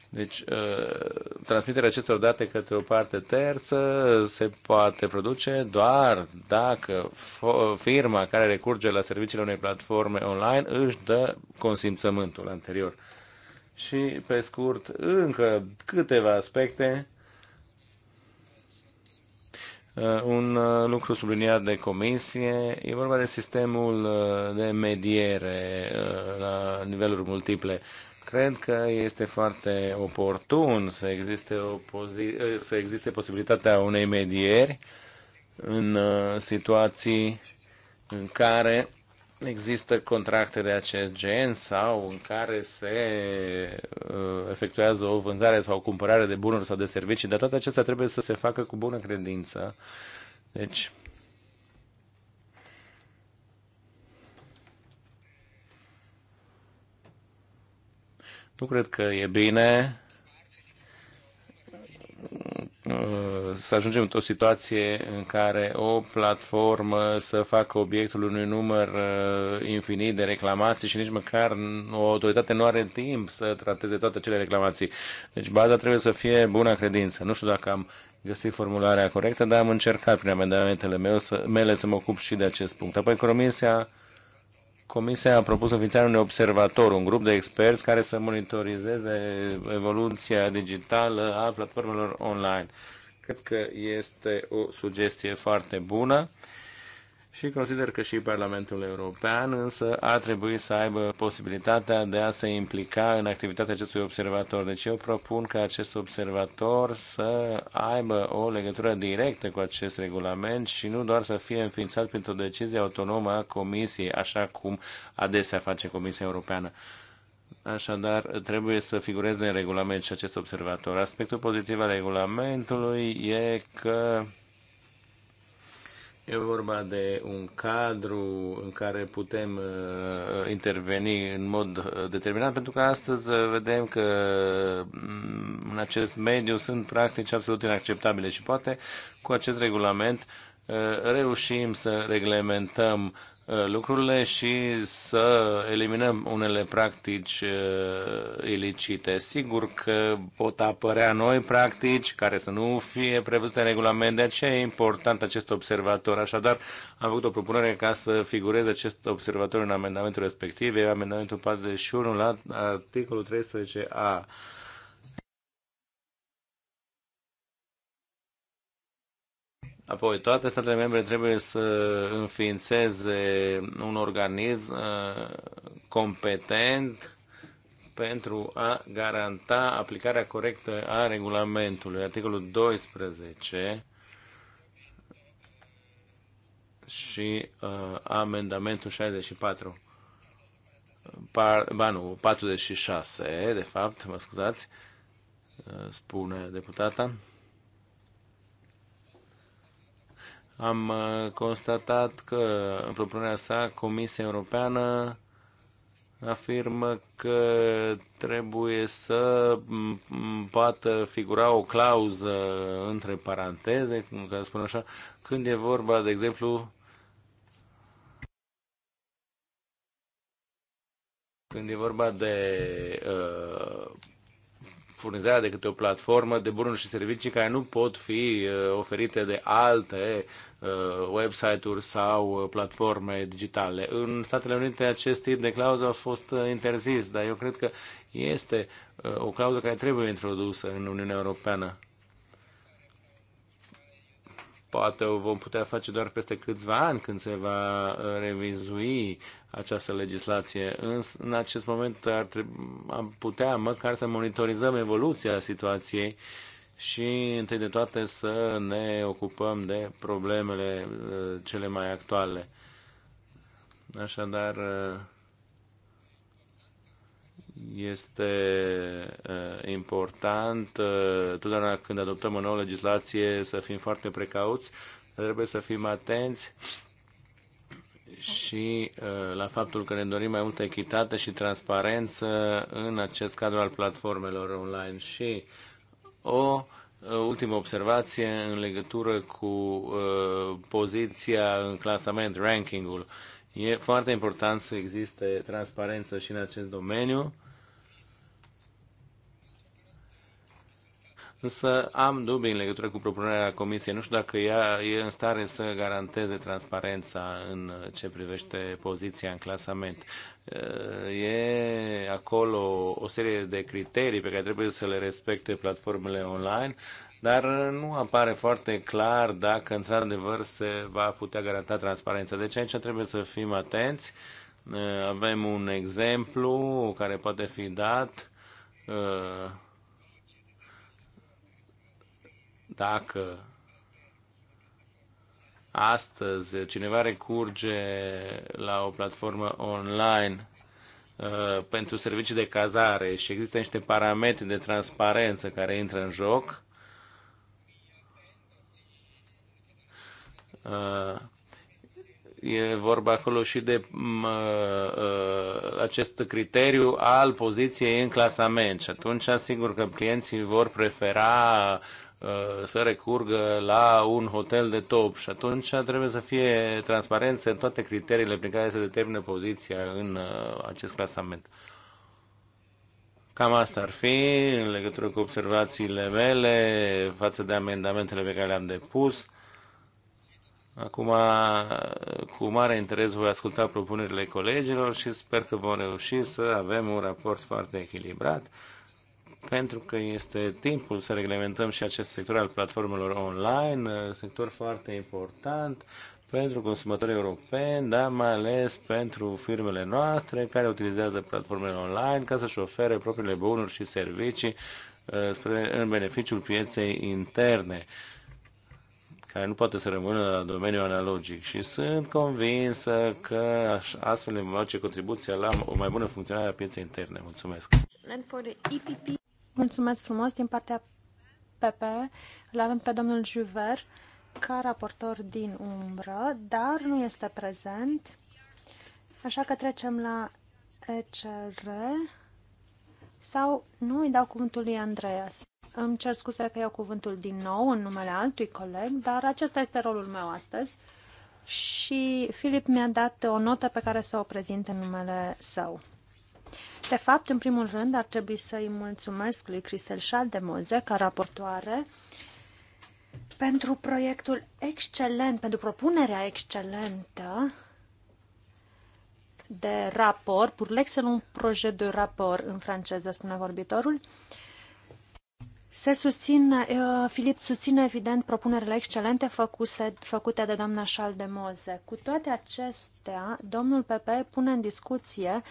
Deci, uh, transmiterea acestor date către o parte terță se poate produce doar dacă firma care recurge la serviciile unei platforme online își dă consimțământul anterior. Și, pe scurt, încă câteva aspecte Uh, un uh, lucru subliniat de comisie, e vorba de sistemul uh, de mediere la niveluri multiple. Cred că este foarte oportun să existe, o să existe posibilitatea unei medieri în situații în care există contracte de acest gen sau în care se uh, efectuează o vânzare sau o cumpărare de bunuri sau de servicii, dar toate acestea trebuie să se facă cu bună credință. Deci, nu cred că e bine Uh, să ajungem într-o situație în care o platformă să facă obiectul unui număr uh, infinit de reclamații și nici măcar o autoritate nu are timp să trateze toate cele reclamații. Deci baza trebuie să fie bună credință. Nu știu dacă am găsit formularea corectă, dar am încercat prin amendamentele mele să, mele să mă ocup și de acest punct. Apoi Comisia Comisia a propus înființarea unui observator, un grup de experți care să monitorizeze evoluția digitală a platformelor online. Cred că este o sugestie foarte bună și consider că și Parlamentul European însă a trebuit să aibă posibilitatea de a se implica în activitatea acestui observator. Deci eu propun ca acest observator să aibă o legătură directă cu acest regulament și nu doar să fie înființat printr-o decizie autonomă a Comisiei, așa cum adesea face Comisia Europeană. Așadar, trebuie să figureze în regulament și acest observator. Aspectul pozitiv al regulamentului e că E vorba de un cadru în care putem uh, interveni în mod uh, determinat, pentru că astăzi uh, vedem că mm, în acest mediu sunt practici absolut inacceptabile și poate cu acest regulament uh, reușim să reglementăm Uh, lucrurile și să eliminăm unele practici uh, ilicite. Sigur că pot apărea noi practici care să nu fie prevăzute în regulament, de aceea e important acest observator. Așadar, am făcut o propunere ca să figureze acest observator în amendamentul respectiv, e amendamentul 41 la articolul 13a Apoi, toate statele membre trebuie să înființeze un organism uh, competent pentru a garanta aplicarea corectă a regulamentului. Articolul 12 și uh, amendamentul 64. Par, ba nu, 46, de fapt, mă scuzați, uh, spune deputata. Am uh, constatat că în propunerea sa Comisia Europeană afirmă că trebuie să poată figura o clauză între paranteze, cum să spun așa, când e vorba, de exemplu, când e vorba de uh, furnizarea de câte o platformă de bunuri și servicii care nu pot fi uh, oferite de alte uh, website-uri sau uh, platforme digitale. În Statele Unite acest tip de clauză a fost interzis, dar eu cred că este o clauză care trebuie introdusă în Uniunea Europeană. Poate o vom putea face doar peste câțiva ani când se va uh, revizui această legislație. Însă, în acest moment ar trebui, am putea măcar să monitorizăm evoluția situației și întâi de toate să ne ocupăm de problemele uh, cele mai actuale. Așadar, uh, este uh, important uh, totdeauna când adoptăm o nouă legislație să fim foarte precauți, trebuie să fim atenți și uh, la faptul că ne dorim mai multă echitate și transparență în acest cadru al platformelor online. Și o ultimă observație în legătură cu uh, poziția în clasament, rankingul. E foarte important să existe transparență și în acest domeniu. Uh, Însă am dubii în legătură cu propunerea Comisiei. Nu știu dacă ea e în stare să garanteze transparența în ce privește poziția în clasament. E acolo o serie de criterii pe care trebuie să le respecte platformele online, dar nu apare foarte clar dacă într-adevăr se va putea garanta transparența. Deci aici trebuie să fim atenți. Avem un exemplu care poate fi dat uh, dacă astăzi cineva recurge la o platformă online uh, pentru servicii de cazare și există niște parametri de transparență care intră în joc, uh, e vorba acolo și de mm, uh, acest criteriu al poziției în clasament și atunci asigur că clienții vor prefera Uh, să recurgă la un hotel de top și atunci trebuie să fie transparență în toate criteriile prin care se determină poziția în uh, acest clasament. Cam asta ar fi în legătură cu observațiile mele față de amendamentele pe care le-am depus. Acum, cu mare interes, voi asculta propunerile colegilor și sper că vom reuși să avem un raport foarte echilibrat pentru că este timpul să reglementăm și acest sector al platformelor online, uh, sector foarte important pentru consumatorii europeni, dar mai ales pentru firmele noastre care utilizează platformele online ca să-și ofere propriile bunuri și servicii uh, spre, în beneficiul pieței interne care nu poate să rămână la domeniul analogic și sunt convinsă că astfel ne face contribuția la o mai bună funcționare a pieței interne. Mulțumesc! Mulțumesc frumos din partea PP. Îl avem pe domnul Juver ca raportor din umbră, dar nu este prezent. Așa că trecem la ECR sau nu îi dau cuvântul lui Andreas. Îmi cer scuze că iau cuvântul din nou în numele altui coleg, dar acesta este rolul meu astăzi și Filip mi-a dat o notă pe care să o prezint în numele său. De fapt, în primul rând, ar trebui să-i mulțumesc lui Cristel Șaldemoze, ca raportoare, pentru proiectul excelent, pentru propunerea excelentă de raport, pour l'excellent projet de raport în franceză, spune vorbitorul, se susțin, uh, Filip susține evident propunerile excelente făcuse, făcute de doamna moze Cu toate acestea, domnul Pepe pune în discuție uh,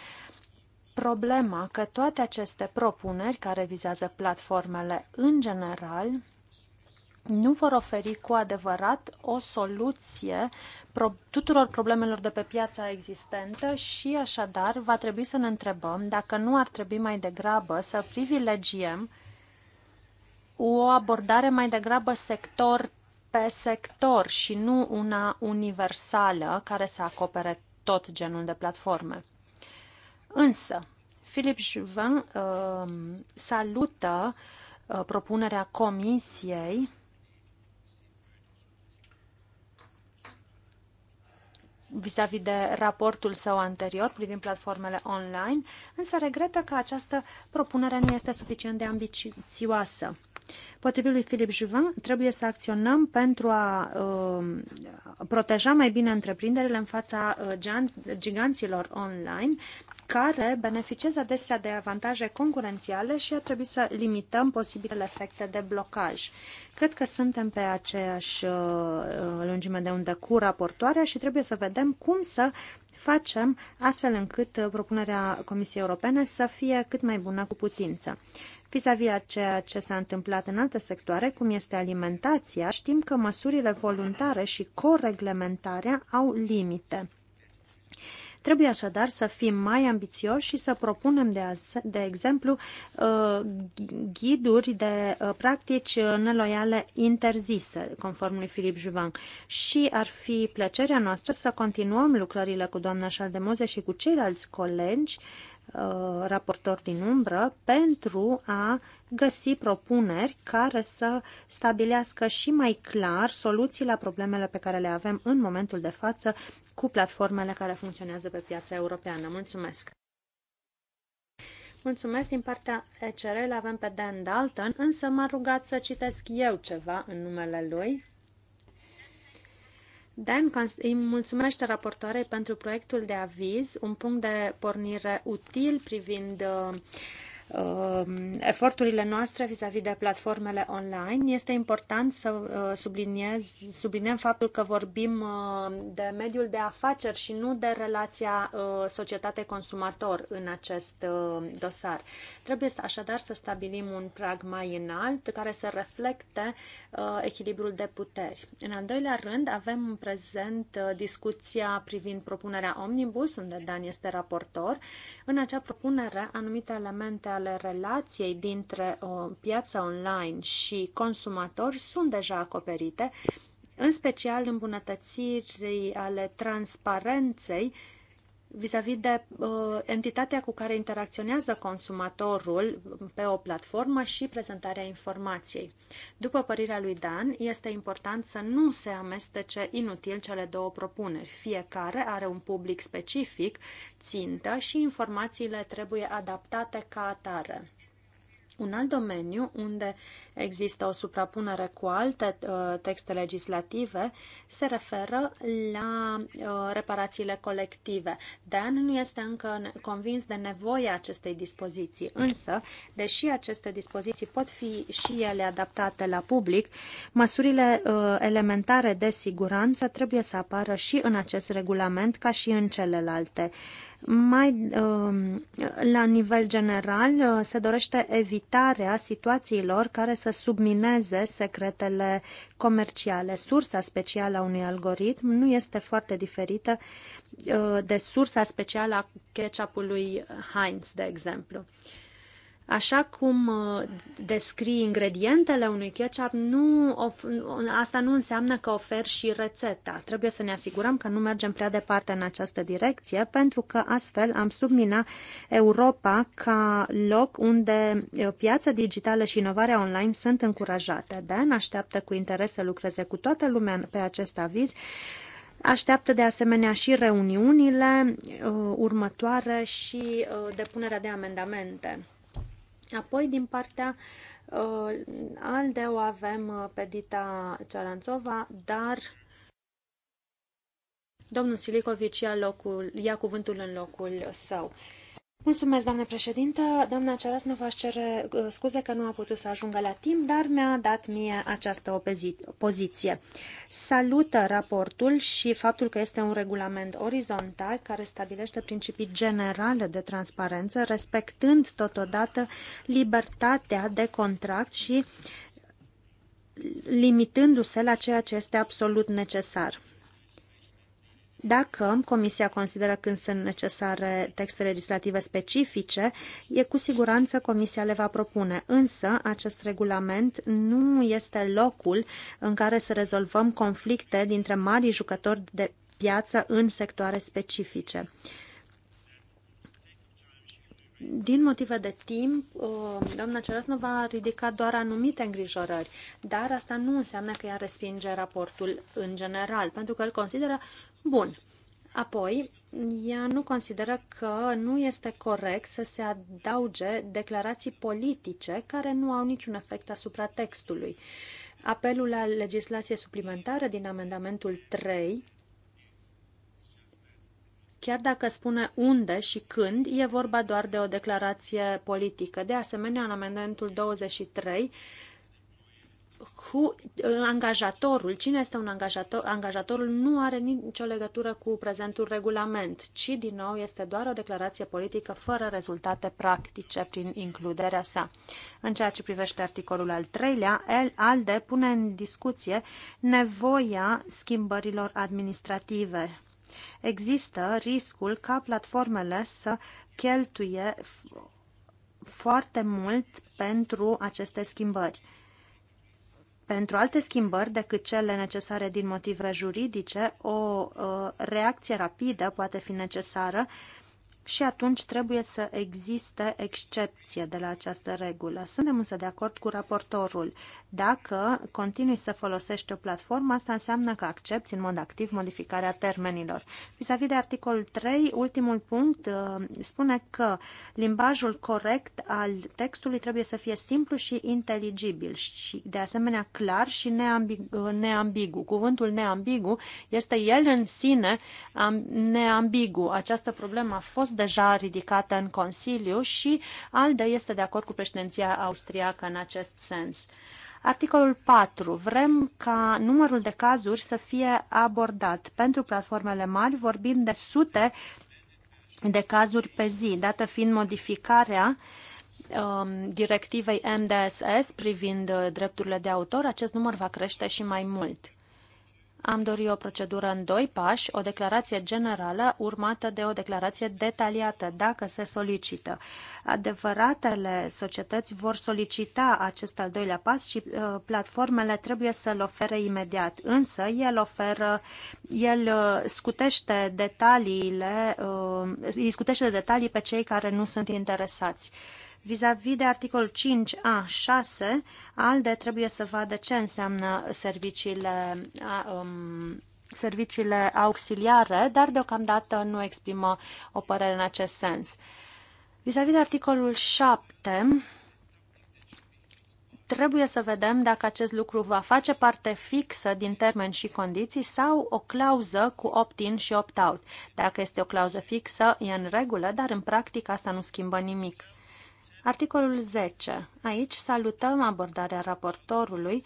problema că toate aceste propuneri care vizează platformele în general nu vor oferi cu adevărat o soluție tuturor problemelor de pe piața existentă și așadar va trebui să ne întrebăm dacă nu ar trebui mai degrabă să privilegiem o abordare mai degrabă sector pe sector și nu una universală care să acopere tot genul de platforme. Însă, Philip Juvin uh, salută uh, propunerea Comisiei vis-a-vis -vis de raportul său anterior privind platformele online, însă regretă că această propunere nu este suficient de ambițioasă. Potrivit lui Philip Juvin, trebuie să acționăm pentru a uh, proteja mai bine întreprinderile în fața uh, giganților online, care beneficiază adesea de avantaje concurențiale și ar trebui să limităm posibilele efecte de blocaj. Cred că suntem pe aceeași uh, uh, lungime de undă cu raportoarea și trebuie să vedem cum să facem astfel încât uh, propunerea Comisiei Europene să fie cât mai bună cu putință. Vis-a-vis -vis ceea ce s-a întâmplat în alte sectoare, cum este alimentația, știm că măsurile voluntare și coreglementarea au limite. Trebuie așadar să fim mai ambițioși și să propunem, de, de exemplu, uh, ghiduri de uh, practici uh, neloiale interzise, conform lui Filip Juvan. Și ar fi plăcerea noastră să continuăm lucrările cu doamna Șaldemoze și cu ceilalți colegi raportor din umbră pentru a găsi propuneri care să stabilească și mai clar soluții la problemele pe care le avem în momentul de față cu platformele care funcționează pe piața europeană. Mulțumesc! Mulțumesc din partea ECR, îl avem pe Dan Dalton, însă m-a rugat să citesc eu ceva în numele lui. Dan îi mulțumește raportoarei pentru proiectul de aviz, un punct de pornire util privind uh, Um, eforturile noastre vis-a-vis de platformele online. Este important să uh, subliniez, subliniem faptul că vorbim uh, de mediul de afaceri și nu de relația uh, societate-consumator în acest dosar. Trebuie așadar să stabilim un prag mai înalt care să reflecte echilibrul de puteri. În al doilea rând, avem în prezent discuția privind propunerea Omnibus, unde Dan este raportor. În acea propunere, anumite elemente ale relației dintre o piață online și consumatori sunt deja acoperite, în special îmbunătățirii ale transparenței vis-a-vis -vis de uh, entitatea cu care interacționează consumatorul pe o platformă și prezentarea informației. După părerea lui Dan, este important să nu se amestece inutil cele două propuneri. Fiecare are un public specific, țintă și informațiile trebuie adaptate ca atare. Un alt domeniu unde există o suprapunere cu alte uh, texte legislative, se referă la uh, reparațiile colective. Dan nu este încă convins de nevoia acestei dispoziții, însă, deși aceste dispoziții pot fi și ele adaptate la public, măsurile uh, elementare de siguranță trebuie să apară și în acest regulament ca și în celelalte. Mai um, la nivel general se dorește evitarea situațiilor care să să submineze secretele comerciale. Sursa specială a unui algoritm nu este foarte diferită uh, de sursa specială a ketchupului Heinz, de exemplu. Uh, Așa cum uh, descrii ingredientele unui ketchup, nu, asta nu înseamnă că ofer și rețeta. Trebuie să ne asigurăm că nu mergem prea departe în această direcție, pentru că astfel am submina Europa ca loc unde piața digitală și inovarea online sunt încurajate. Dan așteaptă cu interes să lucreze cu toată lumea pe acest aviz. Așteaptă de asemenea și reuniunile următoare și depunerea de amendamente. Apoi, din partea uh, ALDE, o avem uh, pe Dita Cearanțova, dar domnul Silicovici ia, locul, ia cuvântul în locul său. Mulțumesc, doamnă președintă. Doamna Cearasnă v-aș cere uh, scuze că nu a putut să ajungă la timp, dar mi-a dat mie această poziție. Salută raportul și faptul că este un regulament orizontal care stabilește principii generale de transparență, respectând totodată libertatea de contract și limitându-se la ceea ce este absolut necesar. Dacă Comisia consideră când sunt necesare texte legislative specifice, e cu siguranță Comisia le va propune. Însă, acest regulament nu este locul în care să rezolvăm conflicte dintre mari jucători de piață în sectoare specifice. Din motive de timp, uh, doamna nu va ridica doar anumite îngrijorări, dar asta nu înseamnă că ea respinge raportul în general, pentru că îl consideră Bun. Apoi, ea nu consideră că nu este corect să se adauge declarații politice care nu au niciun efect asupra textului. Apelul la legislație suplimentară din amendamentul 3 chiar dacă spune unde și când, e vorba doar de o declarație politică. De asemenea, în amendamentul 23 who, uh, angajatorul, cine este un angajator, angajatorul nu are nicio legătură cu prezentul regulament, ci din nou este doar o declarație politică fără rezultate practice prin includerea sa. În ceea ce privește articolul al treilea, el ALDE pune în discuție nevoia schimbărilor administrative. Există riscul ca platformele să cheltuie foarte mult pentru aceste schimbări pentru alte schimbări decât cele necesare din motive juridice, o uh, reacție rapidă poate fi necesară și atunci trebuie să existe excepție de la această regulă. Suntem însă de acord cu raportorul. Dacă continui să folosești o platformă, asta înseamnă că accepti în mod activ modificarea termenilor. Vis-a-vis -vis de articolul 3, ultimul punct uh, spune că limbajul corect al textului trebuie să fie simplu și inteligibil și de asemenea clar și neambigu. Uh, neambigu. Cuvântul neambigu este el în sine neambigu. Această problemă a fost deja ridicată în Consiliu și ALDE este de acord cu președinția austriacă în acest sens. Articolul 4. Vrem ca numărul de cazuri să fie abordat. Pentru platformele mari vorbim de sute de cazuri pe zi, dată fiind modificarea um, directivei MDSS privind uh, drepturile de autor, acest număr va crește și mai mult. Am dorit o procedură în doi pași, o declarație generală urmată de o declarație detaliată, dacă se solicită. Adevăratele societăți vor solicita acest al doilea pas și uh, platformele trebuie să-l ofere imediat. Însă el oferă, el uh, scutește detaliile, uh, îi scutește detalii pe cei care nu sunt interesați. Uh, Vis-a-vis -vis de articol 5A6, ALDE trebuie să vadă ce înseamnă serviciile, um, serviciile auxiliare, dar deocamdată nu exprimă o părere în acest sens. Vis-a-vis -vis de articolul 7, trebuie să vedem dacă acest lucru va face parte fixă din termeni și condiții sau o clauză cu opt-in și opt-out. Dacă este o clauză fixă, e în regulă, dar în practic asta nu schimbă nimic. Articolul 10. Aici salutăm abordarea raportorului,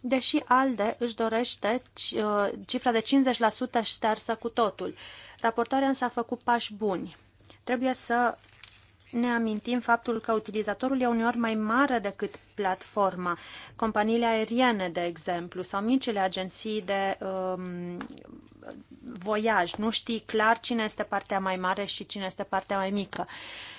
deși ALDE își dorește uh, cifra de 50% ștersă cu totul. Raportarea însă a făcut pași buni. Trebuie să ne amintim faptul că utilizatorul e uneori mai mare decât platforma. Companiile aeriene, de exemplu, sau micile agenții de um, voiaj. Nu știi clar cine este partea mai mare și cine este partea mai mică. Uh,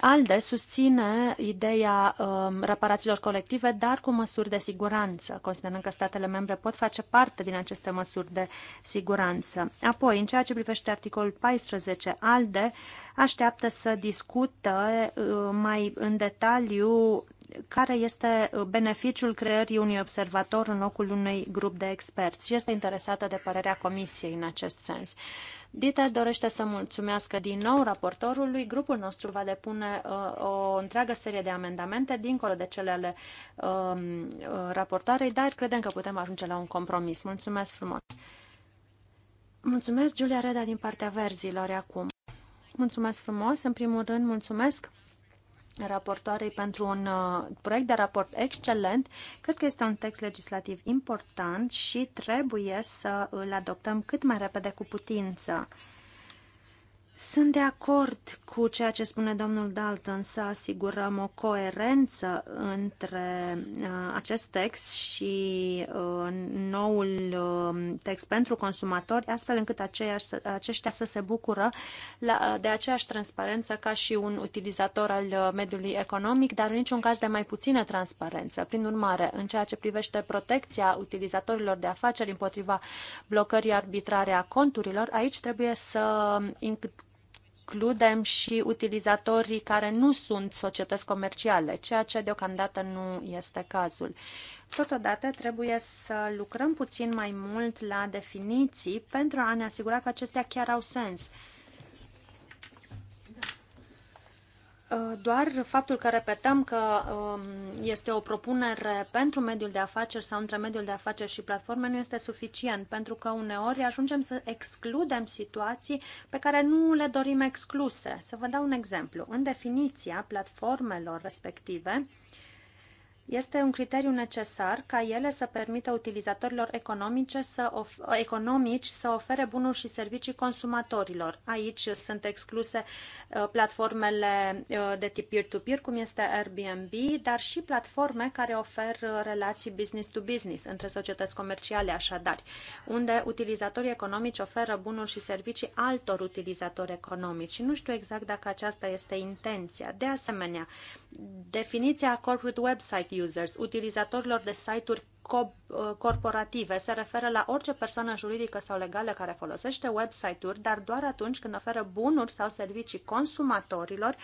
ALDE susține ideea um, reparațiilor colective, dar cu măsuri de siguranță, considerând că statele membre pot face parte din aceste măsuri de siguranță. Apoi, în ceea ce privește articolul 14, ALDE așteaptă să discută uh, mai în detaliu care este beneficiul creării unui observator în locul unui grup de experți și este interesată de părerea Comisiei în acest sens. Dieter dorește să mulțumească din nou raportorului. Grupul nostru va depune uh, o întreagă serie de amendamente, dincolo de cele ale uh, raportoarei, dar credem că putem ajunge la un compromis. Mulțumesc frumos! Mulțumesc, Giulia Reda, din partea verzilor acum. Mulțumesc frumos! În primul rând, mulțumesc raportoarei pentru un uh, proiect de raport excelent. Cred că este un text legislativ important și trebuie să îl adoptăm cât mai repede cu putință. Sunt de acord cu ceea ce spune domnul Dalton, să asigurăm o coerență între uh, acest text și uh, noul uh, text pentru consumatori, astfel încât aceiași, aceștia să se bucură la, uh, de aceeași transparență ca și un utilizator al uh, mediului economic, dar în niciun caz de mai puțină transparență. Prin urmare, în ceea ce privește protecția utilizatorilor de afaceri împotriva blocării arbitrare a conturilor, aici trebuie să um, includem și utilizatorii care nu sunt societăți comerciale, ceea ce deocamdată nu este cazul. Totodată trebuie să lucrăm puțin mai mult la definiții pentru a ne asigura că acestea chiar au sens Uh, doar faptul că repetăm că um, este o propunere pentru mediul de afaceri sau între mediul de afaceri și platforme nu este suficient, pentru că uneori ajungem să excludem situații pe care nu le dorim excluse. Să vă dau un exemplu. În definiția platformelor respective, este un criteriu necesar ca ele să permită utilizatorilor economice să of- economici să ofere bunuri și servicii consumatorilor. Aici sunt excluse uh, platformele uh, de tip peer-to-peer, cum este Airbnb, dar și platforme care oferă uh, relații business-to-business -business, între societăți comerciale, așadar, unde utilizatorii economici oferă bunuri și servicii altor utilizatori economici. Nu știu exact dacă aceasta este intenția. De asemenea, definiția corporate website users, utilizatorilor de site-uri uh, corporative se referă la orice persoană juridică sau legală care folosește website-uri, dar doar atunci când oferă bunuri sau servicii consumatorilor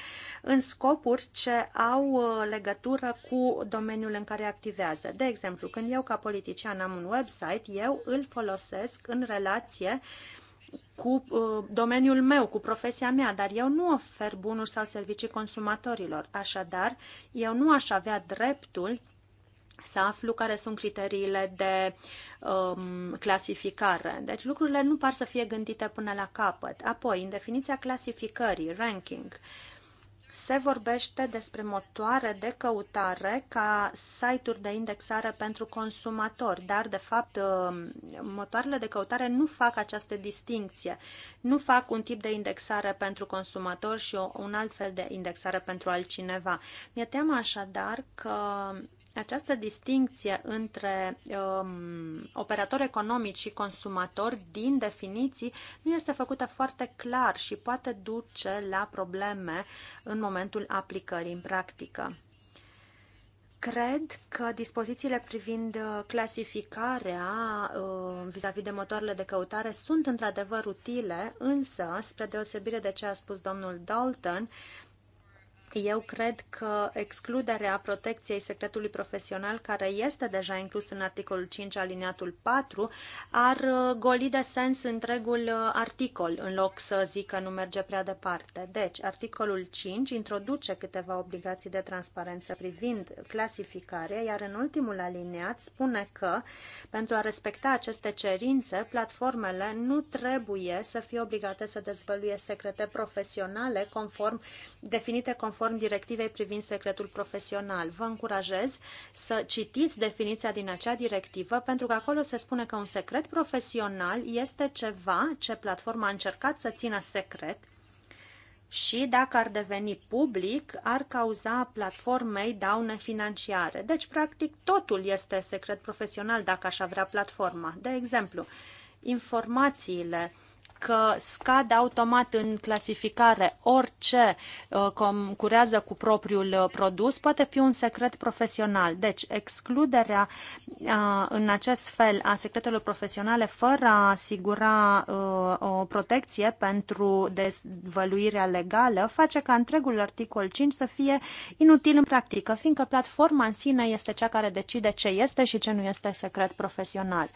în scopuri ce au uh, legătură cu domeniul în care activează. De exemplu, când eu ca politician am un website, eu îl folosesc în relație uh, cu uh, domeniul meu, cu profesia mea, dar eu nu ofer bunuri sau servicii consumatorilor. Așadar, eu nu aș avea dreptul să aflu care sunt criteriile de um, clasificare. Deci lucrurile nu par să fie gândite până la capăt. Apoi, în definiția clasificării, ranking, uh, se vorbește despre motoare de căutare ca site-uri de indexare pentru consumatori, dar de fapt uh, motoarele de căutare nu fac această distinție. Nu fac un tip de indexare pentru consumatori și un alt fel de indexare pentru altcineva. Mi-e teamă așadar că această distinție între um, operatori economici și consumatori din definiții nu este făcută foarte clar și poate duce la probleme în momentul aplicării în practică. Cred că dispozițiile privind uh, clasificarea uh, vis-a-vis -vis de motoarele de căutare sunt într-adevăr utile, însă, spre deosebire de ce a spus domnul Dalton, uh, eu cred că excluderea protecției secretului profesional, care este deja inclus în articolul 5 aliniatul 4, ar uh, goli de sens întregul uh, articol, în loc să zic că nu merge prea departe. Deci, articolul 5 introduce câteva obligații de transparență privind clasificarea, iar în ultimul aliniat spune că, pentru a respecta aceste cerințe, platformele nu trebuie să fie obligate să dezvăluie secrete profesionale conform, definite conform conform directivei privind secretul profesional. Vă încurajez să citiți definiția din acea directivă, pentru că acolo se spune că un secret profesional este ceva ce platforma a încercat să țină secret și dacă ar deveni public, ar cauza platformei daune financiare. Deci, practic, totul este secret profesional dacă aș avea platforma. De exemplu, informațiile uh, că scade automat în clasificare orice uh, concurează cu propriul uh, produs, poate fi un secret profesional. Deci, excluderea uh, în acest fel a secretelor profesionale fără a asigura o protecție pentru dezvăluirea legală face ca întregul articol 5 să fie inutil în practică, fiindcă platforma în sine este cea care decide ce este și ce nu este secret profesional.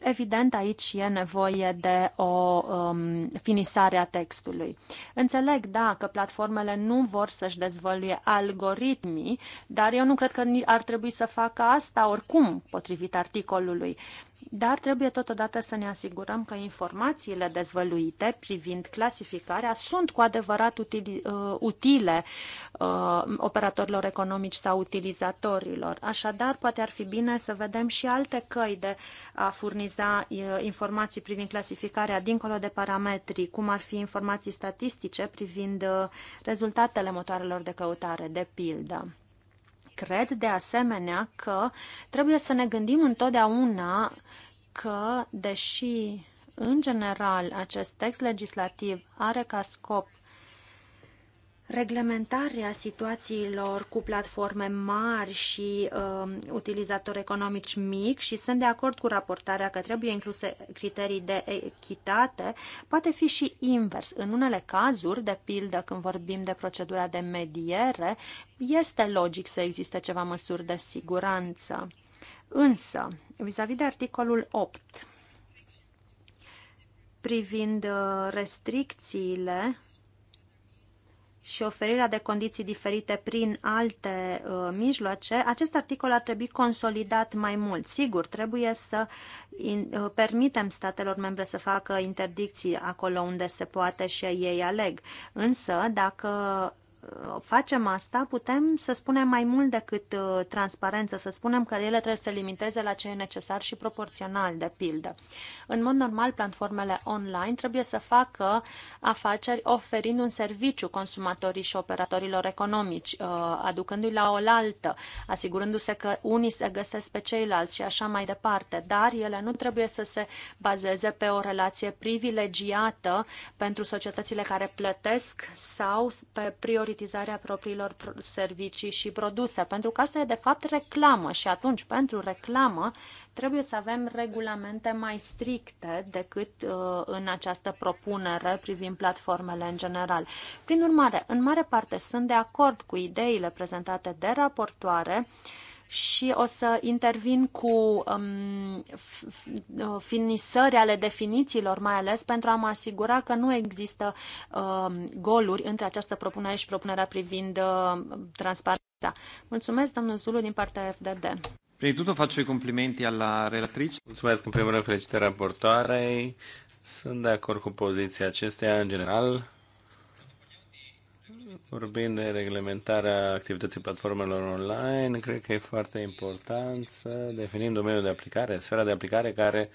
Evident, aici e nevoie de o um, finisare a textului. Înțeleg, da, că platformele nu vor să-și dezvăluie algoritmii, dar eu nu cred că ar trebui să facă asta oricum, potrivit articolului. Uh, dar trebuie totodată să ne asigurăm că informațiile dezvăluite privind clasificarea sunt cu adevărat utili, uh, utile uh, operatorilor economici sau utilizatorilor. Așadar, poate ar fi bine să vedem și alte căi de a furniza uh, informații privind clasificarea dincolo de parametri, cum ar fi informații statistice privind uh, rezultatele motoarelor de căutare, de pildă cred de asemenea că trebuie să ne gândim întotdeauna că, deși în general acest text legislativ are ca scop reglementarea situațiilor cu platforme mari și uh, utilizatori economici mici și sunt de acord cu raportarea că trebuie incluse criterii de echitate, poate fi și invers. În unele cazuri, de pildă când vorbim de procedura de mediere, este logic să existe ceva măsuri de siguranță. Însă, vis-a-vis -vis de articolul 8, privind uh, restricțiile și oferirea de condiții diferite prin alte uh, mijloace, acest articol ar trebui consolidat mai mult. Sigur, trebuie să in, uh, permitem statelor membre să facă interdicții acolo unde se poate și ei aleg. Însă, dacă Uh, facem asta, putem să spunem mai mult decât uh, transparență, să spunem că ele trebuie să se limiteze la ce e necesar și proporțional, de pildă. În mod normal, platformele online trebuie să facă afaceri oferind un serviciu consumatorii și operatorilor economici, uh, aducându-i la oaltă, asigurându-se că unii se găsesc pe ceilalți și așa mai departe, dar ele nu trebuie să se bazeze pe o relație privilegiată pentru societățile care plătesc sau pe priorități securitizarea propriilor servicii și produse, pentru că asta e de fapt reclamă și atunci pentru reclamă trebuie să avem regulamente mai stricte decât uh, în această propunere privind platformele în general. Prin urmare, în mare parte sunt de acord cu ideile prezentate de raportoare uh, și o să intervin cu um, uh, finisări ale definițiilor, mai ales pentru a mă asigura că nu există um, goluri între această propunere și propunerea privind uh, transparența. Mulțumesc, domnul Zulu, din partea FDD. Prima tutto fac și complimenti la relatrice. Mulțumesc în primul rând felicitări raportoarei. Sunt de acord cu poziția acesteia în general Vorbind de reglementarea activității platformelor online, cred că e foarte important să definim domeniul de aplicare, sfera de aplicare care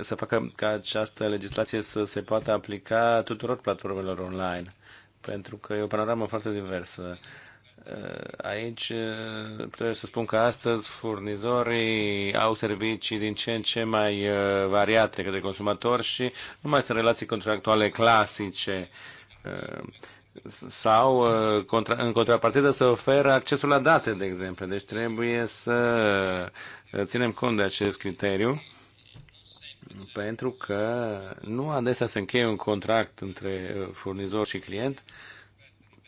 să facă ca această legislație să se poată aplica tuturor platformelor online, pentru că e o panoramă foarte diversă. Aici trebuie să spun că astăzi furnizorii au servicii din ce în ce mai uh, variate către consumatori și nu mai sunt relații contractuale clasice Ehm, sau ehm, în contrapartidă să oferă accesul la date, de exemplu. Deci trebuie să ehm, ținem cont de acest criteriu pentru că nu adesea se încheie un contract între furnizor și client,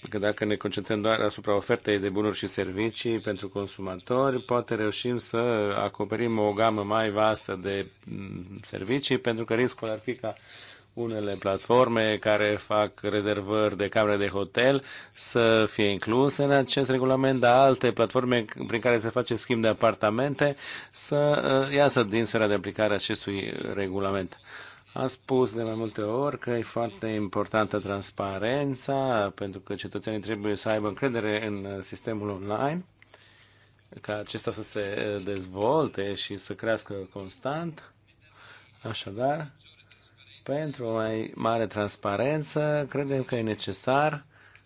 că dacă ne concentrăm doar asupra ofertei de bunuri și servicii pentru consumatori, poate reușim să acoperim o gamă mai vastă de mm, servicii, pentru că riscul ar fi ca uh, unele platforme care fac rezervări de camere de hotel să fie incluse în acest regulament, dar alte platforme prin care se face schimb de apartamente să uh, iasă din sfera de aplicare a acestui regulament. A spus de mai multe ori că e foarte importantă transparența, pentru că cetățenii trebuie să aibă încredere în sistemul online, ca acesta să se uh, dezvolte și să crească constant. Așadar, pentru o mai mare transparență, credem că e necesar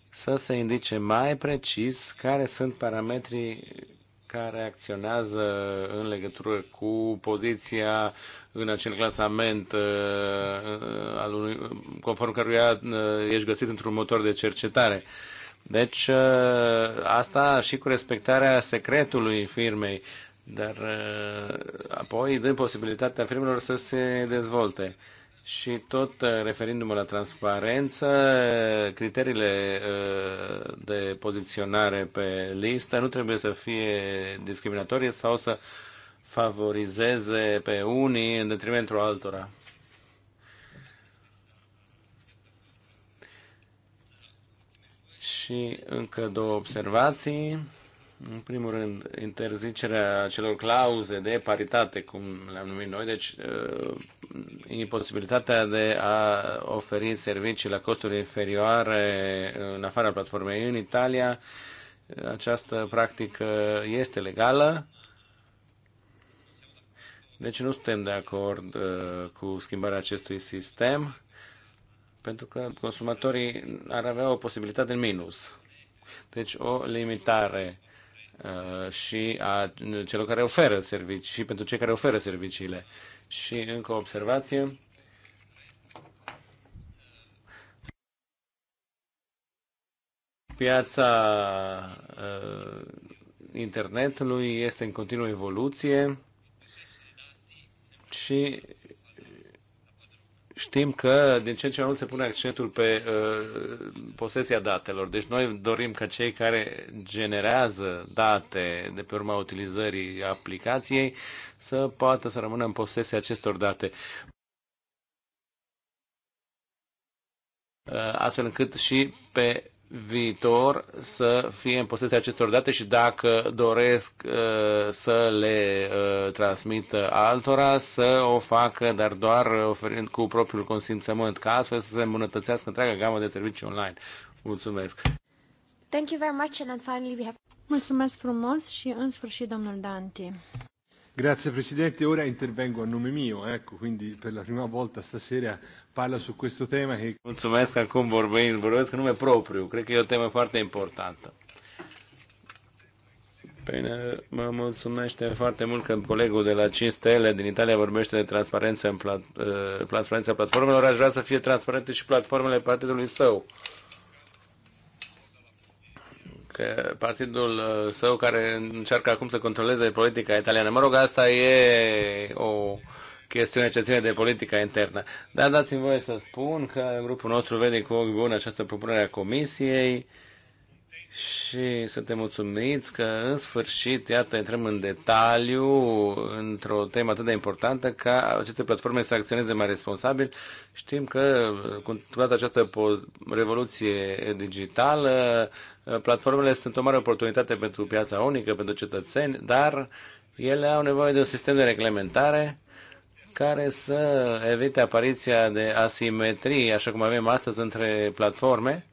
să se indice mai precis care sunt parametrii care acționează în legătură cu poziția în acel clasament uh, uh, al unui, conform căruia uh, ești găsit într-un motor de cercetare. Deci asta și cu respectarea secretului firmei, dar apoi dă posibilitatea firmelor să se dezvolte. Și tot uh, referindu-mă la transparență, criteriile uh, de poziționare pe listă nu trebuie să fie discriminatorie sau să favorizeze pe unii în detrimentul altora. Și încă două observații. În primul rând, interzicerea celor clauze de paritate, cum le-am numit noi, deci uh, imposibilitatea de a oferi servicii la costuri inferioare în afara platformei. În Italia, această practică este legală, deci nu suntem de acord uh, cu schimbarea acestui sistem, pentru că consumatorii ar avea o posibilitate în minus. Deci o limitare Uh, și a celor care oferă servicii și pentru cei care oferă serviciile. Și încă o observație. Piața uh, internetului este în continuă evoluție și știm că din ce în ce mai mult se pune accentul pe uh, posesia datelor. Deci noi dorim ca cei care generează date de pe urma utilizării aplicației să poată să rămână în posesia acestor date. Uh, astfel încât și pe viitor să fie în posesia acestor date și dacă doresc uh, să le uh, transmită altora, să o facă, dar doar oferind cu propriul consimțământ, ca astfel să se îmbunătățească întreaga gamă de servicii online. Mulțumesc! Thank you very much and then finally we have... Mulțumesc frumos și în sfârșit domnul Danti. Grazie Presidente, ora intervengo a nome mio, ecco, quindi per la prima volta stasera parla su questo tema. Che... Mulțumesc acum vorbim, vorbesc non nume propriu, credo că è un temă foarte importantă. Bene, păi, mă mulțumește foarte mult că colegul de la 5 stele din Italia vorbește de transparență în plat, uh, transparența platformelor. Aș vrea să fie transparente și platformele partidului său. Că partidul uh, său care încearcă acum să controleze politica italiană. Mă rog, asta e o, chestiune ce ține de politica internă. Dar dați-mi voie să spun că grupul nostru vede cu ochi bun această propunere a Comisiei și suntem mulțumiți că în sfârșit, iată, intrăm în detaliu într-o temă atât de importantă ca aceste platforme să acționeze mai responsabil. Știm că cu toată această revoluție digitală, platformele sunt o mare oportunitate pentru piața unică, pentru cetățeni, dar ele au nevoie de un sistem de reglementare care să evite apariția de asimetrie, așa cum avem astăzi, între platforme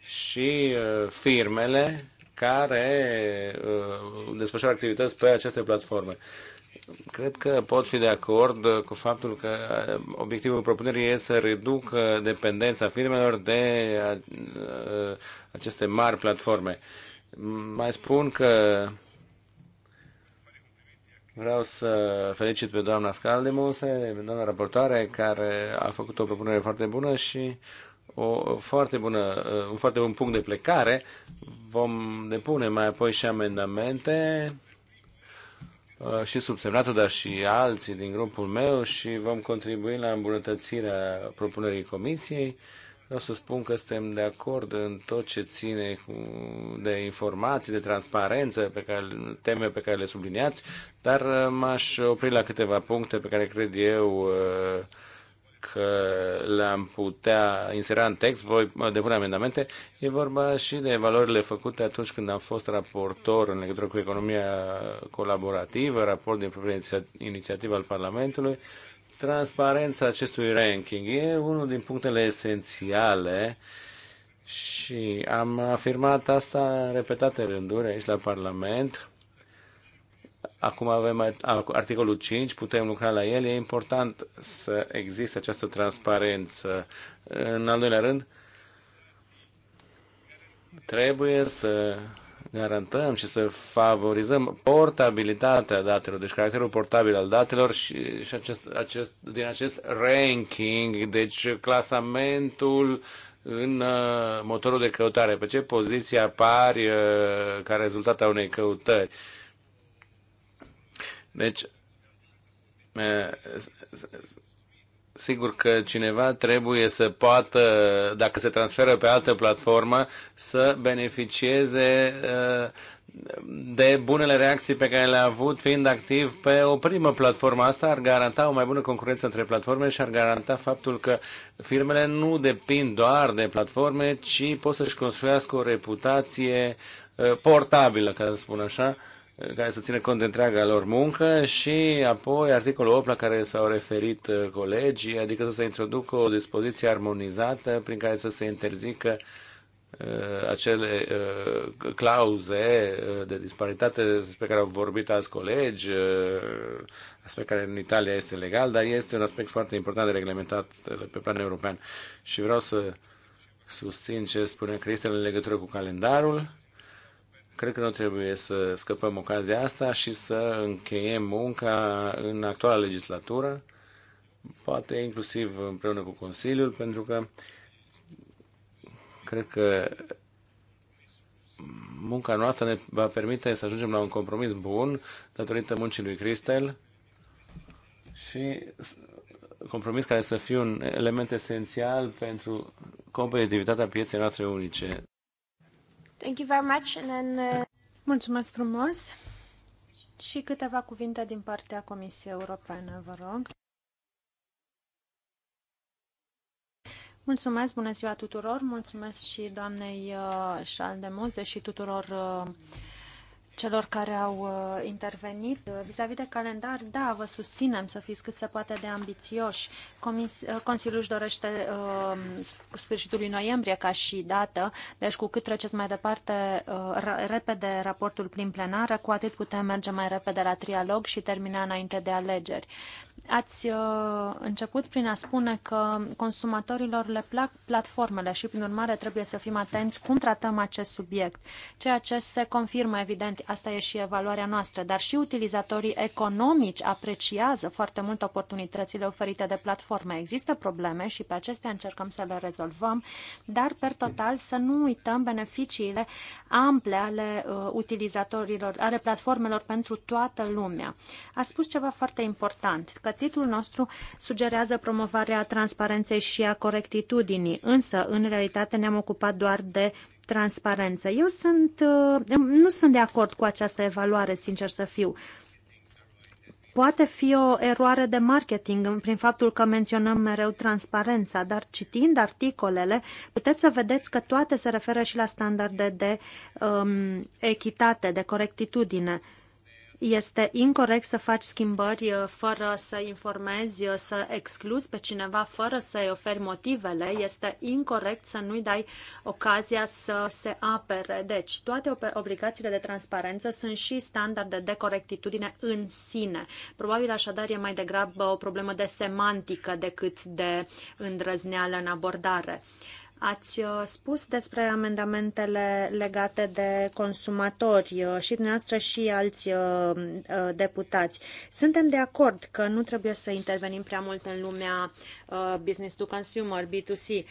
și uh, firmele care uh, desfășoară activități pe aceste platforme. Cred că pot fi de acord uh, cu faptul că obiectivul propunerii este să reducă dependența firmelor de aceste mari platforme. Mai spun că Vreau să felicit pe doamna Scaldemuse, pe doamna raportoare, care a făcut o propunere foarte bună și o foarte bună, un foarte bun punct de plecare. Vom depune mai apoi și amendamente uh, și subsemnatul, dar și alții din grupul meu și vom contribui la îmbunătățirea propunerii comisiei Vreau să spun că suntem de acord în tot ce ține de informații, de transparență, pe care, teme pe care le subliniați, dar uh, m-aș opri la câteva puncte pe care cred eu uh, că le-am putea insera în text, voi depune amendamente. E vorba și de valorile făcute atunci când am fost raportor în legătură cu economia colaborativă, raport de propria inițiativă al Parlamentului, Transparența acestui ranking e unul din punctele esențiale și am afirmat asta în repetate rânduri aici la Parlament. Acum avem articolul 5, putem lucra la el. E important să existe această transparență. În al doilea rând, trebuie să garantăm și să favorizăm portabilitatea datelor, deci caracterul portabil al datelor și, și acest, acest, din acest ranking, deci clasamentul în uh, motorul de căutare, pe ce poziție apari uh, ca rezultat a unei căutări. Deci, uh, sigur că cineva trebuie să poată, dacă se transferă pe altă platformă, să beneficieze uh, de bunele reacții pe care le-a avut fiind activ pe o primă platformă. Asta ar garanta o mai bună concurență între platforme și ar garanta faptul că firmele nu depind doar de platforme, ci pot să-și construiască o reputație uh, portabilă, ca să spun așa, care să țină cont de întreaga lor muncă și apoi articolul 8 la care s-au referit uh, colegii, adică să se introducă o dispoziție armonizată prin care să se interzică uh, acele uh, clauze uh, de disparitate despre care au vorbit alți colegi, uh, despre care în Italia este legal, dar este un aspect foarte important de reglementat uh, pe plan european. Și vreau să susțin ce spune Cristel în legătură cu calendarul Cred că nu trebuie să scăpăm ocazia asta și să încheiem munca în actuala legislatură, poate inclusiv împreună cu Consiliul, pentru că cred că munca noastră ne va permite să ajungem la un compromis bun datorită muncii lui Cristel și compromis care să fie un element esențial pentru competitivitatea pieței noastre unice. Thank you very much. And then, uh... Mulțumesc frumos și câteva cuvinte din partea Comisiei Europene, vă rog. Mulțumesc, bună ziua tuturor, mulțumesc și doamnei uh, și tuturor uh, celor care au uh, intervenit. Uh, vis-a-vis -vis de calendar, da, vă susținem să fiți cât se poate de ambițioși. Uh, Consiliul își dorește uh, lui noiembrie ca și dată, deci cu cât treceți mai departe uh, repede raportul prin plenară, cu atât putem merge mai repede la trialog și termina înainte de alegeri. Ați uh, început prin a spune că consumatorilor le plac platformele și, prin urmare, trebuie să fim atenți cum tratăm acest subiect, ceea ce se confirmă, evident, asta e și evaluarea noastră, dar și utilizatorii economici apreciază foarte mult oportunitățile oferite de platforme. Există probleme și pe acestea încercăm să le rezolvăm, dar, per total, să nu uităm beneficiile ample ale uh, utilizatorilor, ale platformelor pentru toată lumea. A spus ceva foarte important, că titlul nostru sugerează promovarea transparenței și a corectitudinii, însă în realitate ne-am ocupat doar de transparență. Eu sunt, uh, nu sunt de acord cu această evaluare, sincer să fiu. Poate fi o eroare de marketing prin faptul că menționăm mereu transparența, dar citind articolele, puteți să vedeți că toate se referă și la standarde de um, echitate, de corectitudine. Uh, este incorrect să faci schimbări uh, fără să informezi, uh, să excluzi pe cineva fără să-i oferi motivele, este incorrect să nu-i dai ocazia să se apere. Deci, toate obligațiile de transparență sunt și standarde de corectitudine în sine. Probabil așadar e mai degrabă o problemă de semantică decât de îndrăzneală în abordare. Uh, Ați uh, spus despre amendamentele legate de consumatori uh, și dumneavoastră și alți uh, deputați. Suntem de acord că nu trebuie să intervenim prea mult în lumea business to consumer, B2C.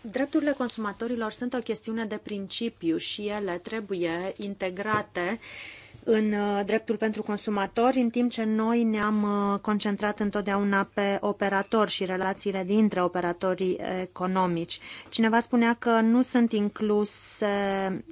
Drepturile consumatorilor sunt o chestiune de principiu și ele trebuie integrate uh, în uh, dreptul pentru consumatori, în timp ce noi ne-am uh, concentrat întotdeauna pe operatori și relațiile dintre operatorii economici. Cineva spunea că nu sunt incluse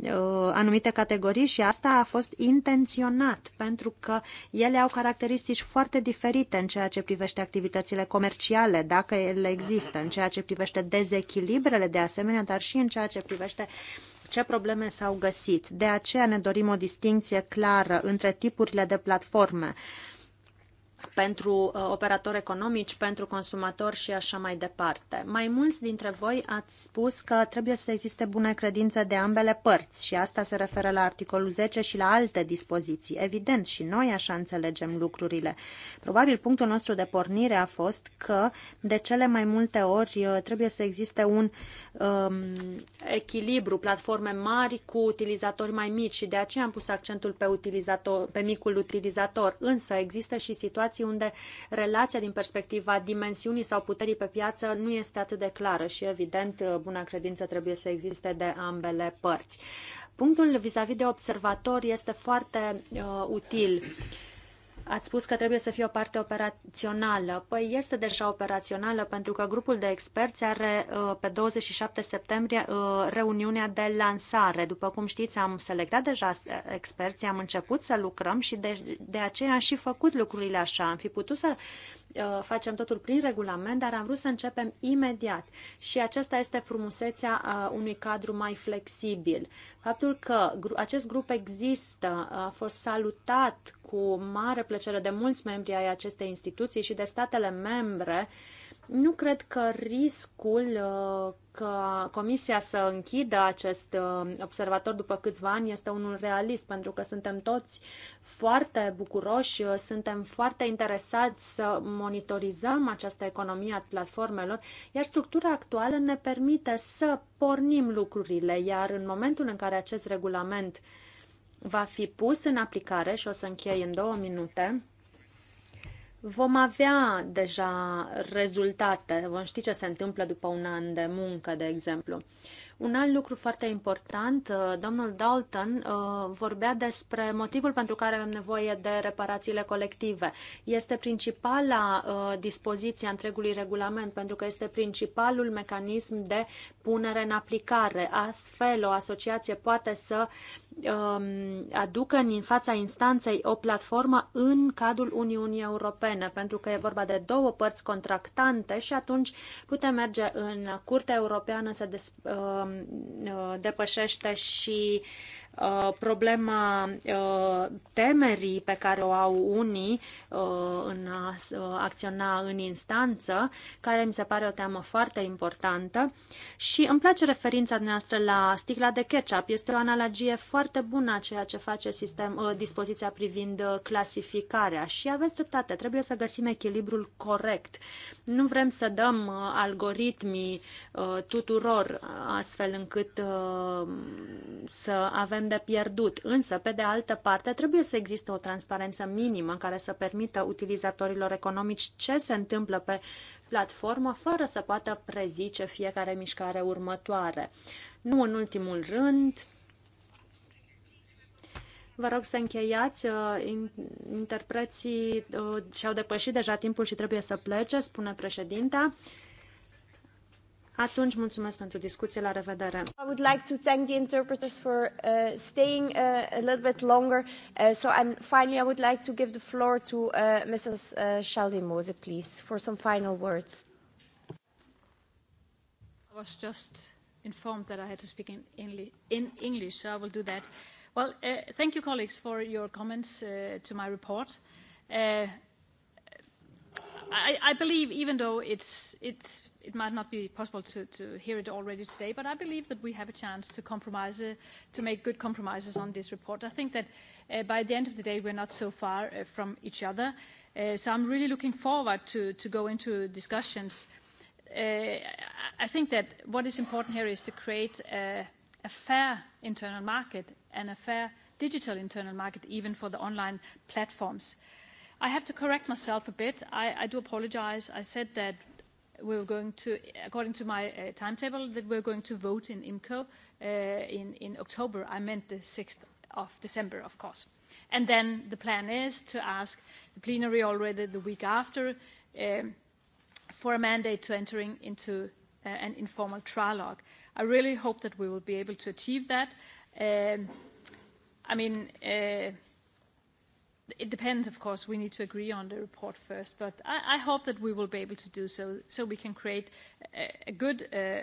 uh, anumite categorii și asta a fost intenționat, pentru că ele au caracteristici foarte diferite în ceea ce privește activitățile comerciale, dacă ele există, în ceea ce privește dezechilibrele de asemenea, dar și în ceea ce privește ce probleme s-au găsit. De aceea ne dorim o distinție clară între tipurile de platforme pentru uh, operatori economici, pentru consumatori și așa mai departe. Mai mulți dintre voi ați spus că trebuie să existe bună credință de ambele părți și asta se referă la articolul 10 și la alte dispoziții. Evident, și noi așa înțelegem lucrurile. Probabil punctul nostru de pornire a fost că de cele mai multe ori uh, trebuie să existe un um, echilibru, platforme mari cu utilizatori mai mici și de aceea am pus accentul pe, utilizator, pe micul utilizator, însă există și situații unde relația din perspectiva dimensiunii sau puterii pe piață nu este atât de clară și, evident, buna credință trebuie să existe de ambele părți. Punctul vis-a-vis -vis de observator este foarte uh, util. Uh, Ați spus că trebuie să fie o parte operațională. Păi este deja operațională pentru că grupul de experți are uh, pe 27 septembrie uh, reuniunea de lansare. După cum știți, am selectat deja experții, am început să lucrăm și de, de aceea am și făcut lucrurile așa. Am fi putut să Uh, facem totul prin regulament, dar am vrut să începem imediat. Și aceasta este frumusețea uh, unui cadru mai flexibil. Faptul că acest grup există uh, a fost salutat cu mare plăcere de mulți membri ai acestei instituții și de statele membre uh, nu cred că riscul uh, că Comisia să închidă acest uh, observator după câțiva ani este unul realist, pentru că suntem toți foarte bucuroși, uh, suntem foarte interesați să monitorizăm această economie a platformelor, iar structura actuală ne permite să pornim lucrurile, iar în momentul în care acest regulament va fi pus în aplicare, și o să închei în două minute, vom avea deja rezultate, vom ști ce se întâmplă după un an de muncă, de exemplu. Uh, un alt lucru foarte important, uh, domnul Dalton uh, vorbea despre motivul pentru care avem nevoie de reparațiile colective. Este principala uh, dispoziție a întregului regulament, pentru că este principalul mecanism de punere în aplicare. Astfel, o asociație poate să um, aducă în fața instanței o platformă în cadrul Uniunii Europene, pentru că e vorba de două părți contractante și atunci putem merge în Curtea Europeană să des, Um, depășește și Uh, problema uh, temerii pe care o au unii uh, în a acționa în instanță, care mi se pare o teamă foarte importantă. Și îmi place referința noastră la sticla de ketchup. Este o analogie foarte bună a ceea ce face sistem, dispoziția privind clasificarea. Și aveți dreptate, trebuie să găsim echilibrul corect. Nu vrem să dăm algoritmii tuturor astfel încât să avem sunt de pierdut. Însă, pe de altă parte, trebuie să existe o transparență minimă care să permită utilizatorilor economici ce se întâmplă pe platformă fără să poată prezice fiecare mișcare următoare. Nu în ultimul rând, Vă rog să încheiați. Uh, interpreții uh, și-au depășit deja timpul și trebuie să plece, spune președinta. Atunci, mulțumesc pentru discuție. La revedere. I would like to thank the interpreters for uh, staying uh, a little bit longer. Uh, so, and finally, I would like to give the floor to uh, Mrs. Uh, Mose, please, for some final words. I was just informed that I had to speak in, English, in English, so I will do that. Well, uh, thank you, colleagues, for your comments uh, to my report. Uh, I, I believe, even though it's, it's it might not be possible to, to hear it already today, but I believe that we have a chance to compromise, uh, to make good compromises on this report. I think that uh, by the end of the day, we're not so far uh, from each other. Uh, so I'm really looking forward to, to go into discussions. Uh, I think that what is important here is to create a, a fair internal market and a fair digital internal market, even for the online platforms. I have to correct myself a bit. I, I do apologize. I said that we were going to, according to my uh, timetable, that we we're going to vote in IMCO uh, in, in October. I meant the 6th of December, of course. And then the plan is to ask the plenary already the week after um, for a mandate to entering into uh, an informal trilogue. I really hope that we will be able to achieve that. Um, I mean, uh, it depends, of course. We need to agree on the report first, but I, I hope that we will be able to do so, so we can create a, a good uh,